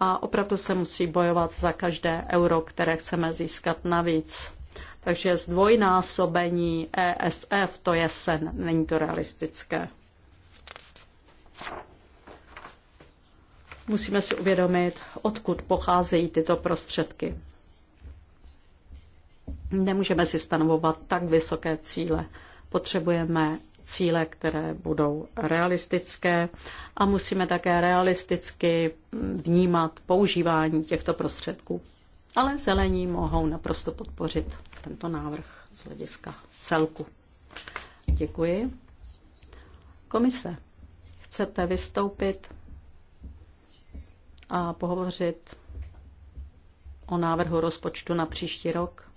a opravdu se musí bojovat za každé euro, které chceme získat navíc. Takže zdvojnásobení ESF, to je sen, není to realistické. Musíme si uvědomit, odkud pocházejí tyto prostředky. Nemůžeme si stanovovat tak vysoké cíle. Potřebujeme cíle, které budou realistické a musíme také realisticky vnímat používání těchto prostředků. Ale zelení mohou naprosto podpořit tento návrh z hlediska celku. Děkuji. Komise, chcete vystoupit a pohovořit o návrhu rozpočtu na příští rok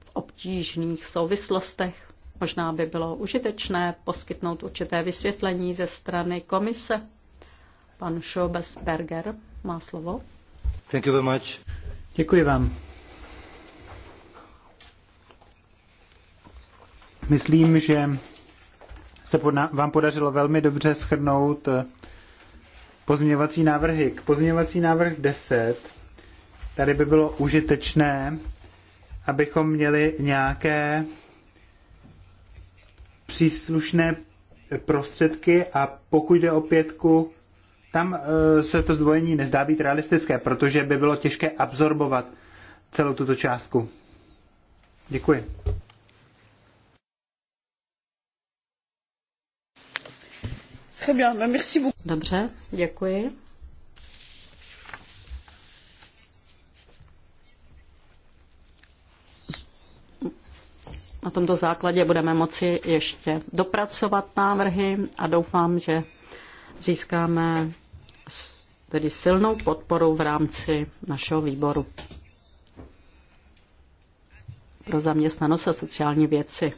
v obtížných souvislostech? Možná by bylo užitečné poskytnout určité vysvětlení ze strany komise. Pan Schobesberger má slovo. Thank you very much. Děkuji vám. Myslím, že se vám podařilo velmi dobře schrnout eh, pozměňovací návrhy. K pozměňovací návrh 10 tady by bylo užitečné, abychom měli nějaké příslušné prostředky a pokud jde o pětku, tam e, se to zdvojení nezdá být realistické, protože by bylo těžké absorbovat celou tuto částku. Děkuji. Dobře, děkuji. Na tomto základě budeme moci ještě dopracovat návrhy a doufám, že získáme tedy silnou podporu v rámci našeho výboru pro zaměstnanost a sociální věci.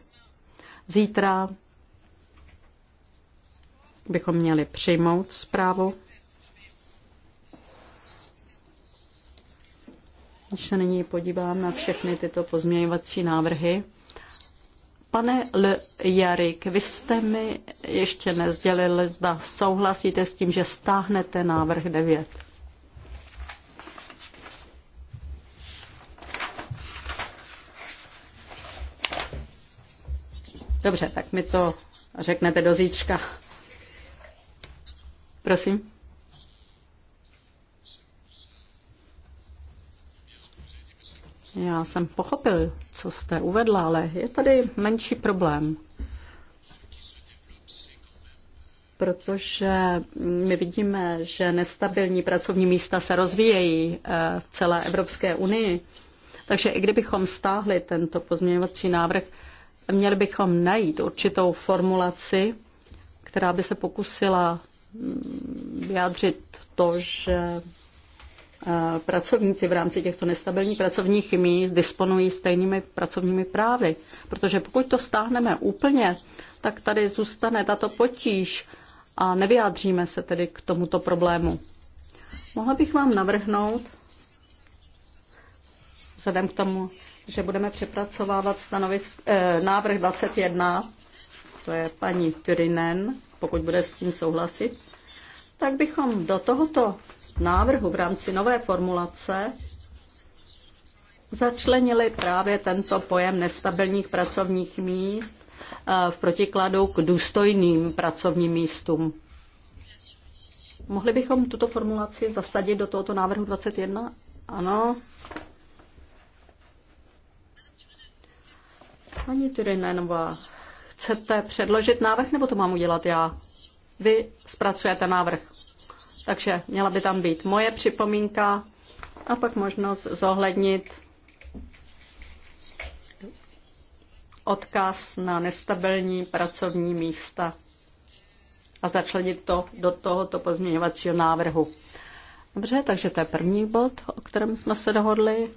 Zítra bychom měli přijmout zprávu. Když se nyní podívám na všechny tyto pozměňovací návrhy, Pane L. Jarik, vy jste mi ještě nezdělil, zda souhlasíte s tím, že stáhnete návrh 9. Dobře, tak mi to řeknete do zítřka. Prosím. Já jsem pochopil, co jste uvedla, ale je tady menší problém. Protože my vidíme, že nestabilní pracovní místa se rozvíjejí eh, v celé Evropské unii. Takže i kdybychom stáhli tento pozměňovací návrh, měli bychom najít určitou formulaci, která by se pokusila mm, vyjádřit to, že pracovníci v rámci těchto nestabilních pracovních míst disponují stejnými pracovními právy. Protože pokud to stáhneme úplně, tak tady zůstane tato potíž a nevyjádříme se tedy k tomuto problému. Mohla bych vám navrhnout, vzhledem k tomu, že budeme přepracovávat stanovis, eh, návrh 21, to je paní Tyrinen, pokud bude s tím souhlasit, tak bychom do tohoto návrhu v rámci nové formulace začlenili právě tento pojem nestabilních pracovních míst eh, v protikladu k důstojným pracovním místům. Mohli bychom tuto formulaci zasadit do tohoto návrhu 21? Ano. Paní Tyrinenová, chcete předložit návrh, nebo to mám udělat já? Vy zpracujete návrh. Takže měla by tam být moje připomínka a pak možnost zohlednit odkaz na nestabilní pracovní místa a začlenit to do tohoto pozměňovacího návrhu. Dobře, takže to je první bod, o kterém jsme se dohodli.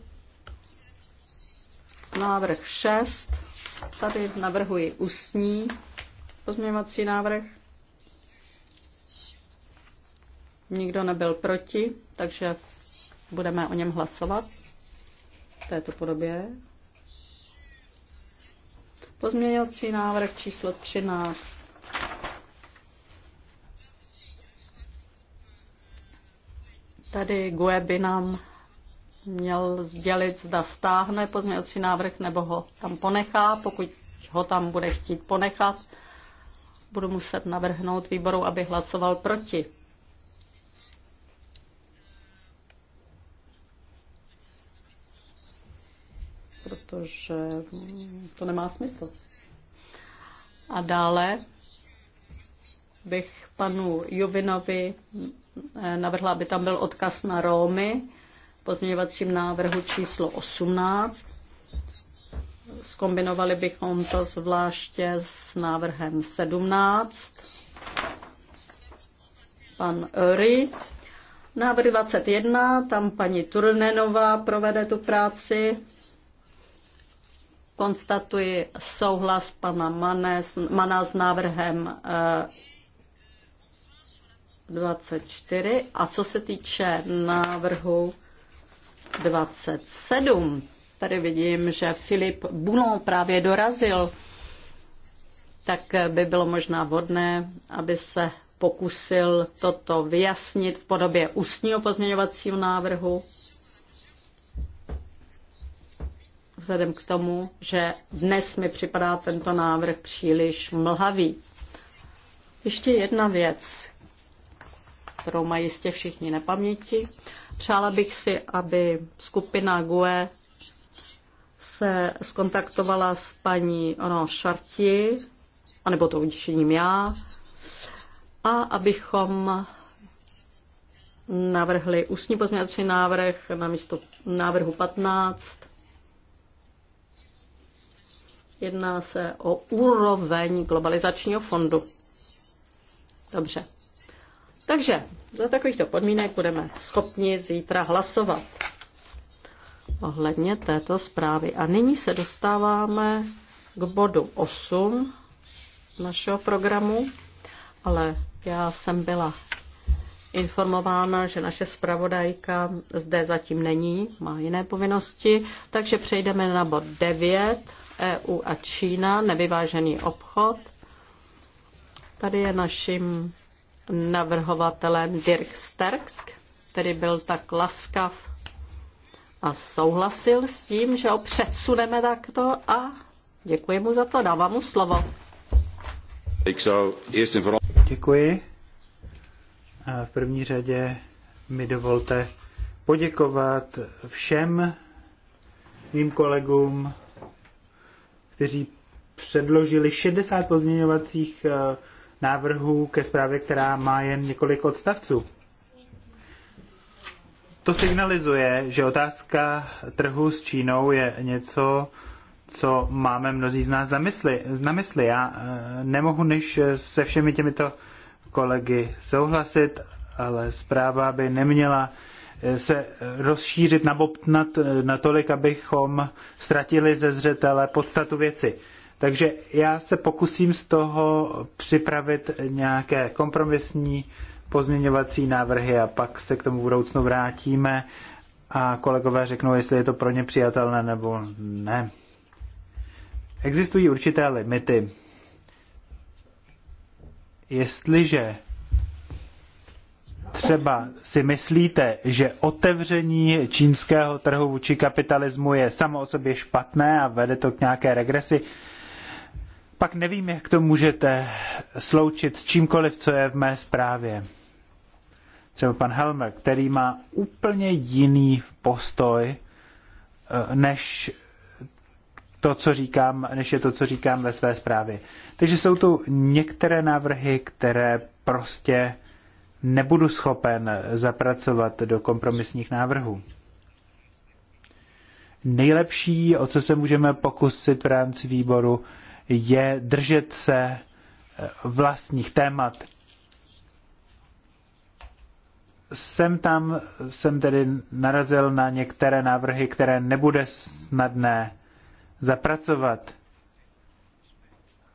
Návrh 6. Tady navrhuji ústní pozměňovací návrh. Nikdo nebyl proti, takže budeme o něm hlasovat v této podobě. Pozměňovací návrh číslo 13. Tady GUE by nám měl sdělit, zda stáhne pozměňovací návrh nebo ho tam ponechá. Pokud ho tam bude chtít ponechat, budu muset navrhnout výboru, aby hlasoval proti. protože to nemá smysl. A dále bych panu Jovinovi navrhla, aby tam byl odkaz na Rómy v pozměňovacím návrhu číslo 18. Skombinovali bychom to zvláště s návrhem 17. Pan Öry. Návrh 21, tam paní Turnenová provede tu práci. Konstatuji souhlas pana Manes, Mana s návrhem 24. Eh, A co se týče návrhu 27, tady vidím, že Filip Boulon právě dorazil, tak by bylo možná vhodné, aby se pokusil toto vyjasnit v podobě ústního pozměňovacího návrhu vzhledem k tomu, že dnes mi připadá tento návrh příliš mlhavý. Ještě jedna věc, kterou mají jistě všichni nepaměti. Přála bych si, aby skupina GUE se skontaktovala s paní ono, Šarti, anebo to učiním já, a abychom navrhli ústní pozměňovací návrh na místo návrhu 15 Jedná se o úroveň globalizačního fondu. Dobře. Takže za takovýchto podmínek budeme schopni zítra hlasovat ohledně této zprávy. A nyní se dostáváme k bodu 8 našeho programu, ale já jsem byla informována, že naše zpravodajka zde zatím není, má jiné povinnosti, takže přejdeme na bod 9 EU a Čína, nevyvážený obchod. Tady je naším navrhovatelem Dirk Sterksk, který byl tak laskav a souhlasil s tím, že ho předsuneme takto a děkuji mu za to, dávám mu slovo. Děkuji. A v první řadě mi dovolte poděkovat všem mým kolegům kteří předložili 60 pozměňovacích eh, návrhů ke zprávě, která má jen několik odstavců. To signalizuje, že otázka trhu s Čínou je něco, co máme mnozí z nás zamysli, na mysli. Já eh, nemohu než eh, se všemi těmito kolegy souhlasit, ale zpráva by neměla se rozšířit, nabobtnat natolik, abychom ztratili ze zřetele podstatu věci. Takže já se pokusím z toho připravit nějaké kompromisní pozměňovací návrhy a pak se k tomu v budoucnu vrátíme a kolegové řeknou, jestli je to pro ně přijatelné nebo ne. Existují určité limity. Jestliže třeba si myslíte, že otevření čínského trhu vůči kapitalismu je samo o sobě špatné a vede to k nějaké regresi, pak nevím, jak to můžete sloučit s čímkoliv, co je v mé zprávě. Třeba pan Helmer, který má úplně jiný postoj, eh, než to, co říkám, než je to, co říkám ve své zprávě. Takže jsou tu některé návrhy, které prostě nebudu schopen zapracovat do kompromisních návrhů. Nejlepší, o co se můžeme pokusit v rámci výboru, je držet se eh, vlastních témat. Jsem tam, jsem tedy narazil na některé návrhy, které nebude snadné zapracovat.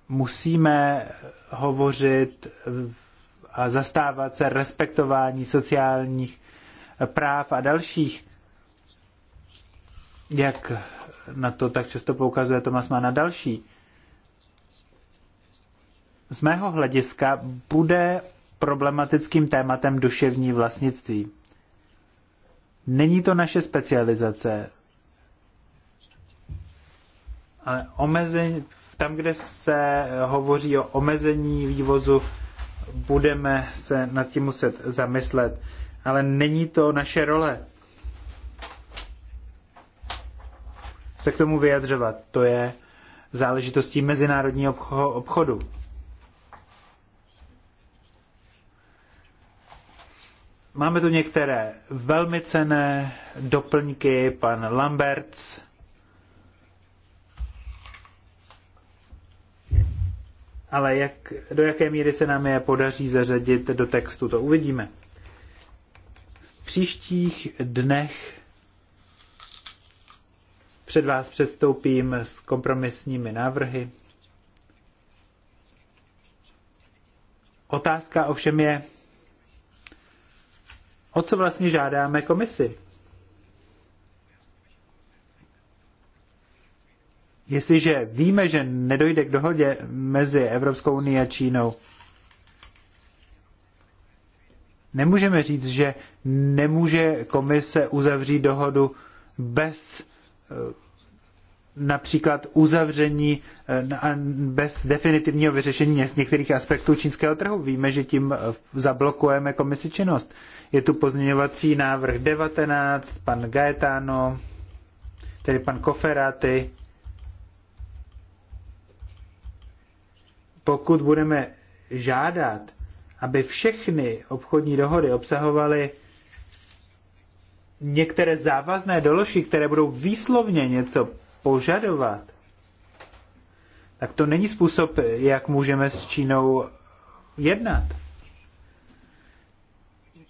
Musíme hovořit a zastávat se respektování sociálních práv a dalších. Jak na to tak často poukazuje Tomas Mann a další. Z mého hlediska bude problematickým tématem duševní vlastnictví. Není to naše specializace, ale omezení, tam, kde se hovoří o omezení vývozu budeme se nad tím muset zamyslet, ale není to naše role se k tomu vyjadřovat. To je záležitostí mezinárodního obchodu. Máme tu některé velmi cené doplňky, pan Lamberts, ale jak, do jaké míry se nám je podaří zařadit do textu, to uvidíme. V příštích dnech před vás předstoupím s kompromisními návrhy. Otázka ovšem je, o co vlastně žádáme komisi? Jestliže víme, že nedojde k dohodě mezi Evropskou unii a Čínou, nemůžeme říct, že nemůže komise uzavřít dohodu bez eh, například uzavření eh, bez definitivního vyřešení některých aspektů čínského trhu. Víme, že tím eh, zablokujeme komisi činnost. Je tu pozměňovací návrh 19, pan Gaetano, tedy pan Koferáty, pokud budeme žádat, aby všechny obchodní dohody obsahovaly některé závazné doložky, které budou výslovně něco požadovat, tak to není způsob, jak můžeme s Čínou jednat.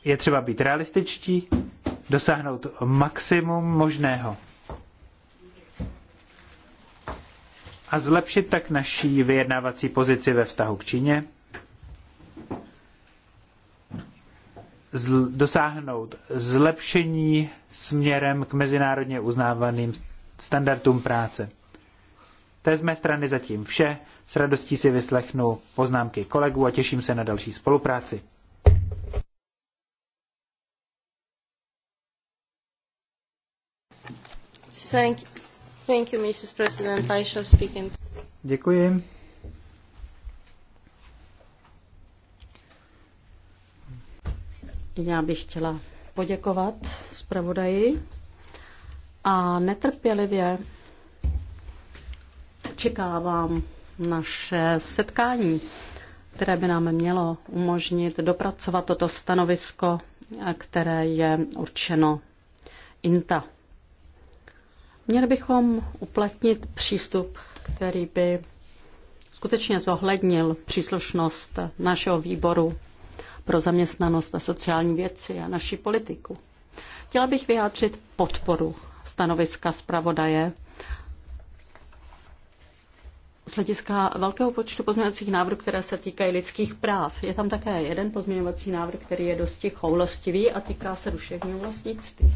Je třeba být realističtí, dosáhnout maximum možného. a zlepšit tak naší vyjednávací pozici ve vztahu k Číně, dosáhnout zlepšení směrem k mezinárodně uznávaným standardům práce. To je z mé strany zatím vše. S radostí si vyslechnu poznámky kolegů a těším se na další spolupráci. Thank you. Thank you, Mrs. President. I shall speak in... Děkuji. Já bych chtěla poděkovat zpravodaji a netrpělivě očekávám naše setkání, které by nám mělo umožnit dopracovat toto stanovisko, které je určeno INTA. Měli bychom uplatnit přístup, který by skutečně zohlednil příslušnost našeho výboru pro zaměstnanost a sociální věci a naši politiku. Chtěla bych vyjádřit podporu stanoviska zpravodaje z hlediska velkého počtu pozměňovacích návrhů, které se týkají lidských práv. Je tam také jeden pozměňovací návrh, který je dosti choulostivý a týká se duševního vlastnictví.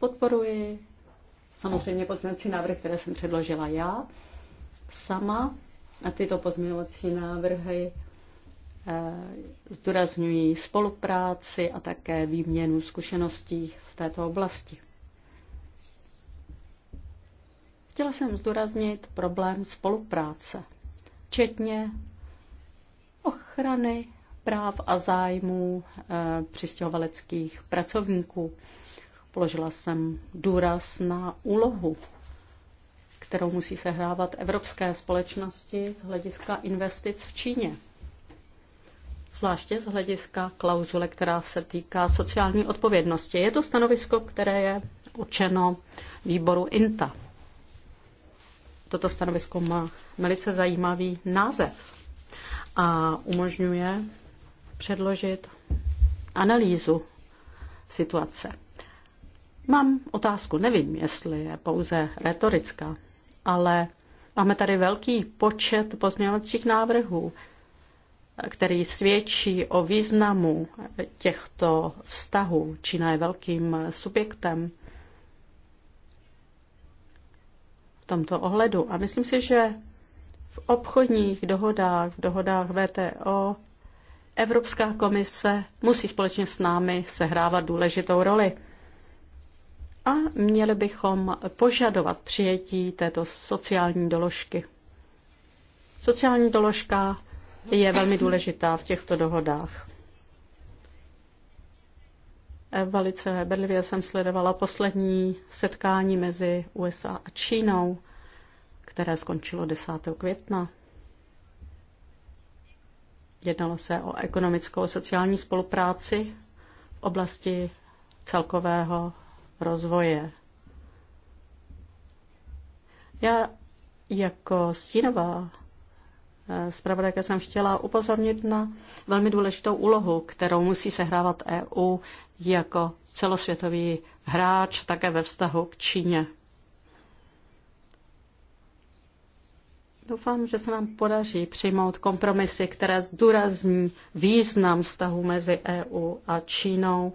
Podporuji samozřejmě pozměňovací návrhy, které jsem předložila já sama. A tyto pozměňovací návrhy eh, zdůrazňují spolupráci a také výměnu zkušeností v této oblasti. Chtěla jsem zdůraznit problém spolupráce, včetně ochrany práv a zájmů eh, přistěhovaleckých pracovníků. Položila jsem důraz na úlohu, kterou musí sehrávat evropské společnosti z hlediska investic v Číně. Zvláště z hlediska klauzule, která se týká sociální odpovědnosti. Je to stanovisko, které je učeno výboru INTA. Toto stanovisko má velice zajímavý název a umožňuje předložit analýzu situace. Mám otázku, nevím, jestli je pouze retorická, ale máme tady velký počet pozměňovacích návrhů, který svědčí o významu těchto vztahů. Čína je velkým subjektem v tomto ohledu. A myslím si, že v obchodních dohodách, v dohodách VTO, Evropská komise musí společně s námi sehrávat důležitou roli a měli bychom požadovat přijetí této sociální doložky. Sociální doložka je velmi důležitá v těchto dohodách. Velice bedlivě jsem sledovala poslední setkání mezi USA a Čínou, které skončilo 10. května. Jednalo se o ekonomickou a sociální spolupráci v oblasti celkového rozvoje. Já jako stínová eh, zpravodajka jsem chtěla upozornit na velmi důležitou úlohu, kterou musí sehrávat EU jako celosvětový hráč také ve vztahu k Číně. Doufám, že se nám podaří přijmout kompromisy, které zdůrazní význam vztahu mezi EU a Čínou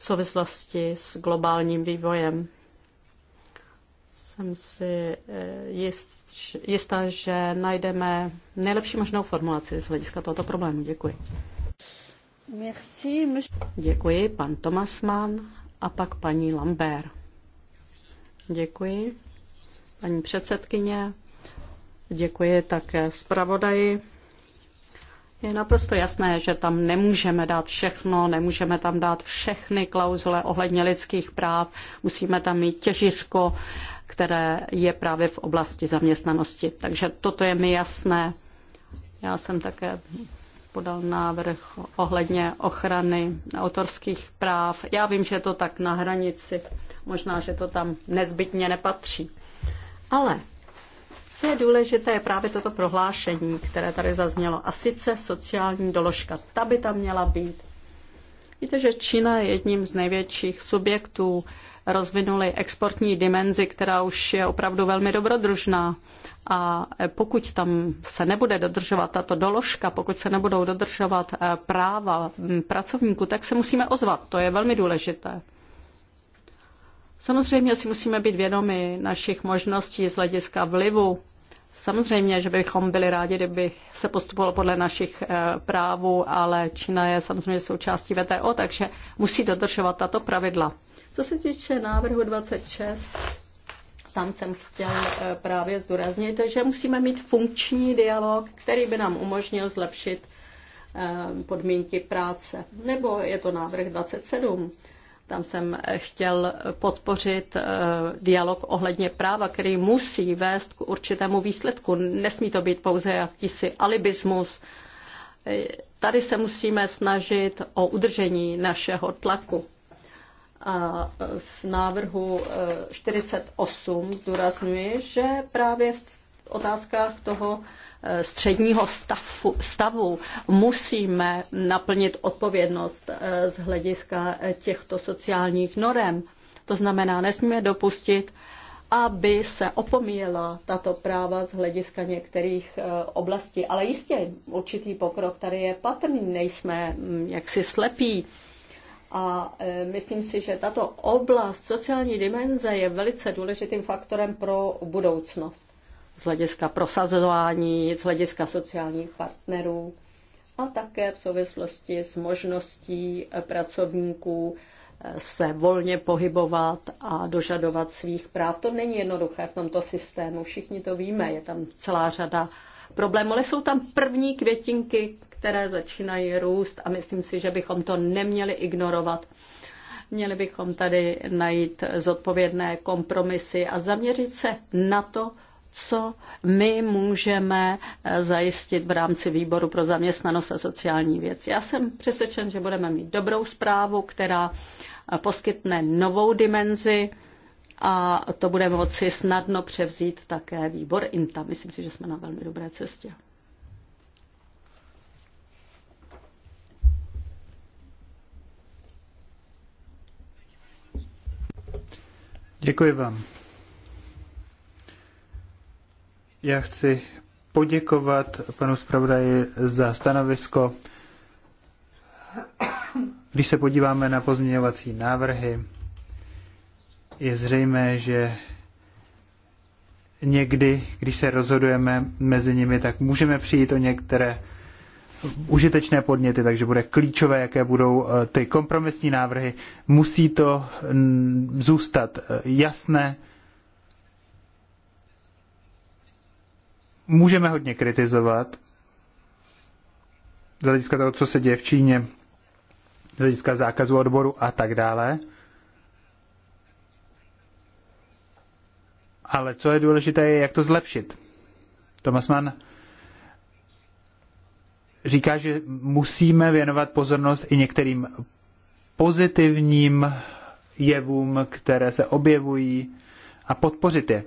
v souvislosti s globálním vývojem. Jsem si eh, jist, jistá, že najdeme nejlepší možnou formulaci z hlediska tohoto problému. Děkuji. Děkuji, pan Tomasman a pak paní Lambert. Děkuji, paní předsedkyně. Děkuji také zpravodaji je naprosto jasné, že tam nemůžeme dát všechno, nemůžeme tam dát všechny klauzule ohledně lidských práv, musíme tam mít těžisko, které je právě v oblasti zaměstnanosti. Takže toto je mi jasné. Já jsem také podal návrh ohledně ochrany autorských práv. Já vím, že je to tak na hranici, možná, že to tam nezbytně nepatří. Ale co je důležité, je právě toto prohlášení, které tady zaznělo. A sice sociální doložka. Ta by tam měla být. Víte, že Čína je jedním z největších subjektů, rozvinuli exportní dimenzi, která už je opravdu velmi dobrodružná. A pokud tam se nebude dodržovat tato doložka, pokud se nebudou dodržovat eh, práva hm, pracovníků, tak se musíme ozvat. To je velmi důležité. Samozřejmě si musíme být vědomi našich možností z hlediska vlivu Samozřejmě, že bychom byli rádi, kdyby se postupovalo podle našich eh, právů, ale Čína je samozřejmě součástí VTO, takže musí dodržovat tato pravidla. Co se týče návrhu 26, tam jsem chtěl eh, právě zdůraznit, že musíme mít funkční dialog, který by nám umožnil zlepšit eh, podmínky práce. Nebo je to návrh 27. Tam jsem eh, chtěl eh, podpořit eh, dialog ohledně práva, který musí vést k určitému výsledku. Nesmí to být pouze jakýsi alibismus. Tady se musíme snažit o udržení našeho tlaku. A v návrhu 48 zdůrazňuji, že právě v otázkách toho, Eh, středního stavu, stavu musíme naplnit odpovědnost eh, z hlediska eh, těchto sociálních norem. To znamená, nesmíme dopustit, aby se opomíjela tato práva z hlediska některých oblastí. Ale jistě určitý pokrok tady je patrný, nejsme mm, jaksi slepí. A myslím si, že tato oblast sociální dimenze je velice důležitým faktorem pro budoucnost z hlediska prosazování, z hlediska sociálních partnerů a také v souvislosti s možností pracovníků eh, se volně pohybovat a dožadovat svých práv. To není jednoduché v tomto systému, všichni to víme, je tam celá řada problémů, ale jsou tam první květinky, které začínají růst a myslím si, že bychom to neměli ignorovat. Měli bychom tady najít zodpovědné kompromisy a zaměřit se na to, co my můžeme eh, zajistit v rámci výboru pro zaměstnanost a sociální věci. Já jsem přesvědčen, že budeme mít dobrou zprávu, která eh, poskytne novou dimenzi a to bude moci snadno převzít také výbor INTA. Myslím si, že jsme na velmi dobré cestě. Děkuji vám. Já chci poděkovat panu zpravodaji za stanovisko. Když se podíváme na pozměňovací návrhy, je zřejmé, že někdy, když se rozhodujeme mezi nimi, tak můžeme přijít o některé užitečné podněty, takže bude klíčové, jaké budou eh, ty kompromisní návrhy. Musí to mm, zůstat eh, jasné, můžeme hodně kritizovat z hlediska toho, co se děje v Číně, z hlediska zákazu odboru a tak dále. Ale co je důležité, je, jak to zlepšit. Thomas Mann říká, že musíme věnovat pozornost i některým pozitivním jevům, které se objevují a podpořit je.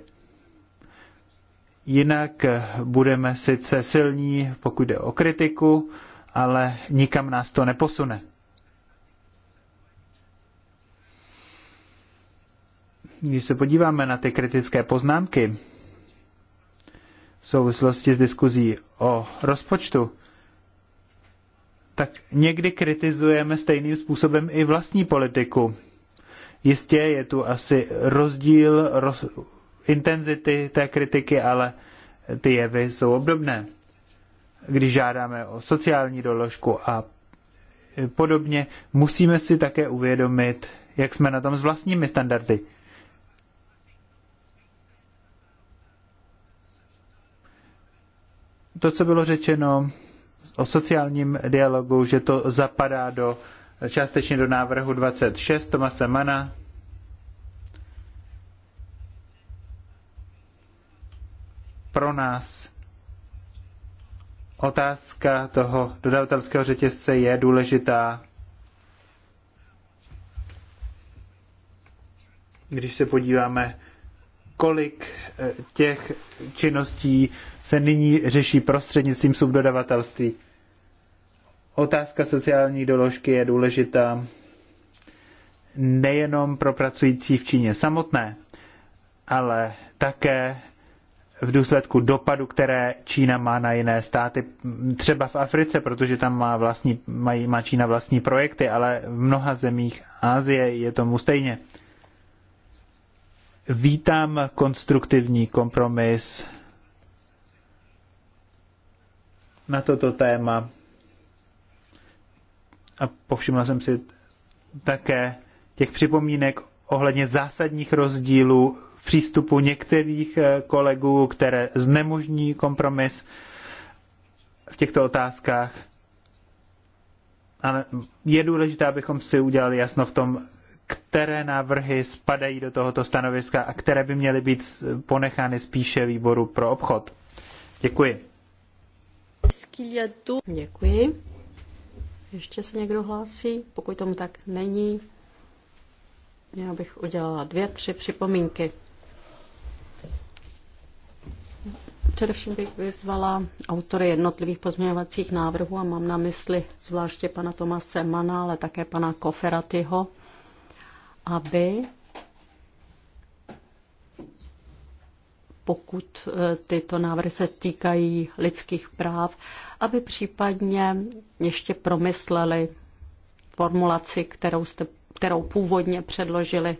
Jinak budeme sice silní, pokud jde o kritiku, ale nikam nás to neposune. Když se podíváme na ty kritické poznámky v souvislosti s diskuzí o rozpočtu, tak někdy kritizujeme stejným způsobem i vlastní politiku. Jistě je tu asi rozdíl roz, intenzity té kritiky, ale ty jevy jsou obdobné. Když žádáme o sociální doložku a podobně, musíme si také uvědomit, jak jsme na tom s vlastními standardy. To, co bylo řečeno o sociálním dialogu, že to zapadá do, částečně do návrhu 26 Tomase Mana, pro nás otázka toho dodavatelského řetězce je důležitá. Když se podíváme, kolik eh, těch činností se nyní řeší prostřednictvím subdodavatelství. Otázka sociální doložky je důležitá nejenom pro pracující v Číně samotné, ale také v důsledku dopadu, které Čína má na jiné státy, třeba v Africe, protože tam má, vlastní, mají, má Čína vlastní projekty, ale v mnoha zemích Asie je tomu stejně. Vítám konstruktivní kompromis na toto téma a povšimla jsem si také těch připomínek ohledně zásadních rozdílů přístupu některých eh, kolegů, které znemožní kompromis v těchto otázkách. Ale je důležité, abychom si udělali jasno v tom, které návrhy spadají do tohoto stanoviska a které by měly být ponechány spíše výboru pro obchod. Děkuji. Děkuji. Ještě se někdo hlásí? Pokud tomu tak není, já bych udělala dvě, tři připomínky. Především bych vyzvala autory jednotlivých pozměňovacích návrhů a mám na mysli zvláště pana Tomase Mana, ale také pana Koferatyho, aby pokud e, tyto návrhy se týkají lidských práv, aby případně ještě promysleli formulaci, kterou, jste, kterou původně předložili.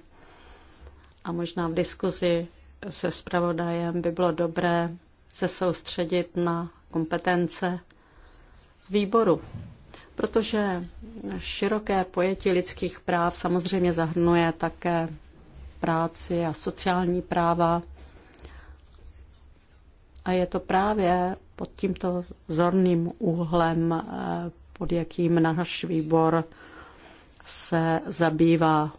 A možná v diskuzi se spravodajem by bylo dobré se soustředit na kompetence výboru, protože široké pojetí lidských práv samozřejmě zahrnuje také práci a sociální práva. A je to právě pod tímto zorným úhlem, eh, pod jakým náš výbor se zabývá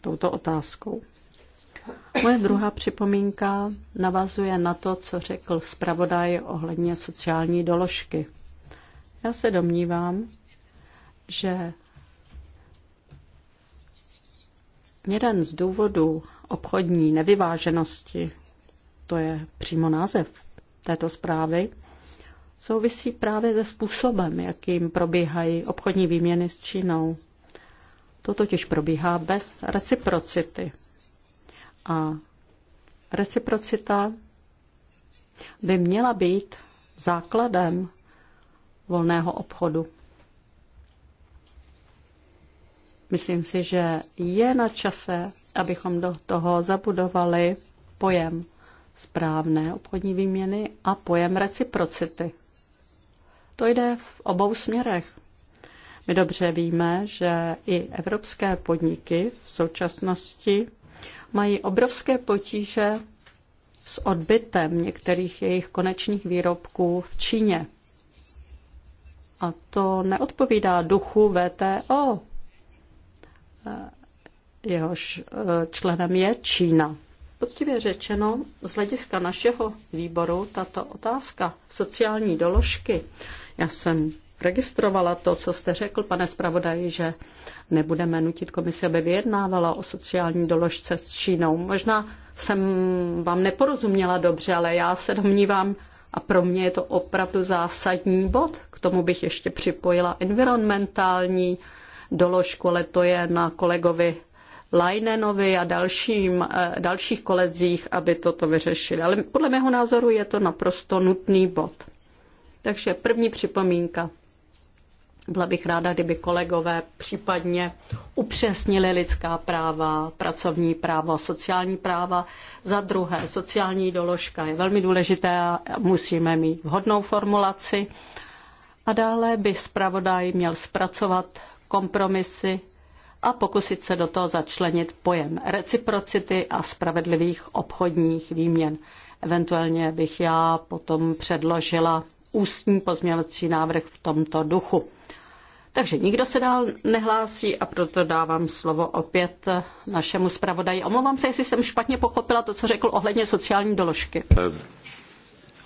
touto otázkou. Moje druhá připomínka navazuje na to, co řekl zpravodaj ohledně sociální doložky. Já se domnívám, že jeden z důvodů obchodní nevyváženosti, to je přímo název této zprávy, souvisí právě se způsobem, jakým probíhají obchodní výměny s Čínou. To totiž probíhá bez reciprocity a reciprocita by měla být základem volného obchodu. Myslím si, že je na čase, abychom do toho zabudovali pojem správné obchodní výměny a pojem reciprocity. To jde v obou směrech. My dobře víme, že i evropské podniky v současnosti mají obrovské potíže s odbytem některých jejich konečných výrobků v Číně. A to neodpovídá duchu VTO. Jehož eh, členem je Čína. Poctivě řečeno, z hlediska našeho výboru tato otázka sociální doložky, já jsem registrovala to, co jste řekl, pane zpravodaji, že nebudeme nutit komisi, aby vyjednávala o sociální doložce s Čínou. Možná jsem vám neporozuměla dobře, ale já se domnívám, a pro mě je to opravdu zásadní bod. K tomu bych ještě připojila environmentální doložku, ale to je na kolegovi Lajnenovi a dalším, eh, dalších kolezích, aby toto vyřešili. Ale podle mého názoru je to naprosto nutný bod. Takže první připomínka. Byla bych ráda, kdyby kolegové případně upřesnili lidská práva, pracovní práva, sociální práva. Za druhé, sociální doložka je velmi důležitá, a musíme mít vhodnou formulaci. A dále by zpravodaj měl zpracovat kompromisy a pokusit se do toho začlenit pojem reciprocity a spravedlivých obchodních výměn. Eventuálně bych já potom předložila ústní pozměňovací návrh v tomto duchu. Takže nikdo se dál nehlásí a proto dávám slovo opět našemu zpravodaji. Omlouvám se, jestli jsem špatně pochopila to, co řekl ohledně sociální doložky.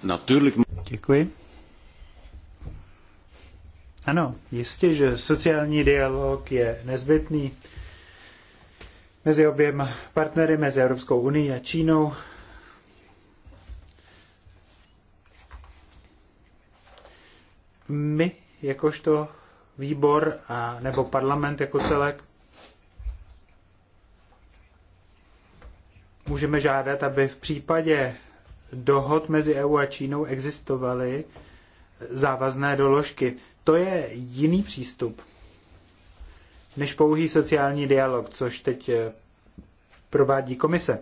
Eh, Děkuji. Ano, jistě, že sociální dialog je nezbytný mezi oběma partnery, mezi Evropskou unii a Čínou. My, jakožto výbor a, nebo parlament jako celek můžeme žádat, aby v případě dohod mezi EU a Čínou existovaly závazné doložky. To je jiný přístup než pouhý sociální dialog, což teď eh, provádí komise.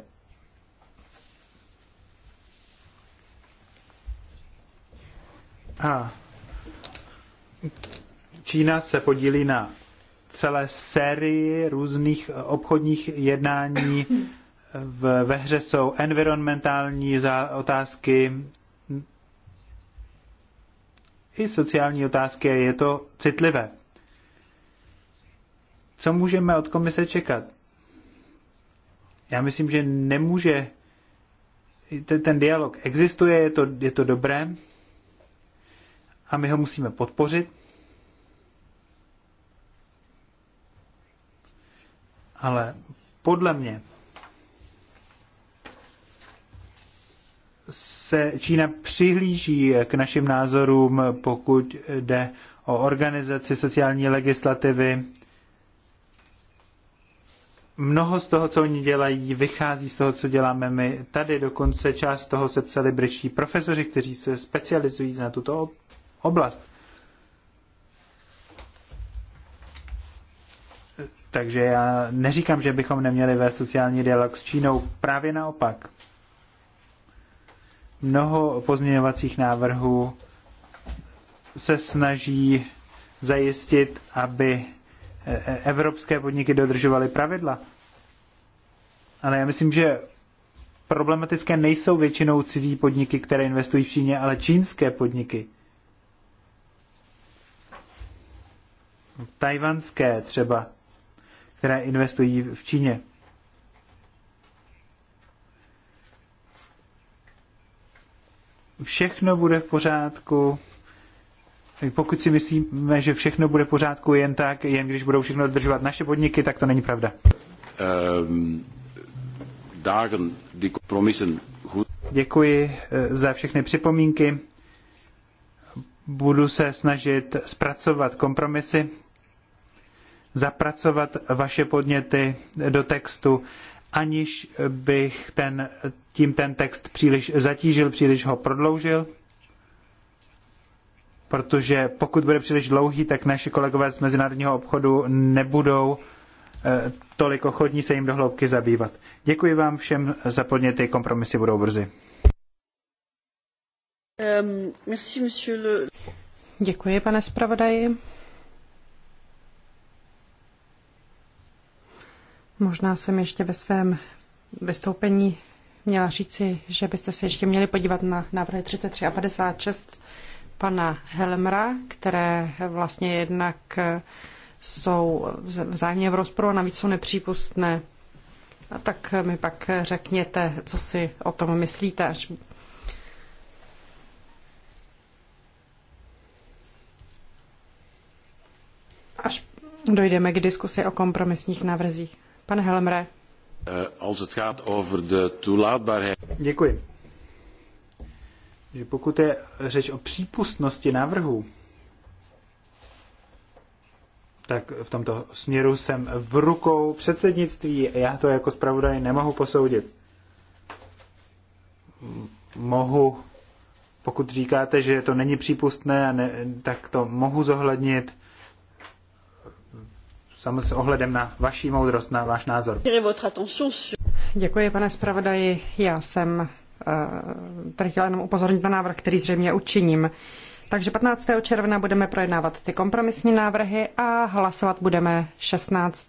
A Čína se podílí na celé sérii různých eh, obchodních jednání. V, ve hře jsou environmentální otázky, i sociální otázky a je to citlivé. Co můžeme od komise čekat? Já myslím, že nemůže. Ten, ten dialog existuje, je to, je to dobré a my ho musíme podpořit Ale podle mě se Čína přihlíží k našim názorům, pokud jde o organizaci sociální legislativy. Mnoho z toho, co oni dělají, vychází z toho, co děláme my. Tady dokonce část toho sepsali britští profesoři, kteří se specializují na tuto oblast. Takže já neříkám, že bychom neměli vést sociální dialog s Čínou, právě naopak. Mnoho pozměňovacích návrhů se snaží zajistit, aby eh, evropské podniky dodržovaly pravidla. Ale já myslím, že problematické nejsou většinou cizí podniky, které investují v Číně, ale čínské podniky. Tajvanské třeba které investují v Číně. Všechno bude v pořádku. Pokud si myslíme, že všechno bude v pořádku jen tak, jen když budou všechno dodržovat naše podniky, tak to není pravda. Ehm, dagen, Děkuji eh, za všechny připomínky. Budu se snažit zpracovat kompromisy zapracovat vaše podněty do textu, aniž bych ten, tím ten text příliš zatížil, příliš ho prodloužil, protože pokud bude příliš dlouhý, tak naši kolegové z mezinárodního obchodu nebudou eh, tolik ochotní se jim hloubky zabývat. Děkuji vám všem za podněty, kompromisy budou brzy. Ehm, Děkuji, pane zpravodaji. Možná jsem ještě ve svém vystoupení měla říci, že byste se ještě měli podívat na návrhy 33 a 56 pana Helmra, které vlastně jednak jsou vzájemně v rozporu a navíc jsou nepřípustné. A tak mi pak řekněte, co si o tom myslíte, až až dojdeme k diskusi o kompromisních návrzích. Pan Helmre. Eh, als het gaat over de toelaatbaarheid. Děkuji. Že pokud je řeč o přípustnosti návrhu, tak v tomto směru jsem v rukou předsednictví. Já to jako zpravodaj nemohu posoudit. Mohu, pokud říkáte, že to není přípustné, ne, tak to mohu zohlednit s ohledem na vaši moudrost, na váš názor. Děkuji, pane zpravodaji. Já jsem eh, tady chtěla jenom upozornit na návrh, který zřejmě učiním. Takže 15. června budeme projednávat ty kompromisní návrhy a hlasovat budeme 16.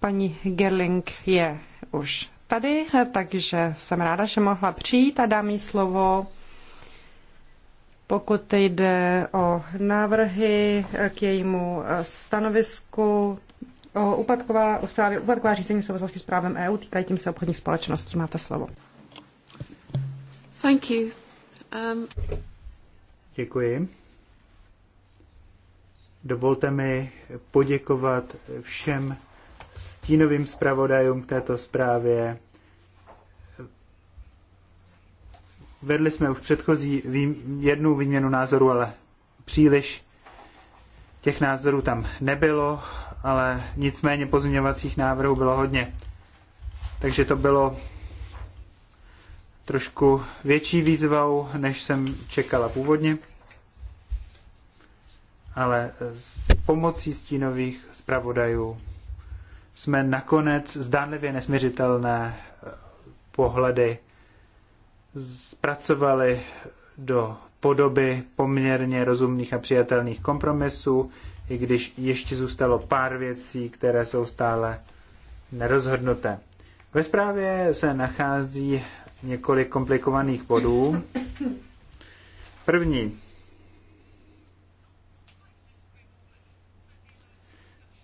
Paní Gerling je už tady, takže jsem ráda, že mohla přijít a dám jí slovo pokud jde o návrhy k jejímu stanovisku, o úpadková, o zprávě úpadková řízení v souvislosti s právem EU tím se obchodních společností, máte slovo. Thank you. Um... Děkuji. Dovolte mi poděkovat všem stínovým zpravodajům k této zprávě Vedli jsme už předchozí jednu výměnu názoru, ale příliš těch názorů tam nebylo, ale nicméně pozměňovacích návrhů bylo hodně. Takže to bylo trošku větší výzvou, než jsem čekala původně. Ale s pomocí stínových zpravodajů jsme nakonec zdánlivě nesměřitelné eh, pohledy zpracovali do podoby poměrně rozumných a přijatelných kompromisů, i když ještě zůstalo pár věcí, které jsou stále nerozhodnuté. Ve zprávě se nachází několik komplikovaných bodů. První.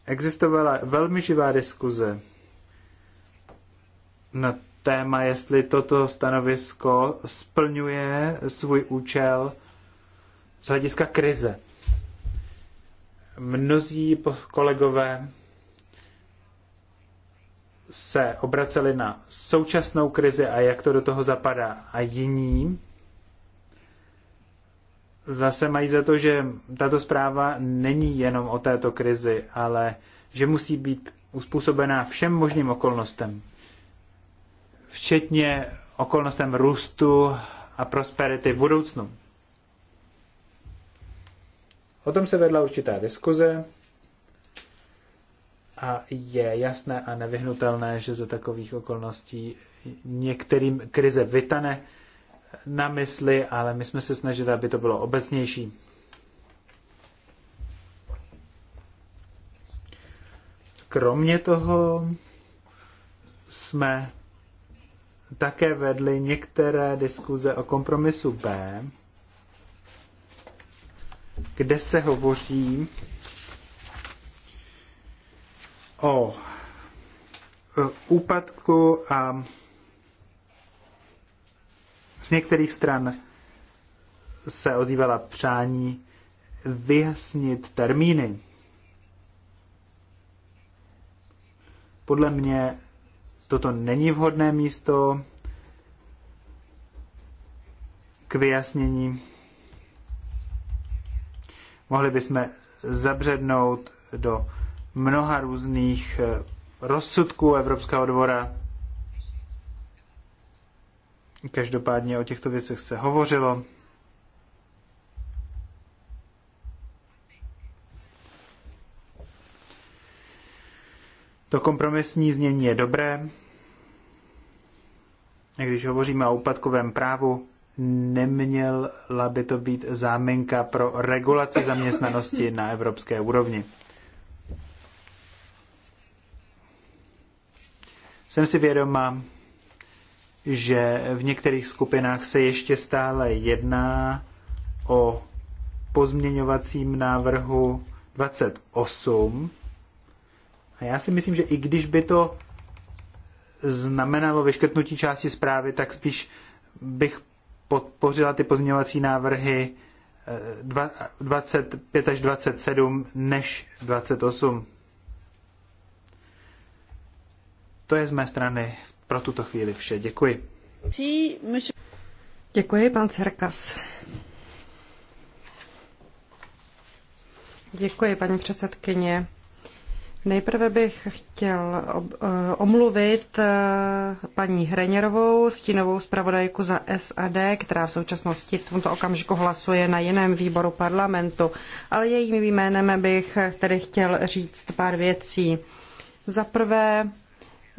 Existovala velmi živá diskuze nad téma, jestli toto stanovisko splňuje svůj účel z hlediska krize. Mnozí kolegové se obraceli na současnou krizi a jak to do toho zapadá. A jiní zase mají za to, že tato zpráva není jenom o této krizi, ale že musí být uspůsobená všem možným okolnostem včetně okolnostem růstu a prosperity v budoucnu. O tom se vedla určitá diskuze a je jasné a nevyhnutelné, že za takových okolností některým krize vytane na mysli, ale my jsme se snažili, aby to bylo obecnější. Kromě toho jsme také vedly některé diskuze o kompromisu B, kde se hovoří o úpadku a z některých stran se ozývala přání vyjasnit termíny. Podle mě toto není vhodné místo k vyjasnění. Mohli bychom zabřednout do mnoha různých eh, rozsudků Evropského dvora. Každopádně o těchto věcech se hovořilo. To kompromisní znění je dobré. A když hovoříme o úpadkovém právu, neměla by to být záminka pro regulaci zaměstnanosti na evropské úrovni. Jsem si vědoma, že v některých skupinách se ještě stále jedná o pozměňovacím návrhu 28, a já si myslím, že i když by to znamenalo vyškrtnutí části zprávy, tak spíš bych podpořila ty pozměňovací návrhy 25 eh, až 27 než 28. To je z mé strany pro tuto chvíli vše. Děkuji. Děkuji, pan Cerkas. Děkuji, paní předsedkyně. Nejprve bych chtěl eh, omluvit eh, paní Hreněrovou, stínovou zpravodajku za SAD, která v současnosti v tomto okamžiku hlasuje na jiném výboru parlamentu, ale jejím jménem bych tedy chtěl říct pár věcí. Za prvé,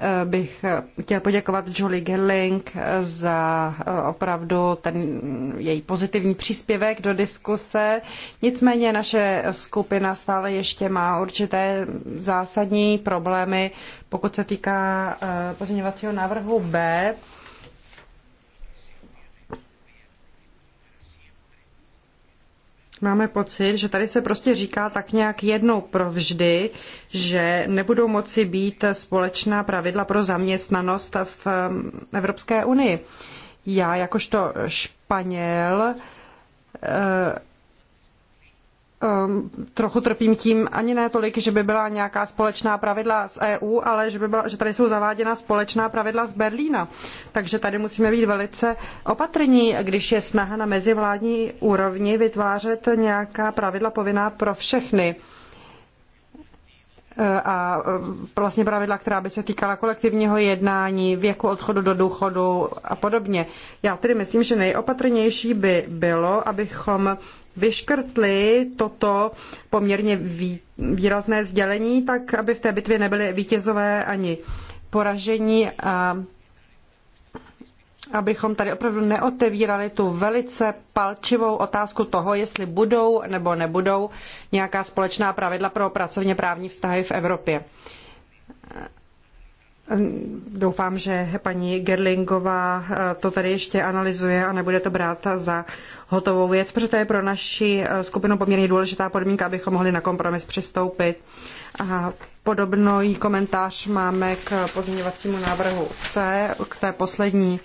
Eh, bych eh, chtěl poděkovat Julie Gerling eh, za opravdu ten její pozitivní příspěvek do diskuse. Nicméně naše skupina stále ještě má určité zásadní problémy, pokud se týká pozměňovacího návrhu B, máme pocit, že tady se prostě říká tak nějak jednou provždy, že nebudou moci být společná pravidla pro zaměstnanost v um, Evropské unii. Já jakožto Španěl eh, Ehm, trochu trpím tím ani ne tolik, že by byla nějaká společná pravidla z EU, ale že, by byla, že tady jsou zaváděna společná pravidla z Berlína. Takže tady musíme být velice opatrní, když je snaha na mezivládní úrovni vytvářet nějaká pravidla povinná pro všechny ehm, a ehm, vlastně pravidla, která by se týkala kolektivního jednání, věku odchodu do důchodu a podobně. Já tedy myslím, že nejopatrnější by bylo, abychom vyškrtli toto poměrně výrazné sdělení, tak aby v té bitvě nebyly vítězové ani poražení a abychom tady opravdu neotevírali tu velice palčivou otázku toho, jestli budou nebo nebudou nějaká společná pravidla pro pracovně právní vztahy v Evropě. Doufám, že paní Gerlingová eh, to tady ještě analyzuje a nebude to brát za hotovou věc, protože to je pro naši eh, skupinu poměrně důležitá podmínka, abychom mohli na kompromis přistoupit. A podobný komentář máme k pozměňovacímu návrhu C, k té poslední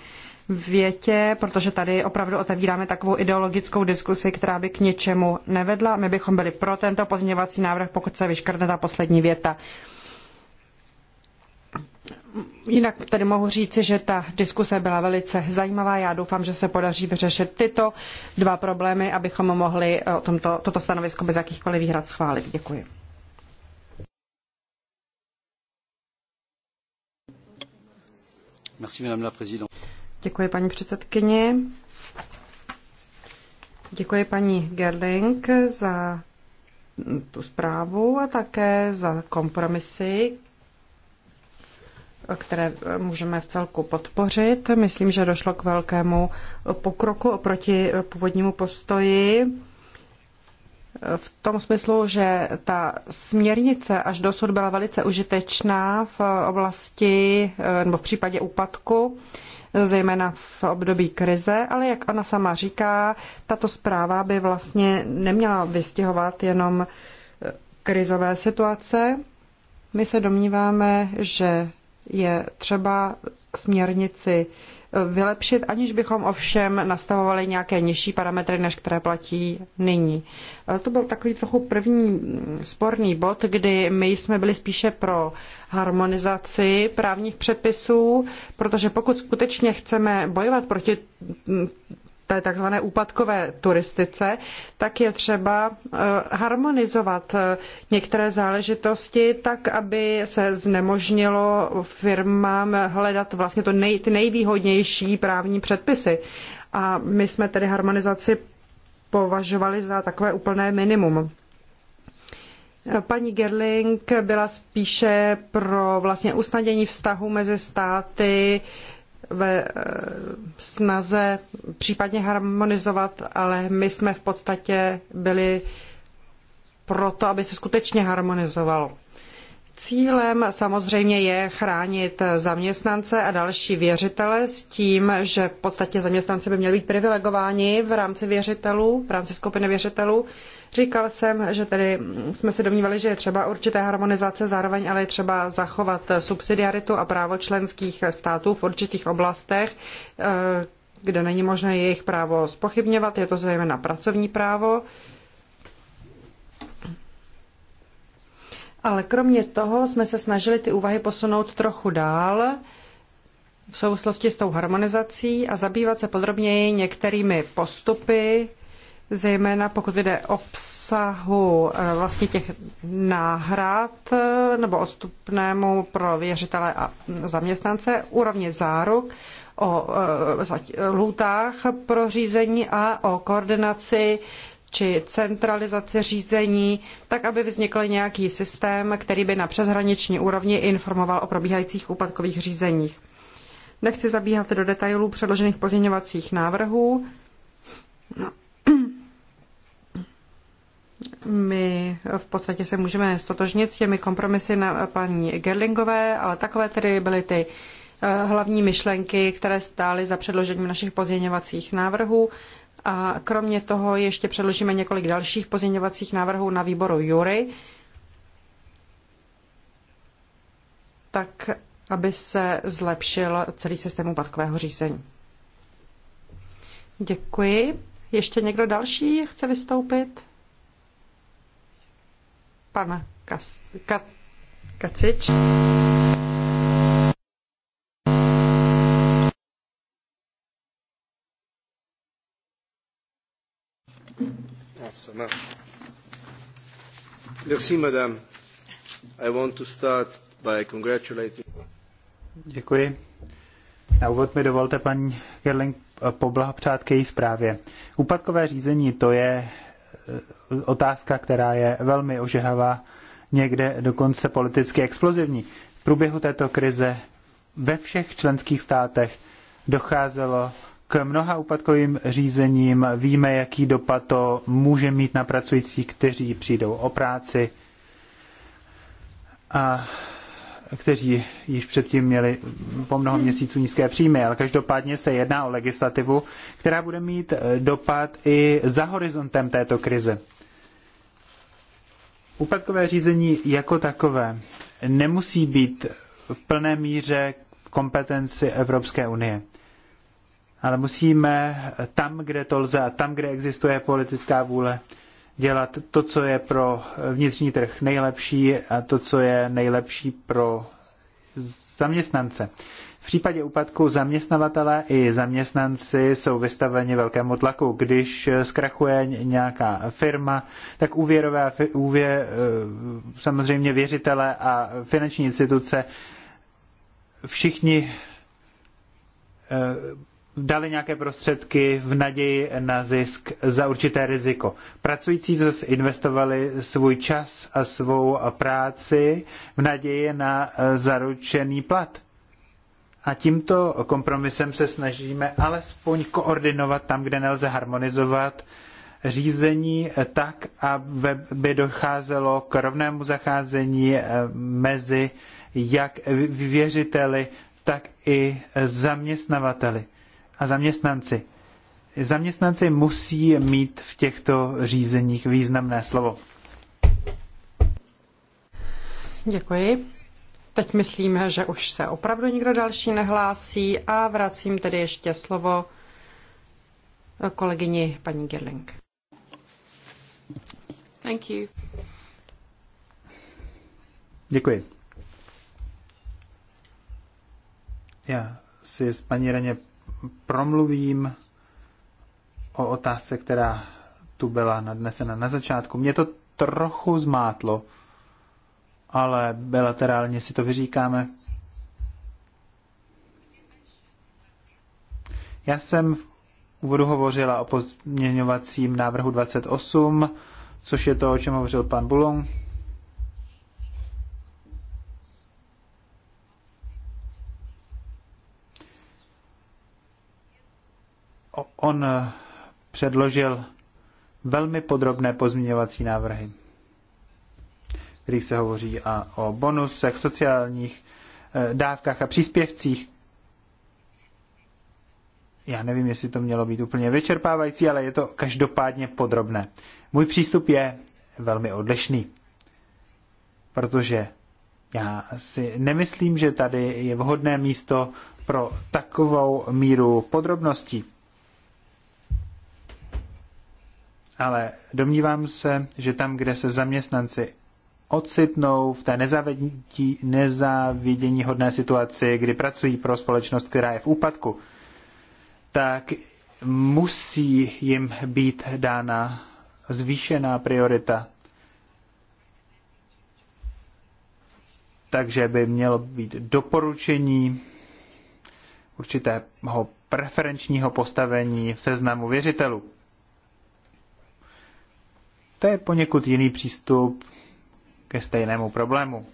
větě, protože tady opravdu otevíráme takovou ideologickou diskusi, která by k něčemu nevedla. My bychom byli pro tento pozměňovací návrh, pokud se vyškrtne ta poslední věta jinak tady mohu říci, že ta diskuse byla velice zajímavá. Já doufám, že se podaří vyřešit tyto dva problémy, abychom mohli eh, o tomto, toto stanovisko bez jakýchkoliv výhrad schválit. Děkuji. Děkuji paní předsedkyně. Děkuji paní Gerling za tu zprávu a také za kompromisy, které můžeme v celku podpořit. Myslím, že došlo k velkému pokroku oproti původnímu postoji v tom smyslu, že ta směrnice až dosud byla velice užitečná v oblasti nebo v případě úpadku, zejména v období krize, ale jak ona sama říká, tato zpráva by vlastně neměla vystihovat jenom krizové situace. My se domníváme, že je třeba směrnici vylepšit, aniž bychom ovšem nastavovali nějaké nižší parametry, než které platí nyní. E, to byl takový trochu první sporný bod, kdy my jsme byli spíše pro harmonizaci právních předpisů, protože pokud skutečně chceme bojovat proti té takzvané úpadkové turistice, tak je třeba eh, harmonizovat eh, některé záležitosti tak, aby se znemožnilo firmám hledat vlastně to nej, ty nejvýhodnější právní předpisy. A my jsme tedy harmonizaci považovali za takové úplné minimum. Eh, paní Gerling byla spíše pro vlastně usnadění vztahu mezi státy, ve eh, snaze případně harmonizovat, ale my jsme v podstatě byli proto, aby se skutečně harmonizovalo. Cílem samozřejmě je chránit zaměstnance a další věřitele s tím, že v podstatě zaměstnanci by měli být privilegováni v rámci věřitelů, v rámci skupiny věřitelů. Říkal jsem, že tedy jsme se domnívali, že je třeba určité harmonizace, zároveň ale je třeba zachovat subsidiaritu a právo členských států v určitých oblastech, eh, kde není možné jejich právo spochybňovat, je to zejména pracovní právo. ale kromě toho jsme se snažili ty úvahy posunout trochu dál v souvislosti s tou harmonizací a zabývat se podrobněji některými postupy, zejména pokud jde o obsahu eh, vlastně těch náhrad eh, nebo odstupnému pro věřitele a zaměstnance, úrovně záruk, o eh, lůtách pro řízení a o koordinaci či centralizaci řízení, tak aby vznikl nějaký systém, který by na přeshraniční úrovni informoval o probíhajících úpadkových řízeních. Nechci zabíhat do detailů předložených pozměňovacích návrhů. No. (clears throat) My v podstatě se můžeme stotožnit s těmi kompromisy na paní Gerlingové, ale takové tedy byly ty eh, hlavní myšlenky, které stály za předložením našich pozměňovacích návrhů a kromě toho ještě předložíme několik dalších pozměňovacích návrhů na výboru Jury, tak aby se zlepšil celý systém úpadkového řízení. Děkuji. Ještě někdo další chce vystoupit? Pan Kas- Ka- Kacič. Ça marche. Merci, madame. I want to start by congratulating... Děkuji. Na úvod mi dovolte, paní Gerling, poblahopřát k její zprávě. Úpadkové řízení to je eh, otázka, která je velmi ožehavá, někde dokonce politicky explozivní. V průběhu této krize ve všech členských státech docházelo k mnoha úpadkovým řízením, víme, jaký dopad to může mít na pracující, kteří přijdou o práci a kteří již předtím měli po mnoho měsíců nízké příjmy, ale každopádně se jedná o legislativu, která bude mít dopad i za horizontem této krize. Úpadkové řízení jako takové nemusí být v plné míře v kompetenci Evropské unie ale musíme tam, kde to lze a tam, kde existuje politická vůle, dělat to, co je pro vnitřní trh nejlepší a to, co je nejlepší pro zaměstnance. V případě úpadku zaměstnavatele i zaměstnanci jsou vystaveni velkému tlaku. Když zkrachuje nějaká firma, tak úvěrové úvě, eh, samozřejmě věřitele a finanční instituce všichni eh, dali nějaké prostředky v naději na zisk za určité riziko. Pracující zase investovali svůj čas a svou práci v naději na eh, zaručený plat. A tímto kompromisem se snažíme alespoň koordinovat tam, kde nelze harmonizovat řízení eh, tak, aby docházelo k rovnému zacházení eh, mezi jak věřiteli, tak i zaměstnavateli a zaměstnanci. Zaměstnanci musí mít v těchto řízeních významné slovo. Děkuji. Teď myslíme, že už se opravdu nikdo další nehlásí a vracím tedy ještě slovo kolegyni paní Gerling. Thank you. Děkuji. Já si s paní Reně promluvím o otázce, která tu byla nadnesena na začátku. Mě to trochu zmátlo, ale bilaterálně si to vyříkáme. Já jsem v úvodu hovořila o pozměňovacím návrhu 28, což je to, o čem hovořil pan Bulon. on eh, předložil velmi podrobné pozměňovací návrhy, kterých se hovoří a o bonusech, sociálních eh, dávkách a příspěvcích. Já nevím, jestli to mělo být úplně vyčerpávající, ale je to každopádně podrobné. Můj přístup je velmi odlišný, protože já si nemyslím, že tady je vhodné místo pro takovou míru podrobností. ale domnívám se, že tam, kde se zaměstnanci ocitnou v té nezávidění hodné situaci, kdy pracují pro společnost, která je v úpadku, tak musí jim být dána zvýšená priorita. Takže by mělo být doporučení určitého preferenčního postavení v seznamu věřitelů. To je poněkud jiný přístup ke stejnému problému.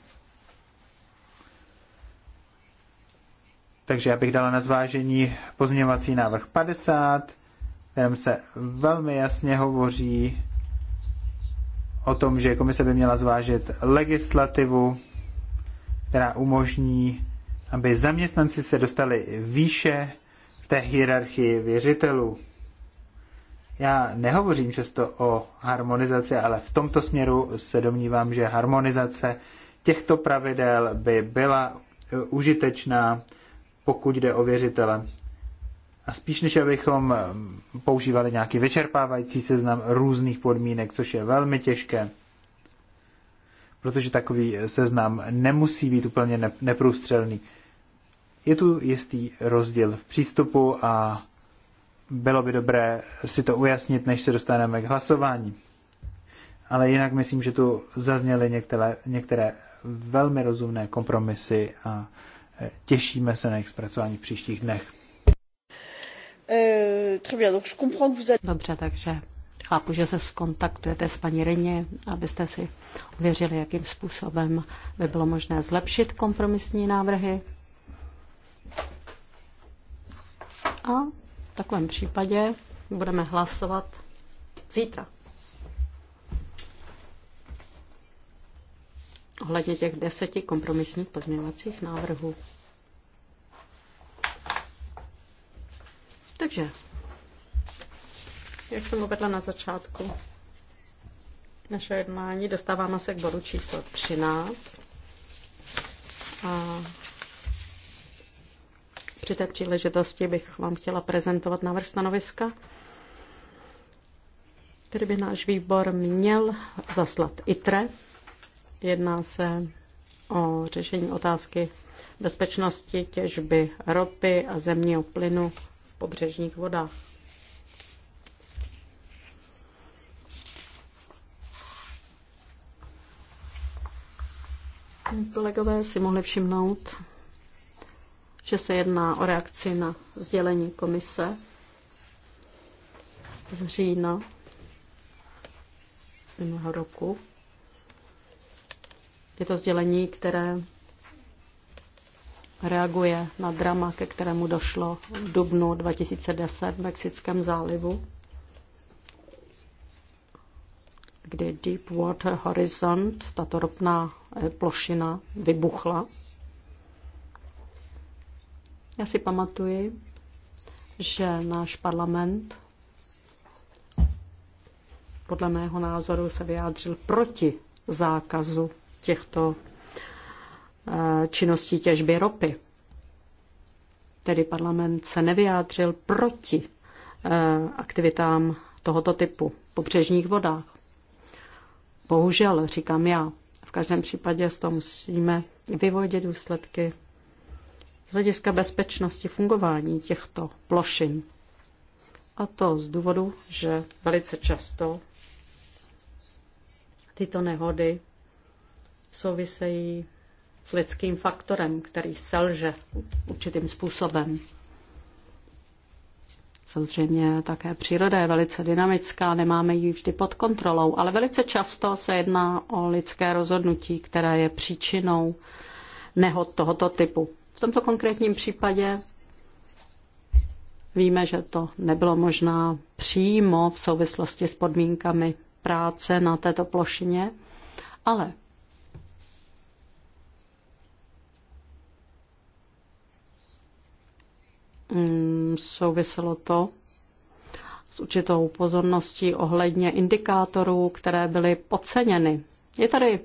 Takže já bych dala na zvážení pozměňovací návrh 50, kterém se velmi jasně hovoří o tom, že komise by měla zvážit legislativu, která umožní, aby zaměstnanci se dostali výše v té hierarchii věřitelů. Já nehovořím často o harmonizaci, ale v tomto směru se domnívám, že harmonizace těchto pravidel by byla e, užitečná, pokud jde o věřitele. A spíš než abychom e, používali nějaký vyčerpávající seznam různých podmínek, což je velmi těžké, protože takový e, seznam nemusí být úplně neprůstřelný. Je tu jistý rozdíl v přístupu a bylo by dobré si to ujasnit, než se dostaneme k hlasování. Ale jinak myslím, že tu zazněly některé, některé velmi rozumné kompromisy a e, těšíme se na jejich zpracování v příštích dnech. E, Dobře, takže chápu, že se skontaktujete s paní Rině, abyste si ověřili, jakým způsobem by bylo možné zlepšit kompromisní návrhy. A v takovém případě budeme hlasovat zítra. Ohledně těch deseti kompromisních pozměňovacích návrhů. Takže, jak jsem uvedla na začátku našeho jednání, dostáváme se k bodu číslo 13. A při té příležitosti bych vám chtěla prezentovat návrh stanoviska, který by náš výbor měl zaslat ITRE. Jedná se o řešení otázky bezpečnosti těžby ropy a zemního plynu v pobřežních vodách. Kolegové si mohli všimnout, že se jedná o reakci na sdělení komise z října minulého roku. Je to sdělení, které reaguje na drama, ke kterému došlo v dubnu 2010 v Mexickém zálivu, kdy Deepwater Horizon, tato ropná plošina, vybuchla já si pamatuji, že náš parlament podle mého názoru se vyjádřil proti zákazu těchto eh, činností těžby ropy. Tedy parlament se nevyjádřil proti eh, aktivitám tohoto typu v pobřežních vodách. Bohužel, říkám já, v každém případě z toho musíme vyvodit důsledky z hlediska bezpečnosti fungování těchto plošin. A to z důvodu, že velice často tyto nehody souvisejí s lidským faktorem, který selže určitým způsobem. Samozřejmě také příroda je velice dynamická, nemáme ji vždy pod kontrolou, ale velice často se jedná o lidské rozhodnutí, které je příčinou nehod tohoto typu. V tomto konkrétním případě víme, že to nebylo možná přímo v souvislosti s podmínkami práce na této plošině, ale mm, souviselo to s určitou pozorností ohledně indikátorů, které byly podceněny. Je tady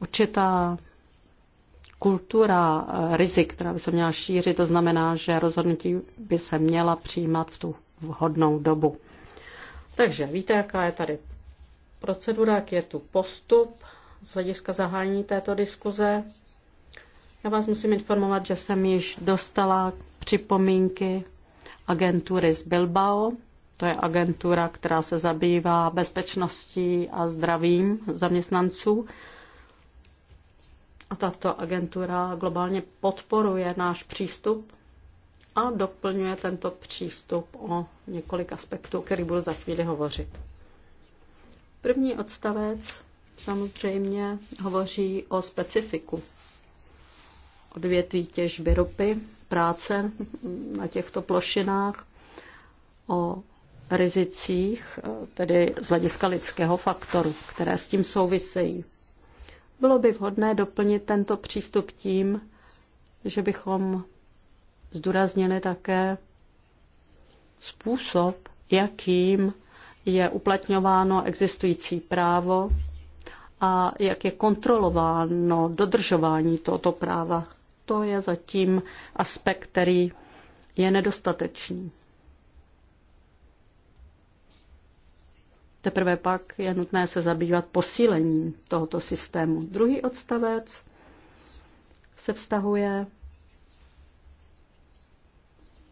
určitá kultura eh, rizik, která by se měla šířit, to znamená, že rozhodnutí by se měla přijímat v tu vhodnou dobu. Takže víte, jaká je tady procedura, jak je tu postup z hlediska zahájení této diskuze. Já vás musím informovat, že jsem již dostala připomínky agentury z Bilbao. To je agentura, která se zabývá bezpečností a zdravím zaměstnanců. Tato agentura globálně podporuje náš přístup a doplňuje tento přístup o několik aspektů, který budu za chvíli hovořit. První odstavec samozřejmě hovoří o specifiku odvětví těžby ropy, práce na těchto plošinách, o rizicích, tedy z hlediska lidského faktoru, které s tím souvisejí. Bylo by vhodné doplnit tento přístup tím, že bychom zdůraznili také způsob, jakým je uplatňováno existující právo a jak je kontrolováno dodržování tohoto práva. To je zatím aspekt, který je nedostatečný. Teprve pak je nutné se zabývat posílením tohoto systému. Druhý odstavec se vztahuje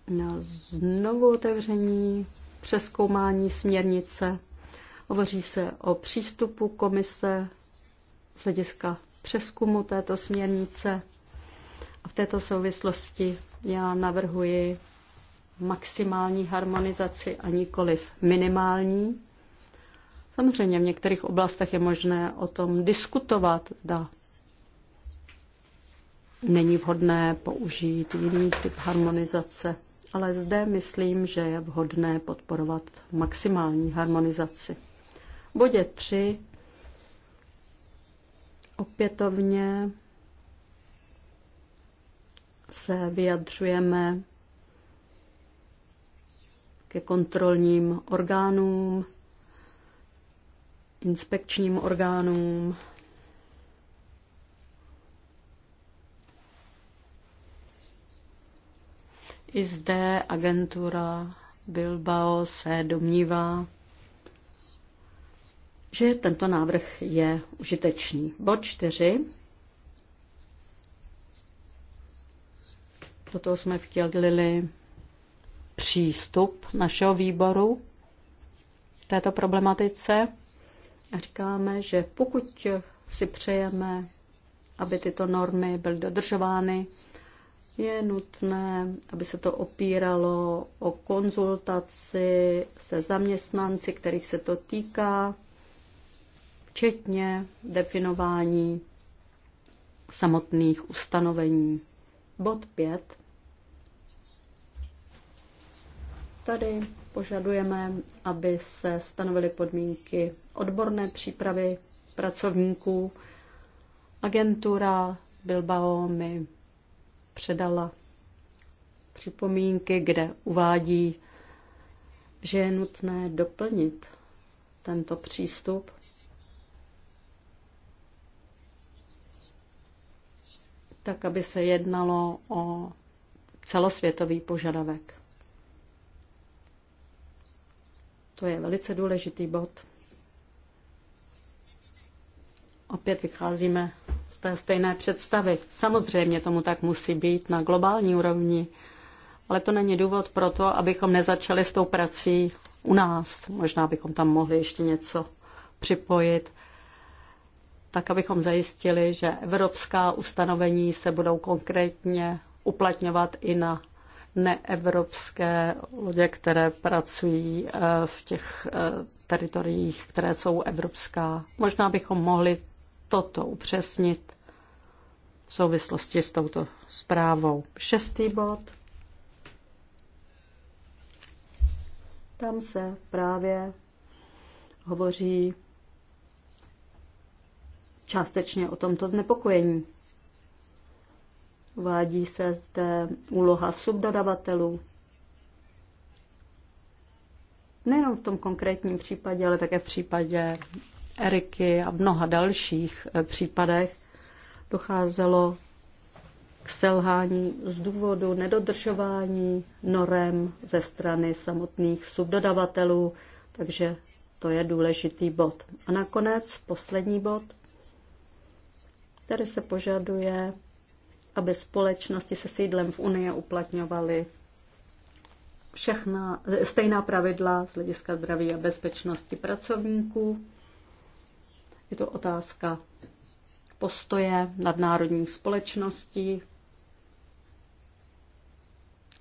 na znovu otevření přeskoumání směrnice. Hovoří se o přístupu komise z hlediska přeskumu této směrnice. A v této souvislosti já navrhuji maximální harmonizaci a nikoliv minimální. Samozřejmě v některých oblastech je možné o tom diskutovat, zda není vhodné použít jiný typ harmonizace, ale zde myslím, že je vhodné podporovat maximální harmonizaci. V bodě 3 opětovně se vyjadřujeme ke kontrolním orgánům, inspekčním orgánům. I zde agentura Bilbao se domnívá, že tento návrh je užitečný. Bod 4. Do toho jsme vtělili přístup našeho výboru k této problematice. A říkáme, že pokud si přejeme, aby tyto normy byly dodržovány, je nutné, aby se to opíralo o konzultaci se zaměstnanci, kterých se to týká, včetně definování samotných ustanovení. Bod 5. Tady Požadujeme, aby se stanovily podmínky odborné přípravy pracovníků. Agentura Bilbao mi předala připomínky, kde uvádí, že je nutné doplnit tento přístup tak, aby se jednalo o celosvětový požadavek. To je velice důležitý bod. Opět vycházíme z té stejné představy. Samozřejmě tomu tak musí být na globální úrovni, ale to není důvod pro to, abychom nezačali s tou prací u nás. Možná bychom tam mohli ještě něco připojit, tak abychom zajistili, že evropská ustanovení se budou konkrétně uplatňovat i na neevropské lodě, které pracují eh, v těch eh, teritoriích, které jsou evropská. Možná bychom mohli toto upřesnit v souvislosti s touto zprávou. Šestý bod. Tam se právě hovoří částečně o tomto znepokojení. Uvádí se zde úloha subdodavatelů. Nejenom v tom konkrétním případě, ale také v případě Eriky a mnoha dalších eh, případech docházelo k selhání z důvodu nedodržování norem ze strany samotných subdodavatelů, takže to je důležitý bod. A nakonec poslední bod, který se požaduje aby společnosti se sídlem v Unii uplatňovaly všechna stejná pravidla z hlediska zdraví a bezpečnosti pracovníků. Je to otázka postoje nadnárodních společností.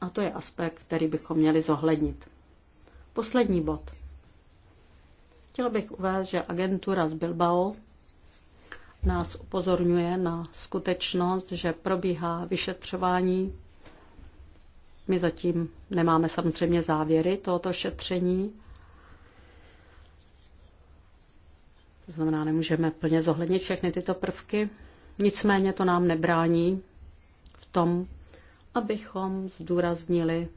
A to je aspekt, který bychom měli zohlednit. Poslední bod. Chtěla bych uvést, že agentura z Bilbao nás upozorňuje na skutečnost, že probíhá vyšetřování. My zatím nemáme samozřejmě závěry tohoto šetření. To znamená, nemůžeme plně zohlednit všechny tyto prvky. Nicméně to nám nebrání v tom, abychom zdůraznili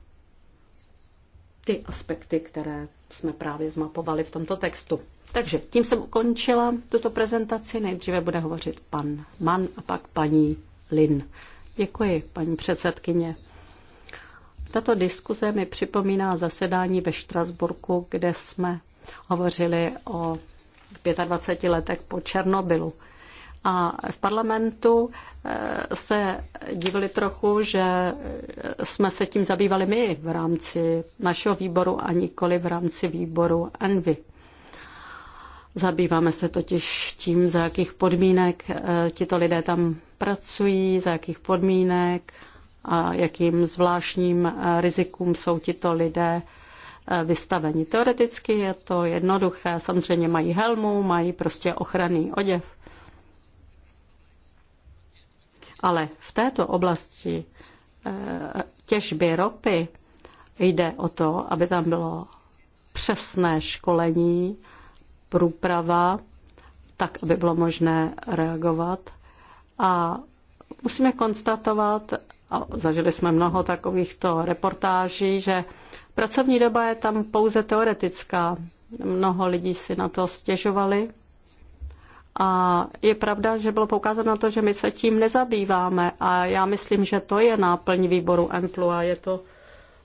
ty aspekty, které jsme právě zmapovali v tomto textu. Takže tím jsem ukončila tuto prezentaci. Nejdříve bude hovořit pan Mann a pak paní Lin. Děkuji, paní předsedkyně. Tato diskuze mi připomíná zasedání ve Štrasburku, kde jsme hovořili o 25 letech po Černobylu. A v parlamentu eh, se divili trochu, že jsme se tím zabývali my v rámci našeho výboru a nikoli v rámci výboru Envy. Zabýváme se totiž tím, za jakých podmínek eh, tito lidé tam pracují, za jakých podmínek a jakým zvláštním eh, rizikům jsou tito lidé eh, vystaveni. Teoreticky je to jednoduché, samozřejmě mají helmu, mají prostě ochranný oděv. Ale v této oblasti těžby ropy jde o to, aby tam bylo přesné školení, průprava, tak, aby bylo možné reagovat. A musíme konstatovat, a zažili jsme mnoho takovýchto reportáží, že pracovní doba je tam pouze teoretická. Mnoho lidí si na to stěžovali. A je pravda, že bylo poukázáno na to, že my se tím nezabýváme. A já myslím, že to je náplň výboru EMPLu a je to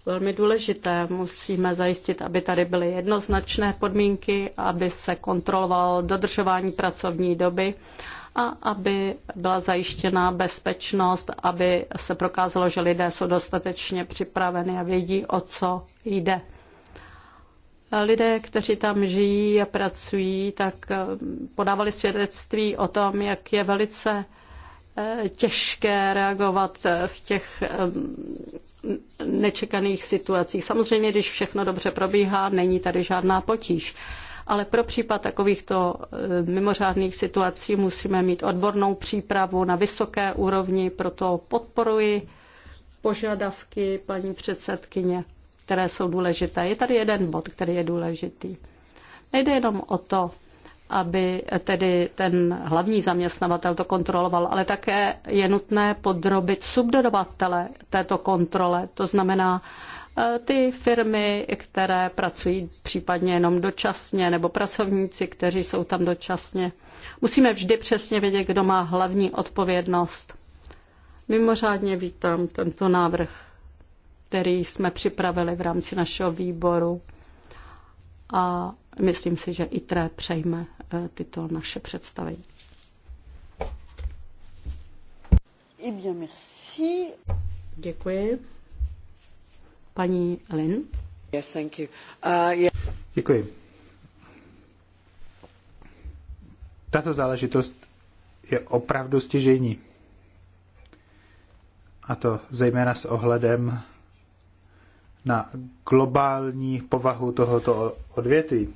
velmi důležité. Musíme zajistit, aby tady byly jednoznačné podmínky, aby se kontrolovalo dodržování pracovní doby a aby byla zajištěna bezpečnost, aby se prokázalo, že lidé jsou dostatečně připraveni a vědí, o co jde. Lidé, kteří tam žijí a pracují, tak eh, podávali svědectví o tom, jak je velice eh, těžké reagovat eh, v těch nečekaných situacích. Samozřejmě, když všechno dobře probíhá, není tady žádná potíž. Ale pro případ takovýchto eh, mimořádných situací musíme mít odbornou přípravu na vysoké úrovni, proto podporuji požadavky paní předsedkyně, které jsou důležité. Je tady jeden bod, který je důležitý. Nejde jenom o to, aby tedy ten hlavní zaměstnavatel to kontroloval, ale také je nutné podrobit subdodavatele této kontrole, to znamená eh, ty firmy, které pracují případně jenom dočasně, nebo pracovníci, kteří jsou tam dočasně. Musíme vždy přesně vědět, kdo má hlavní odpovědnost. Mimořádně vítám tento návrh, který jsme připravili v rámci našeho výboru a myslím si, že ITRE přejme Eh, tyto naše představy. Eh bien, merci. Děkuji. Paní Lin. Yes, thank you. Uh, yeah. Děkuji. Tato záležitost je opravdu stěžení. A to zejména s ohledem na globální povahu tohoto odvětví.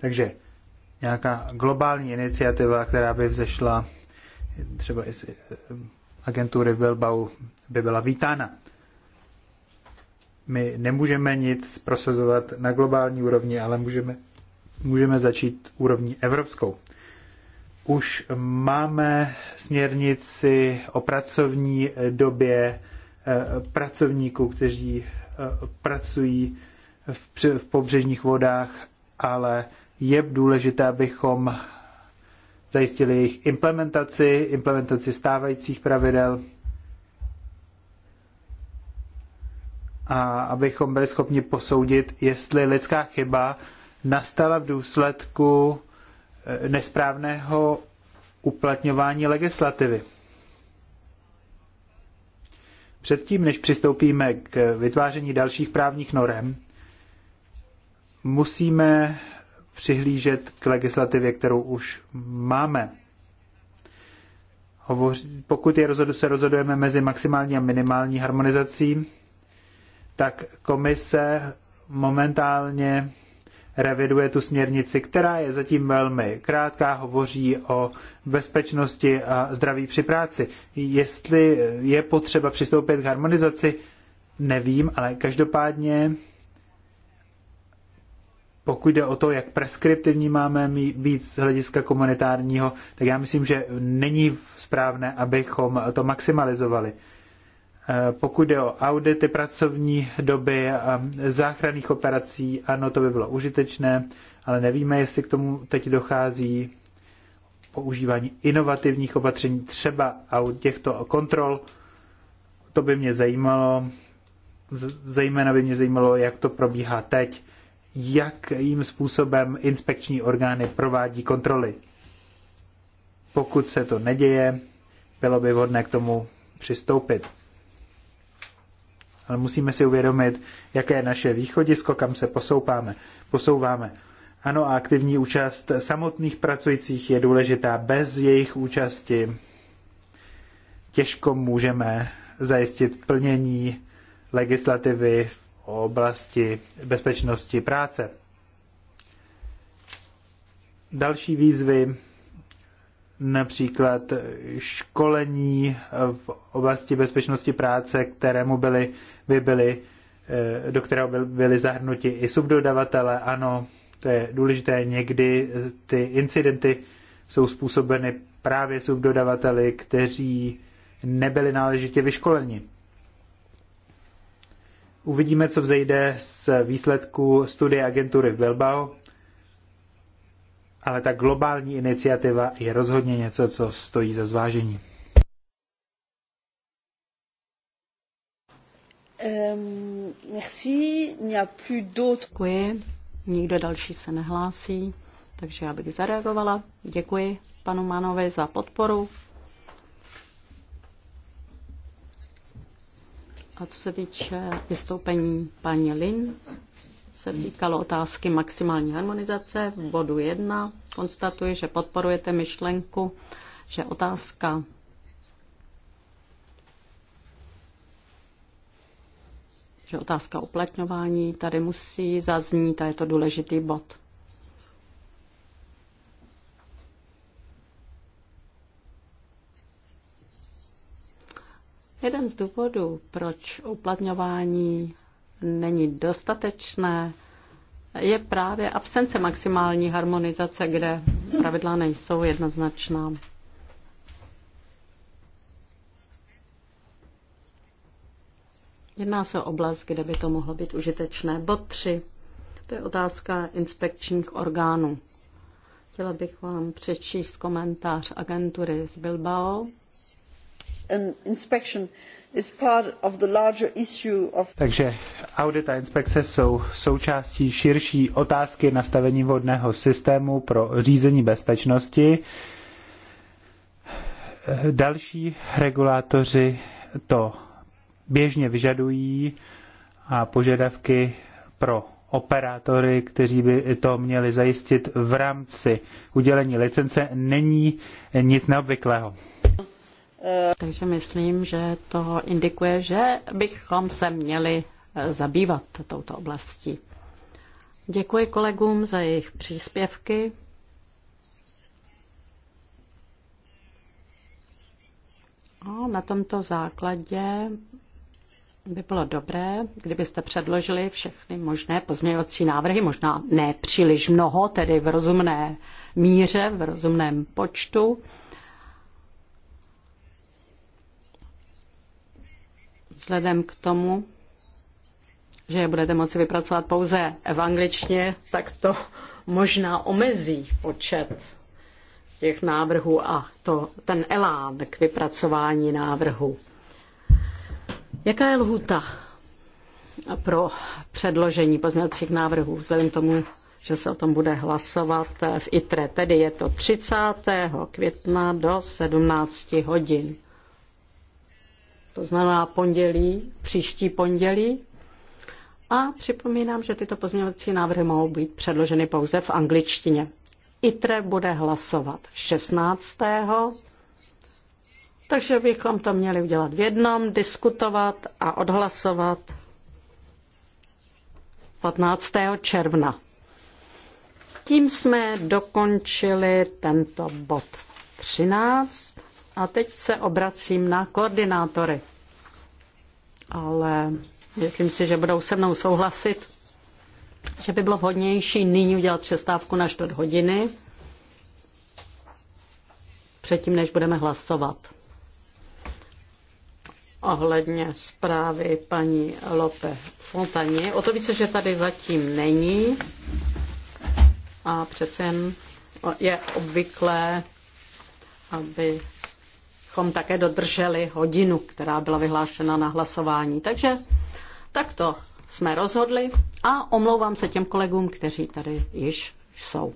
Takže nějaká globální iniciativa, která by vzešla třeba i z eh, agentury Bilbao, by byla vítána. My nemůžeme nic prosazovat na globální úrovni, ale můžeme, můžeme začít úrovní evropskou. Už máme směrnici o pracovní době eh, pracovníků, kteří eh, pracují v pobřežních vodách, ale je důležité, abychom zajistili jejich implementaci, implementaci stávajících pravidel a abychom byli schopni posoudit, jestli lidská chyba nastala v důsledku eh, nesprávného uplatňování legislativy. Předtím, než přistoupíme k vytváření dalších právních norem, musíme přihlížet k legislativě, kterou už máme. Hovoří, pokud je rozhodu, se rozhodujeme mezi maximální a minimální harmonizací, tak komise momentálně reviduje tu směrnici, která je zatím velmi krátká, hovoří o bezpečnosti a zdraví při práci. Jestli je potřeba přistoupit k harmonizaci, nevím, ale každopádně pokud jde o to, jak preskriptivní máme být z hlediska komunitárního, tak já myslím, že není správné, abychom to maximalizovali. Eh, pokud jde o audity pracovní doby a záchranných operací, ano, to by bylo užitečné, ale nevíme, jestli k tomu teď dochází používání inovativních opatření, třeba těchto kontrol. To by mě zajímalo. Zejména by mě zajímalo, jak to probíhá teď jakým způsobem inspekční orgány provádí kontroly. Pokud se to neděje, bylo by vhodné k tomu přistoupit. Ale musíme si uvědomit, jaké je naše východisko, kam se posoupáme, posouváme. Ano, a aktivní účast samotných pracujících je důležitá. Bez jejich účasti těžko můžeme zajistit plnění legislativy oblasti bezpečnosti práce. Další výzvy, například školení v oblasti bezpečnosti práce, kterému byly, byly, eh, do kterého byly zahrnuti i subdodavatele. Ano, to je důležité. Někdy ty incidenty jsou způsobeny právě subdodavateli, kteří nebyli náležitě vyškoleni. Uvidíme, co vzejde z výsledku studie agentury v Bilbao, ale ta globální iniciativa je rozhodně něco, co stojí za zvážení. Um, merci, Děkuji. Nikdo další se nehlásí, takže já bych zareagovala. Děkuji panu Manovi za podporu A co se týče vystoupení paní Lin, se týkalo otázky maximální harmonizace. V bodu 1 konstatuji, že podporujete myšlenku, že otázka že otázka uplatňování tady musí zaznít a je to důležitý bod. Jeden z důvodů, proč uplatňování není dostatečné, je právě absence maximální harmonizace, kde pravidla nejsou jednoznačná. Jedná se o oblast, kde by to mohlo být užitečné. Bod 3. To je otázka inspekčních orgánů. Chtěla bych vám přečíst komentář agentury z Bilbao, takže audit a inspekce jsou součástí širší otázky nastavení vodného systému pro řízení bezpečnosti. Další regulátoři to běžně vyžadují a požadavky pro operátory, kteří by to měli zajistit v rámci udělení licence, není nic neobvyklého. Takže myslím, že to indikuje, že bychom se měli eh, zabývat touto oblastí. Děkuji kolegům za jejich příspěvky. A na tomto základě by bylo dobré, kdybyste předložili všechny možné pozměňovací návrhy, možná ne příliš mnoho, tedy v rozumné míře, v rozumném počtu. Vzhledem k tomu, že je budete moci vypracovat pouze v angličtině, tak to možná omezí počet těch návrhů a to, ten elán k vypracování návrhu. Jaká je lhuta pro předložení pozměňovacích návrhů, vzhledem k tomu, že se o tom bude hlasovat v ITRE. Tedy je to 30. května do 17 hodin to znamená pondělí, příští pondělí. A připomínám, že tyto pozměňovací návrhy mohou být předloženy pouze v angličtině. ITRE bude hlasovat 16. Takže bychom to měli udělat v jednom, diskutovat a odhlasovat 15. června. Tím jsme dokončili tento bod 13. A teď se obracím na koordinátory. Ale myslím si, že budou se mnou souhlasit, že by bylo vhodnější nyní udělat přestávku na čtvrt hodiny, předtím, než budeme hlasovat. Ohledně zprávy paní Lope Fontani. O to více, že tady zatím není a přece jen je obvyklé, aby abychom také dodrželi hodinu, která byla vyhlášena na hlasování. Takže takto jsme rozhodli a omlouvám se těm kolegům, kteří tady již jsou.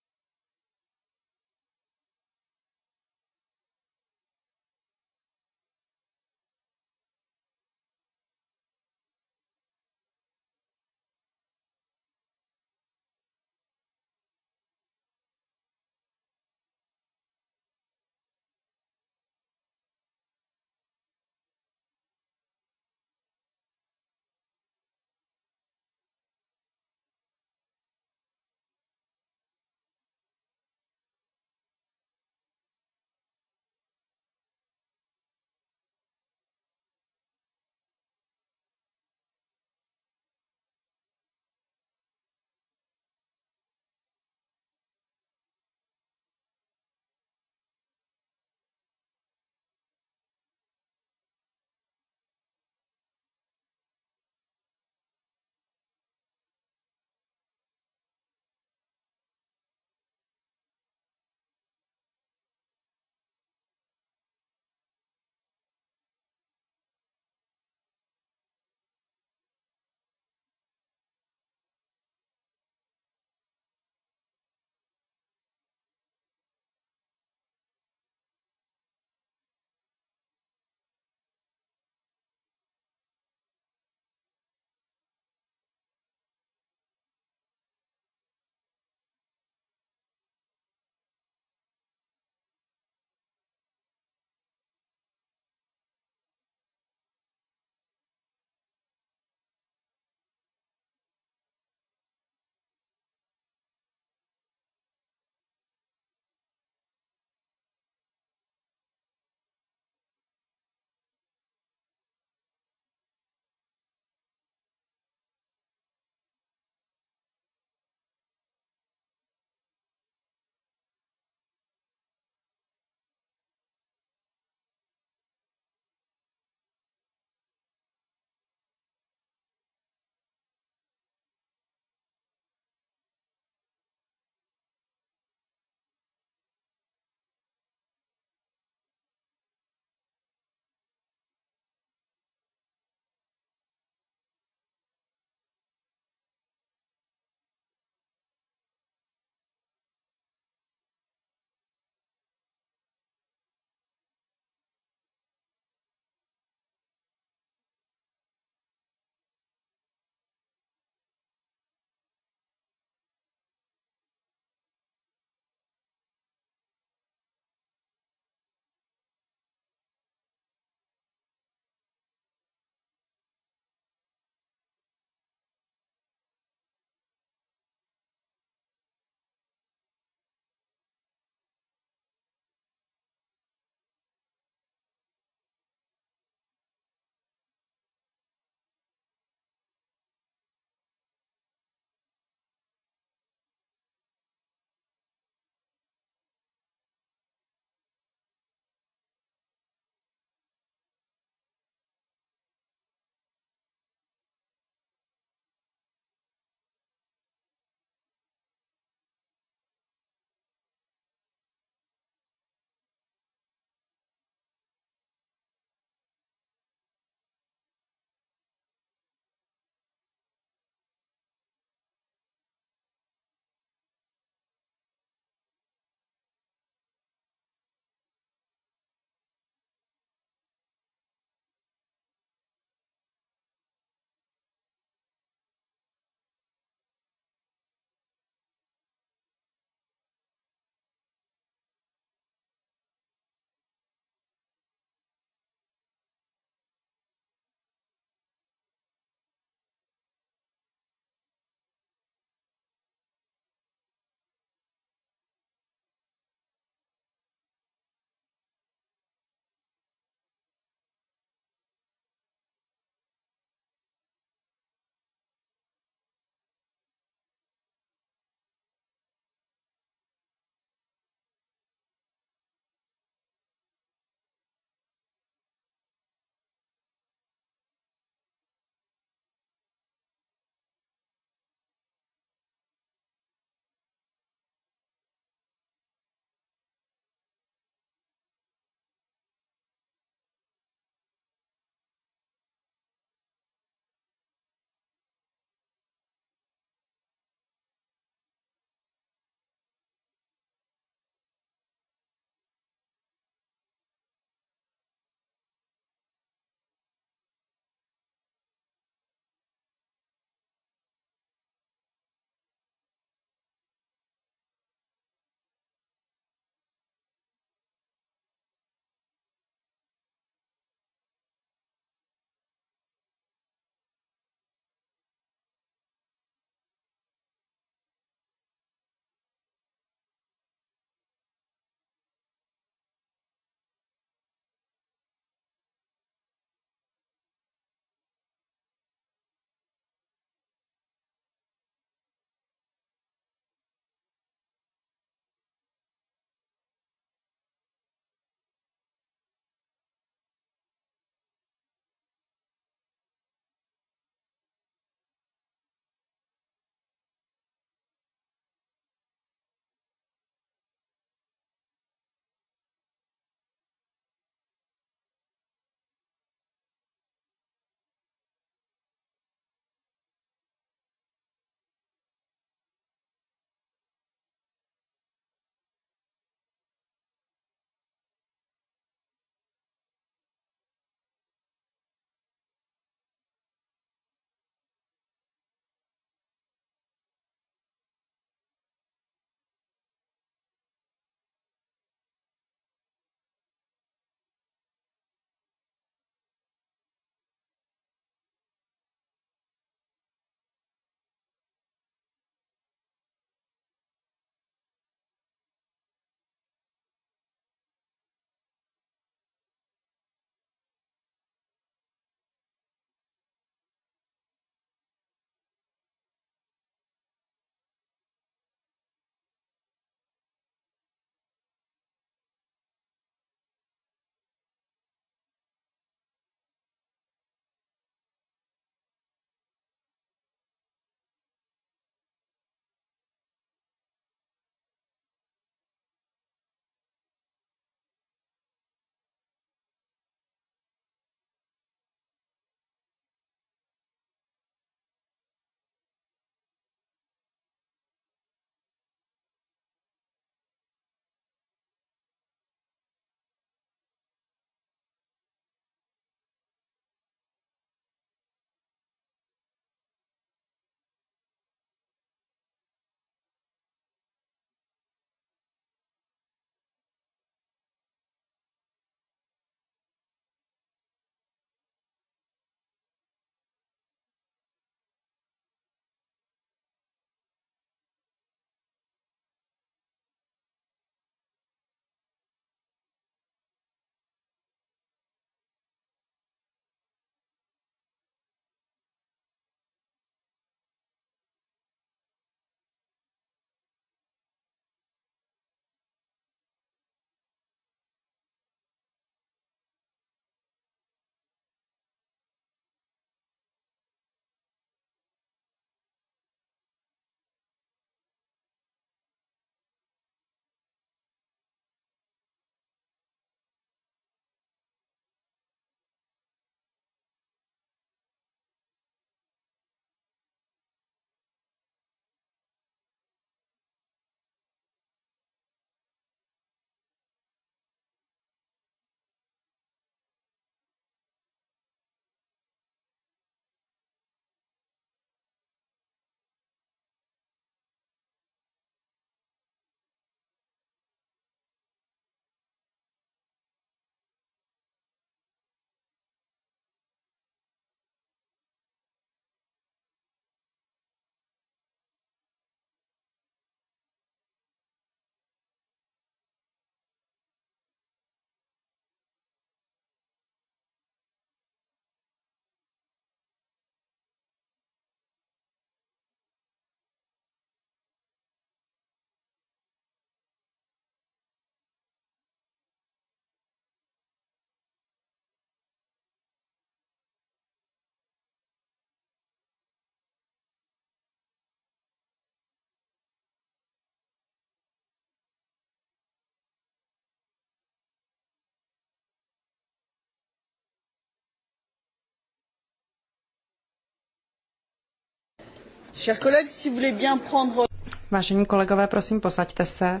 Vážení kolegové, prosím, posaďte se.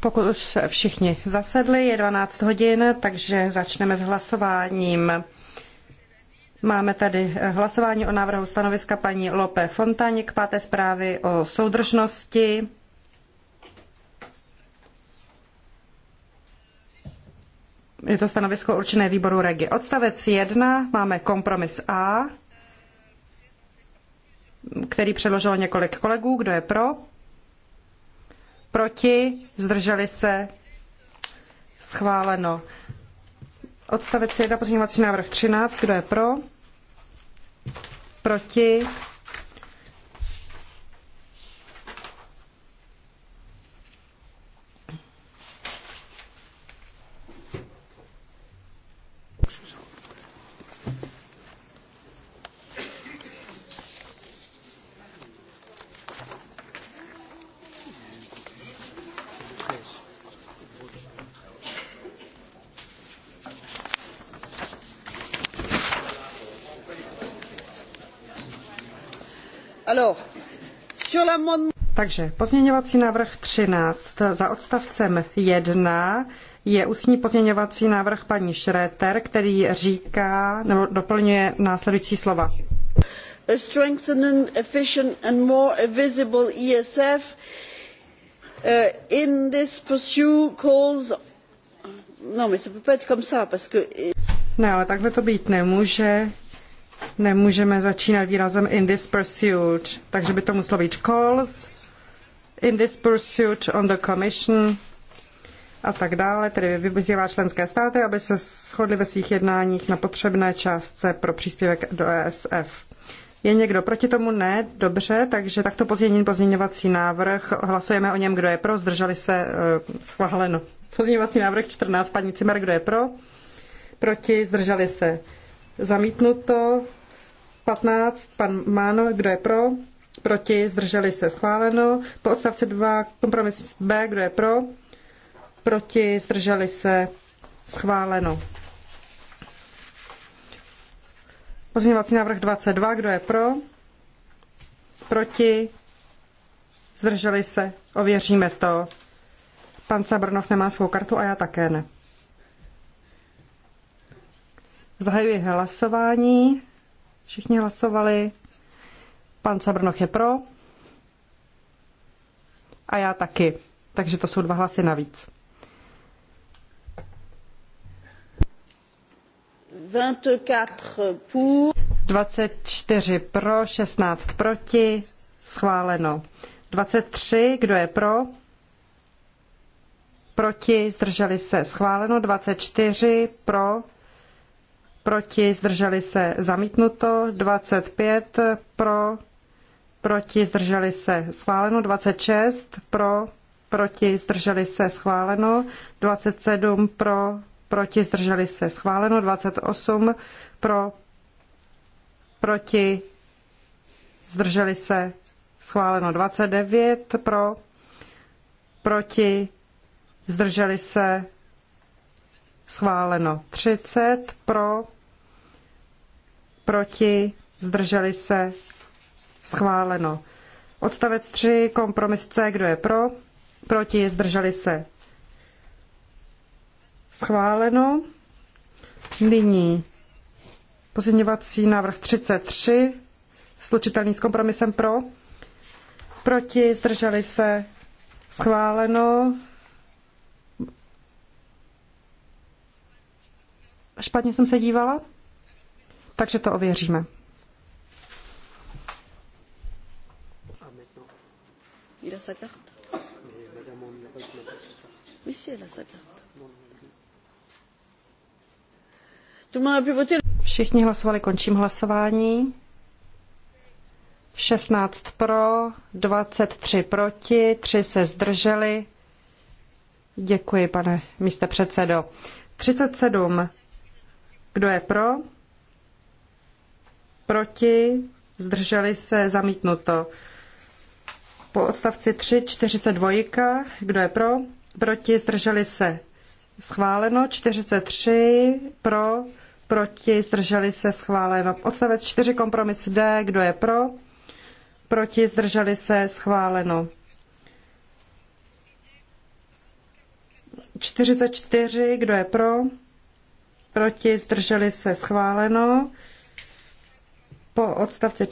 Pokud už všichni zasedli, je 12 hodin, takže začneme s hlasováním. Máme tady hlasování o návrhu stanoviska paní Lope Fontaň k páté zprávy o soudržnosti. Je to stanovisko určené výboru Regi. Odstavec 1 máme kompromis A, který předložilo několik kolegů. Kdo je pro? proti, zdrželi se, schváleno. Odstavec 1, pozměňovací návrh 13, kdo je pro, proti, Takže pozměňovací návrh 13 za odstavcem 1 je ústní pozměňovací návrh paní Šréter, který říká nebo doplňuje následující slova. A strengthening efficient and more visible ESF uh, in this calls comme no, ça, parce que... Ne, ale takhle to být nemůže nemůžeme začínat výrazem in this pursuit, takže by to muselo být calls, in this pursuit on the commission a tak dále, tedy vyzývá členské státy, aby se shodly ve svých jednáních na potřebné částce pro příspěvek do ESF. Je někdo proti tomu? Ne, dobře, takže takto pozdění pozměňovací návrh, hlasujeme o něm, kdo je pro, zdrželi se, uh, schváleno. Pozměňovací návrh 14, paní Cimer, kdo je pro? Proti, zdrželi se. Zamítnuto, 15, pan Máno, kdo je pro? Proti, zdrželi se, schváleno. Po odstavci 2, kompromis B, kdo je pro? Proti, zdrželi se, schváleno. Pozměňovací návrh 22, kdo je pro? Proti, zdrželi se, ověříme to. Pan Sabrnov nemá svou kartu a já také ne. Zahajuji hlasování. Všichni hlasovali. Pan Sabrnoch je pro. A já taky. Takže to jsou dva hlasy navíc. 24 pro, 16 proti, schváleno. 23, kdo je pro? Proti, zdrželi se, schváleno. 24 pro, proti, zdrželi se zamítnuto, 25 pro, proti, zdrželi se schváleno, 26 pro, proti, zdrželi se schváleno, 27 pro, proti, zdrželi se schváleno, 28 pro, proti, zdrželi se schváleno, 29 pro, proti, zdrželi se schváleno 30 pro, proti, zdrželi se, schváleno. Odstavec 3, kompromis C, kdo je pro, proti, zdrželi se, schváleno. Nyní pozměňovací návrh 33, slučitelný s kompromisem pro, proti, zdrželi se, schváleno. Špatně jsem se dívala? Takže to ověříme. Všichni hlasovali, končím hlasování. 16 pro, 23 proti, 3 se zdrželi. Děkuji, pane místo předsedo. 37 kdo je pro? Proti? Zdrželi se? Zamítnuto. Po odstavci 3, 42. Kdo je pro? Proti? Zdrželi se? Schváleno. 43. Pro? Proti? Zdrželi se? Schváleno. Odstavec 4, kompromis D. Kdo je pro? Proti? Zdrželi se? Schváleno. 44. Kdo je pro? proti, zdrželi se schváleno. Po odstavci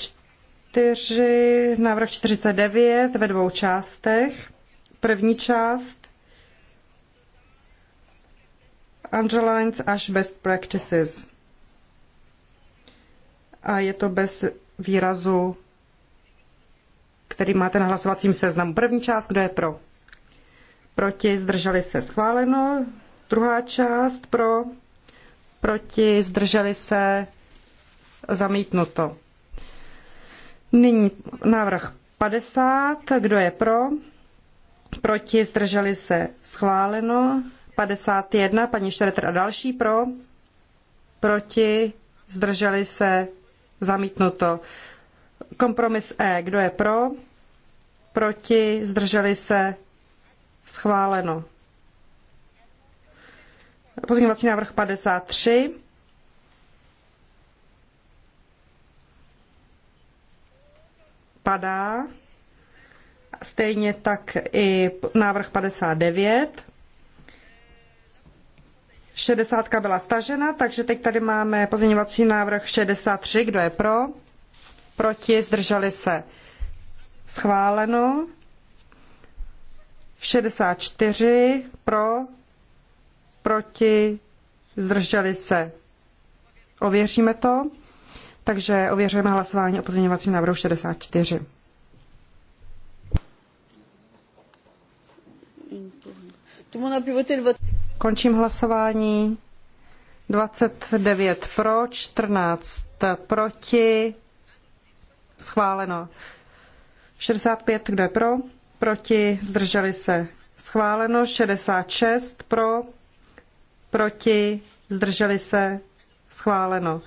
4, návrh 49 ve dvou částech. První část underlines až best practices. A je to bez výrazu, který máte na hlasovacím seznamu. První část, kdo je pro? Proti, zdrželi se schváleno. Druhá část pro, proti, zdrželi se, zamítnuto. Nyní návrh 50, kdo je pro, proti, zdrželi se, schváleno. 51, paní Šreter a další pro, proti, zdrželi se, zamítnuto. Kompromis E, kdo je pro, proti, zdrželi se, schváleno. Pozměňovací návrh 53. Padá. Stejně tak i návrh 59. 60 byla stažena, takže teď tady máme pozměňovací návrh 63. Kdo je pro? Proti? Zdrželi se? Schváleno. 64 pro, proti, zdrželi se. Ověříme to, takže ověřujeme hlasování o pozměňovacím návrhu 64. Končím hlasování. 29 pro, 14 proti. Schváleno. 65, kdo je pro? Proti, zdrželi se. Schváleno. 66 pro, proti, zdrželi se, schváleno.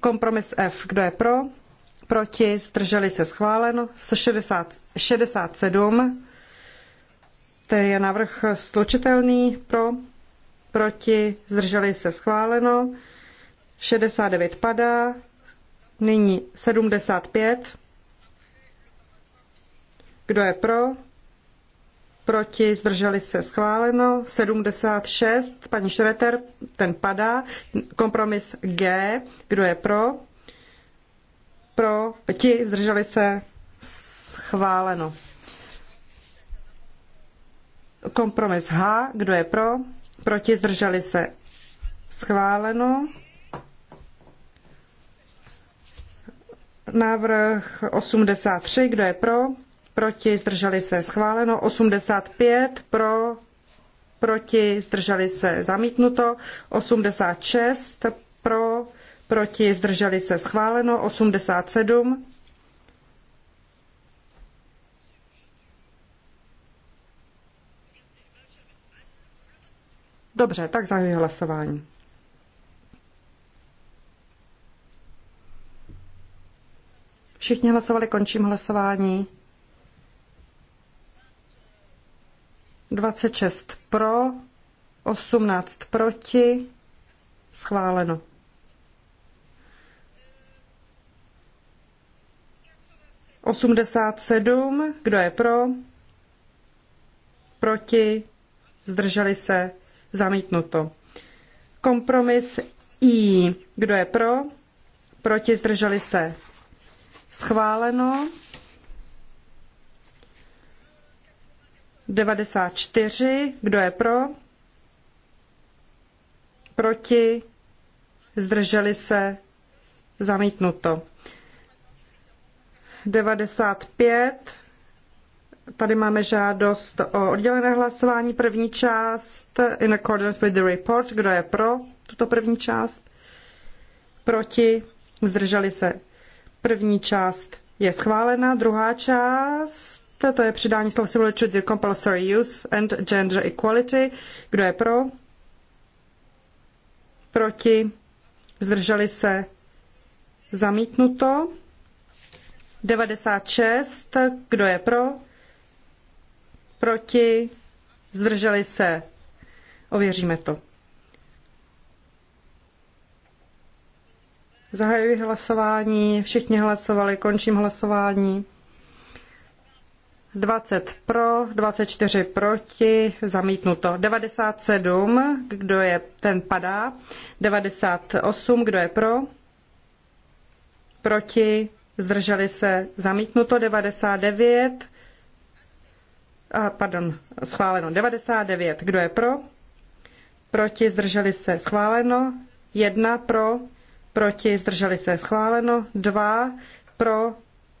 Kompromis F, kdo je pro, proti, zdrželi se, schváleno. 67, který je návrh slučitelný pro, proti, zdrželi se, schváleno. 69 padá, nyní 75. Kdo je pro? proti, zdrželi se schváleno, 76, paní Šreter, ten padá, kompromis G, kdo je pro, pro, ti, zdrželi se schváleno. Kompromis H, kdo je pro, proti, zdrželi se schváleno. Návrh 83, kdo je pro, proti, zdrželi se schváleno, 85 pro, proti, zdrželi se zamítnuto, 86 pro, proti, zdrželi se schváleno, 87 Dobře, tak zahajuji hlasování. Všichni hlasovali, končím hlasování. 26 pro, 18 proti, schváleno. osmdesát sedm kdo je pro? Proti, zdrželi se, zamítnuto. Kompromis I, kdo je pro? Proti, zdrželi se, schváleno. 94. Kdo je pro? Proti? Zdrželi se? Zamítnuto. 95. Tady máme žádost o oddělené hlasování. První část in accordance with the report. Kdo je pro tuto první část? Proti? Zdrželi se? První část je schválena. Druhá část to je přidání slov similar compulsory use and gender equality. Kdo je pro? Proti? Zdrželi se? Zamítnuto. 96. Kdo je pro? Proti? Zdrželi se? Ověříme to. Zahajuji hlasování, všichni hlasovali, končím hlasování. 20 pro, 24 proti, zamítnuto. 97, kdo je, ten padá. 98, kdo je pro, proti, zdrželi se, zamítnuto. 99, a, pardon, schváleno. 99, kdo je pro, proti, zdrželi se, schváleno. 1 pro, proti, zdrželi se, schváleno. 2 pro,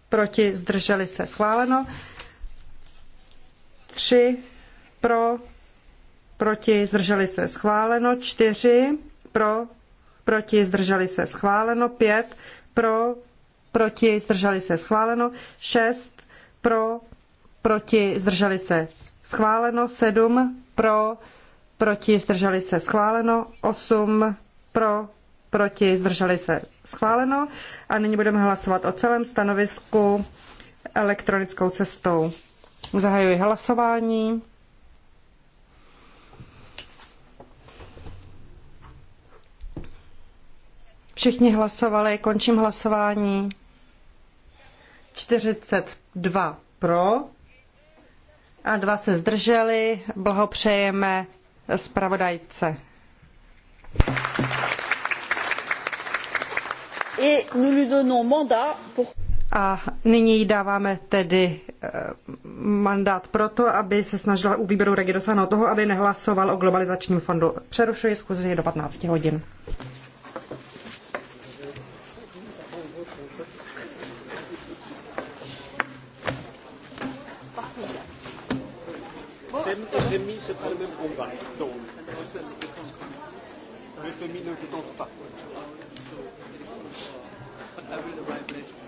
proti, zdrželi se, schváleno. 3 pro, proti, zdrželi se schváleno, 4 pro, proti, zdrželi se schváleno, 5 pro, proti, zdrželi se schváleno, 6 pro, proti, zdrželi se schváleno, 7 pro, proti, zdrželi se schváleno, 8 pro, proti, zdrželi se schváleno. A nyní budeme hlasovat o celém stanovisku elektronickou cestou. Zahajuji hlasování. Všichni hlasovali, končím hlasování. 42 pro a dva se zdrželi. Blahopřejeme zpravodajce. Et nous lui donnons mandat pour... A nyní jí dáváme tedy eh, mandát pro to, aby se snažila u výběru regi dosáhnout toho, aby nehlasoval o globalizačním fondu. Přerušuji schůzi do 15 hodin. Je c'est pas le même combat. Donc, le féminin ne te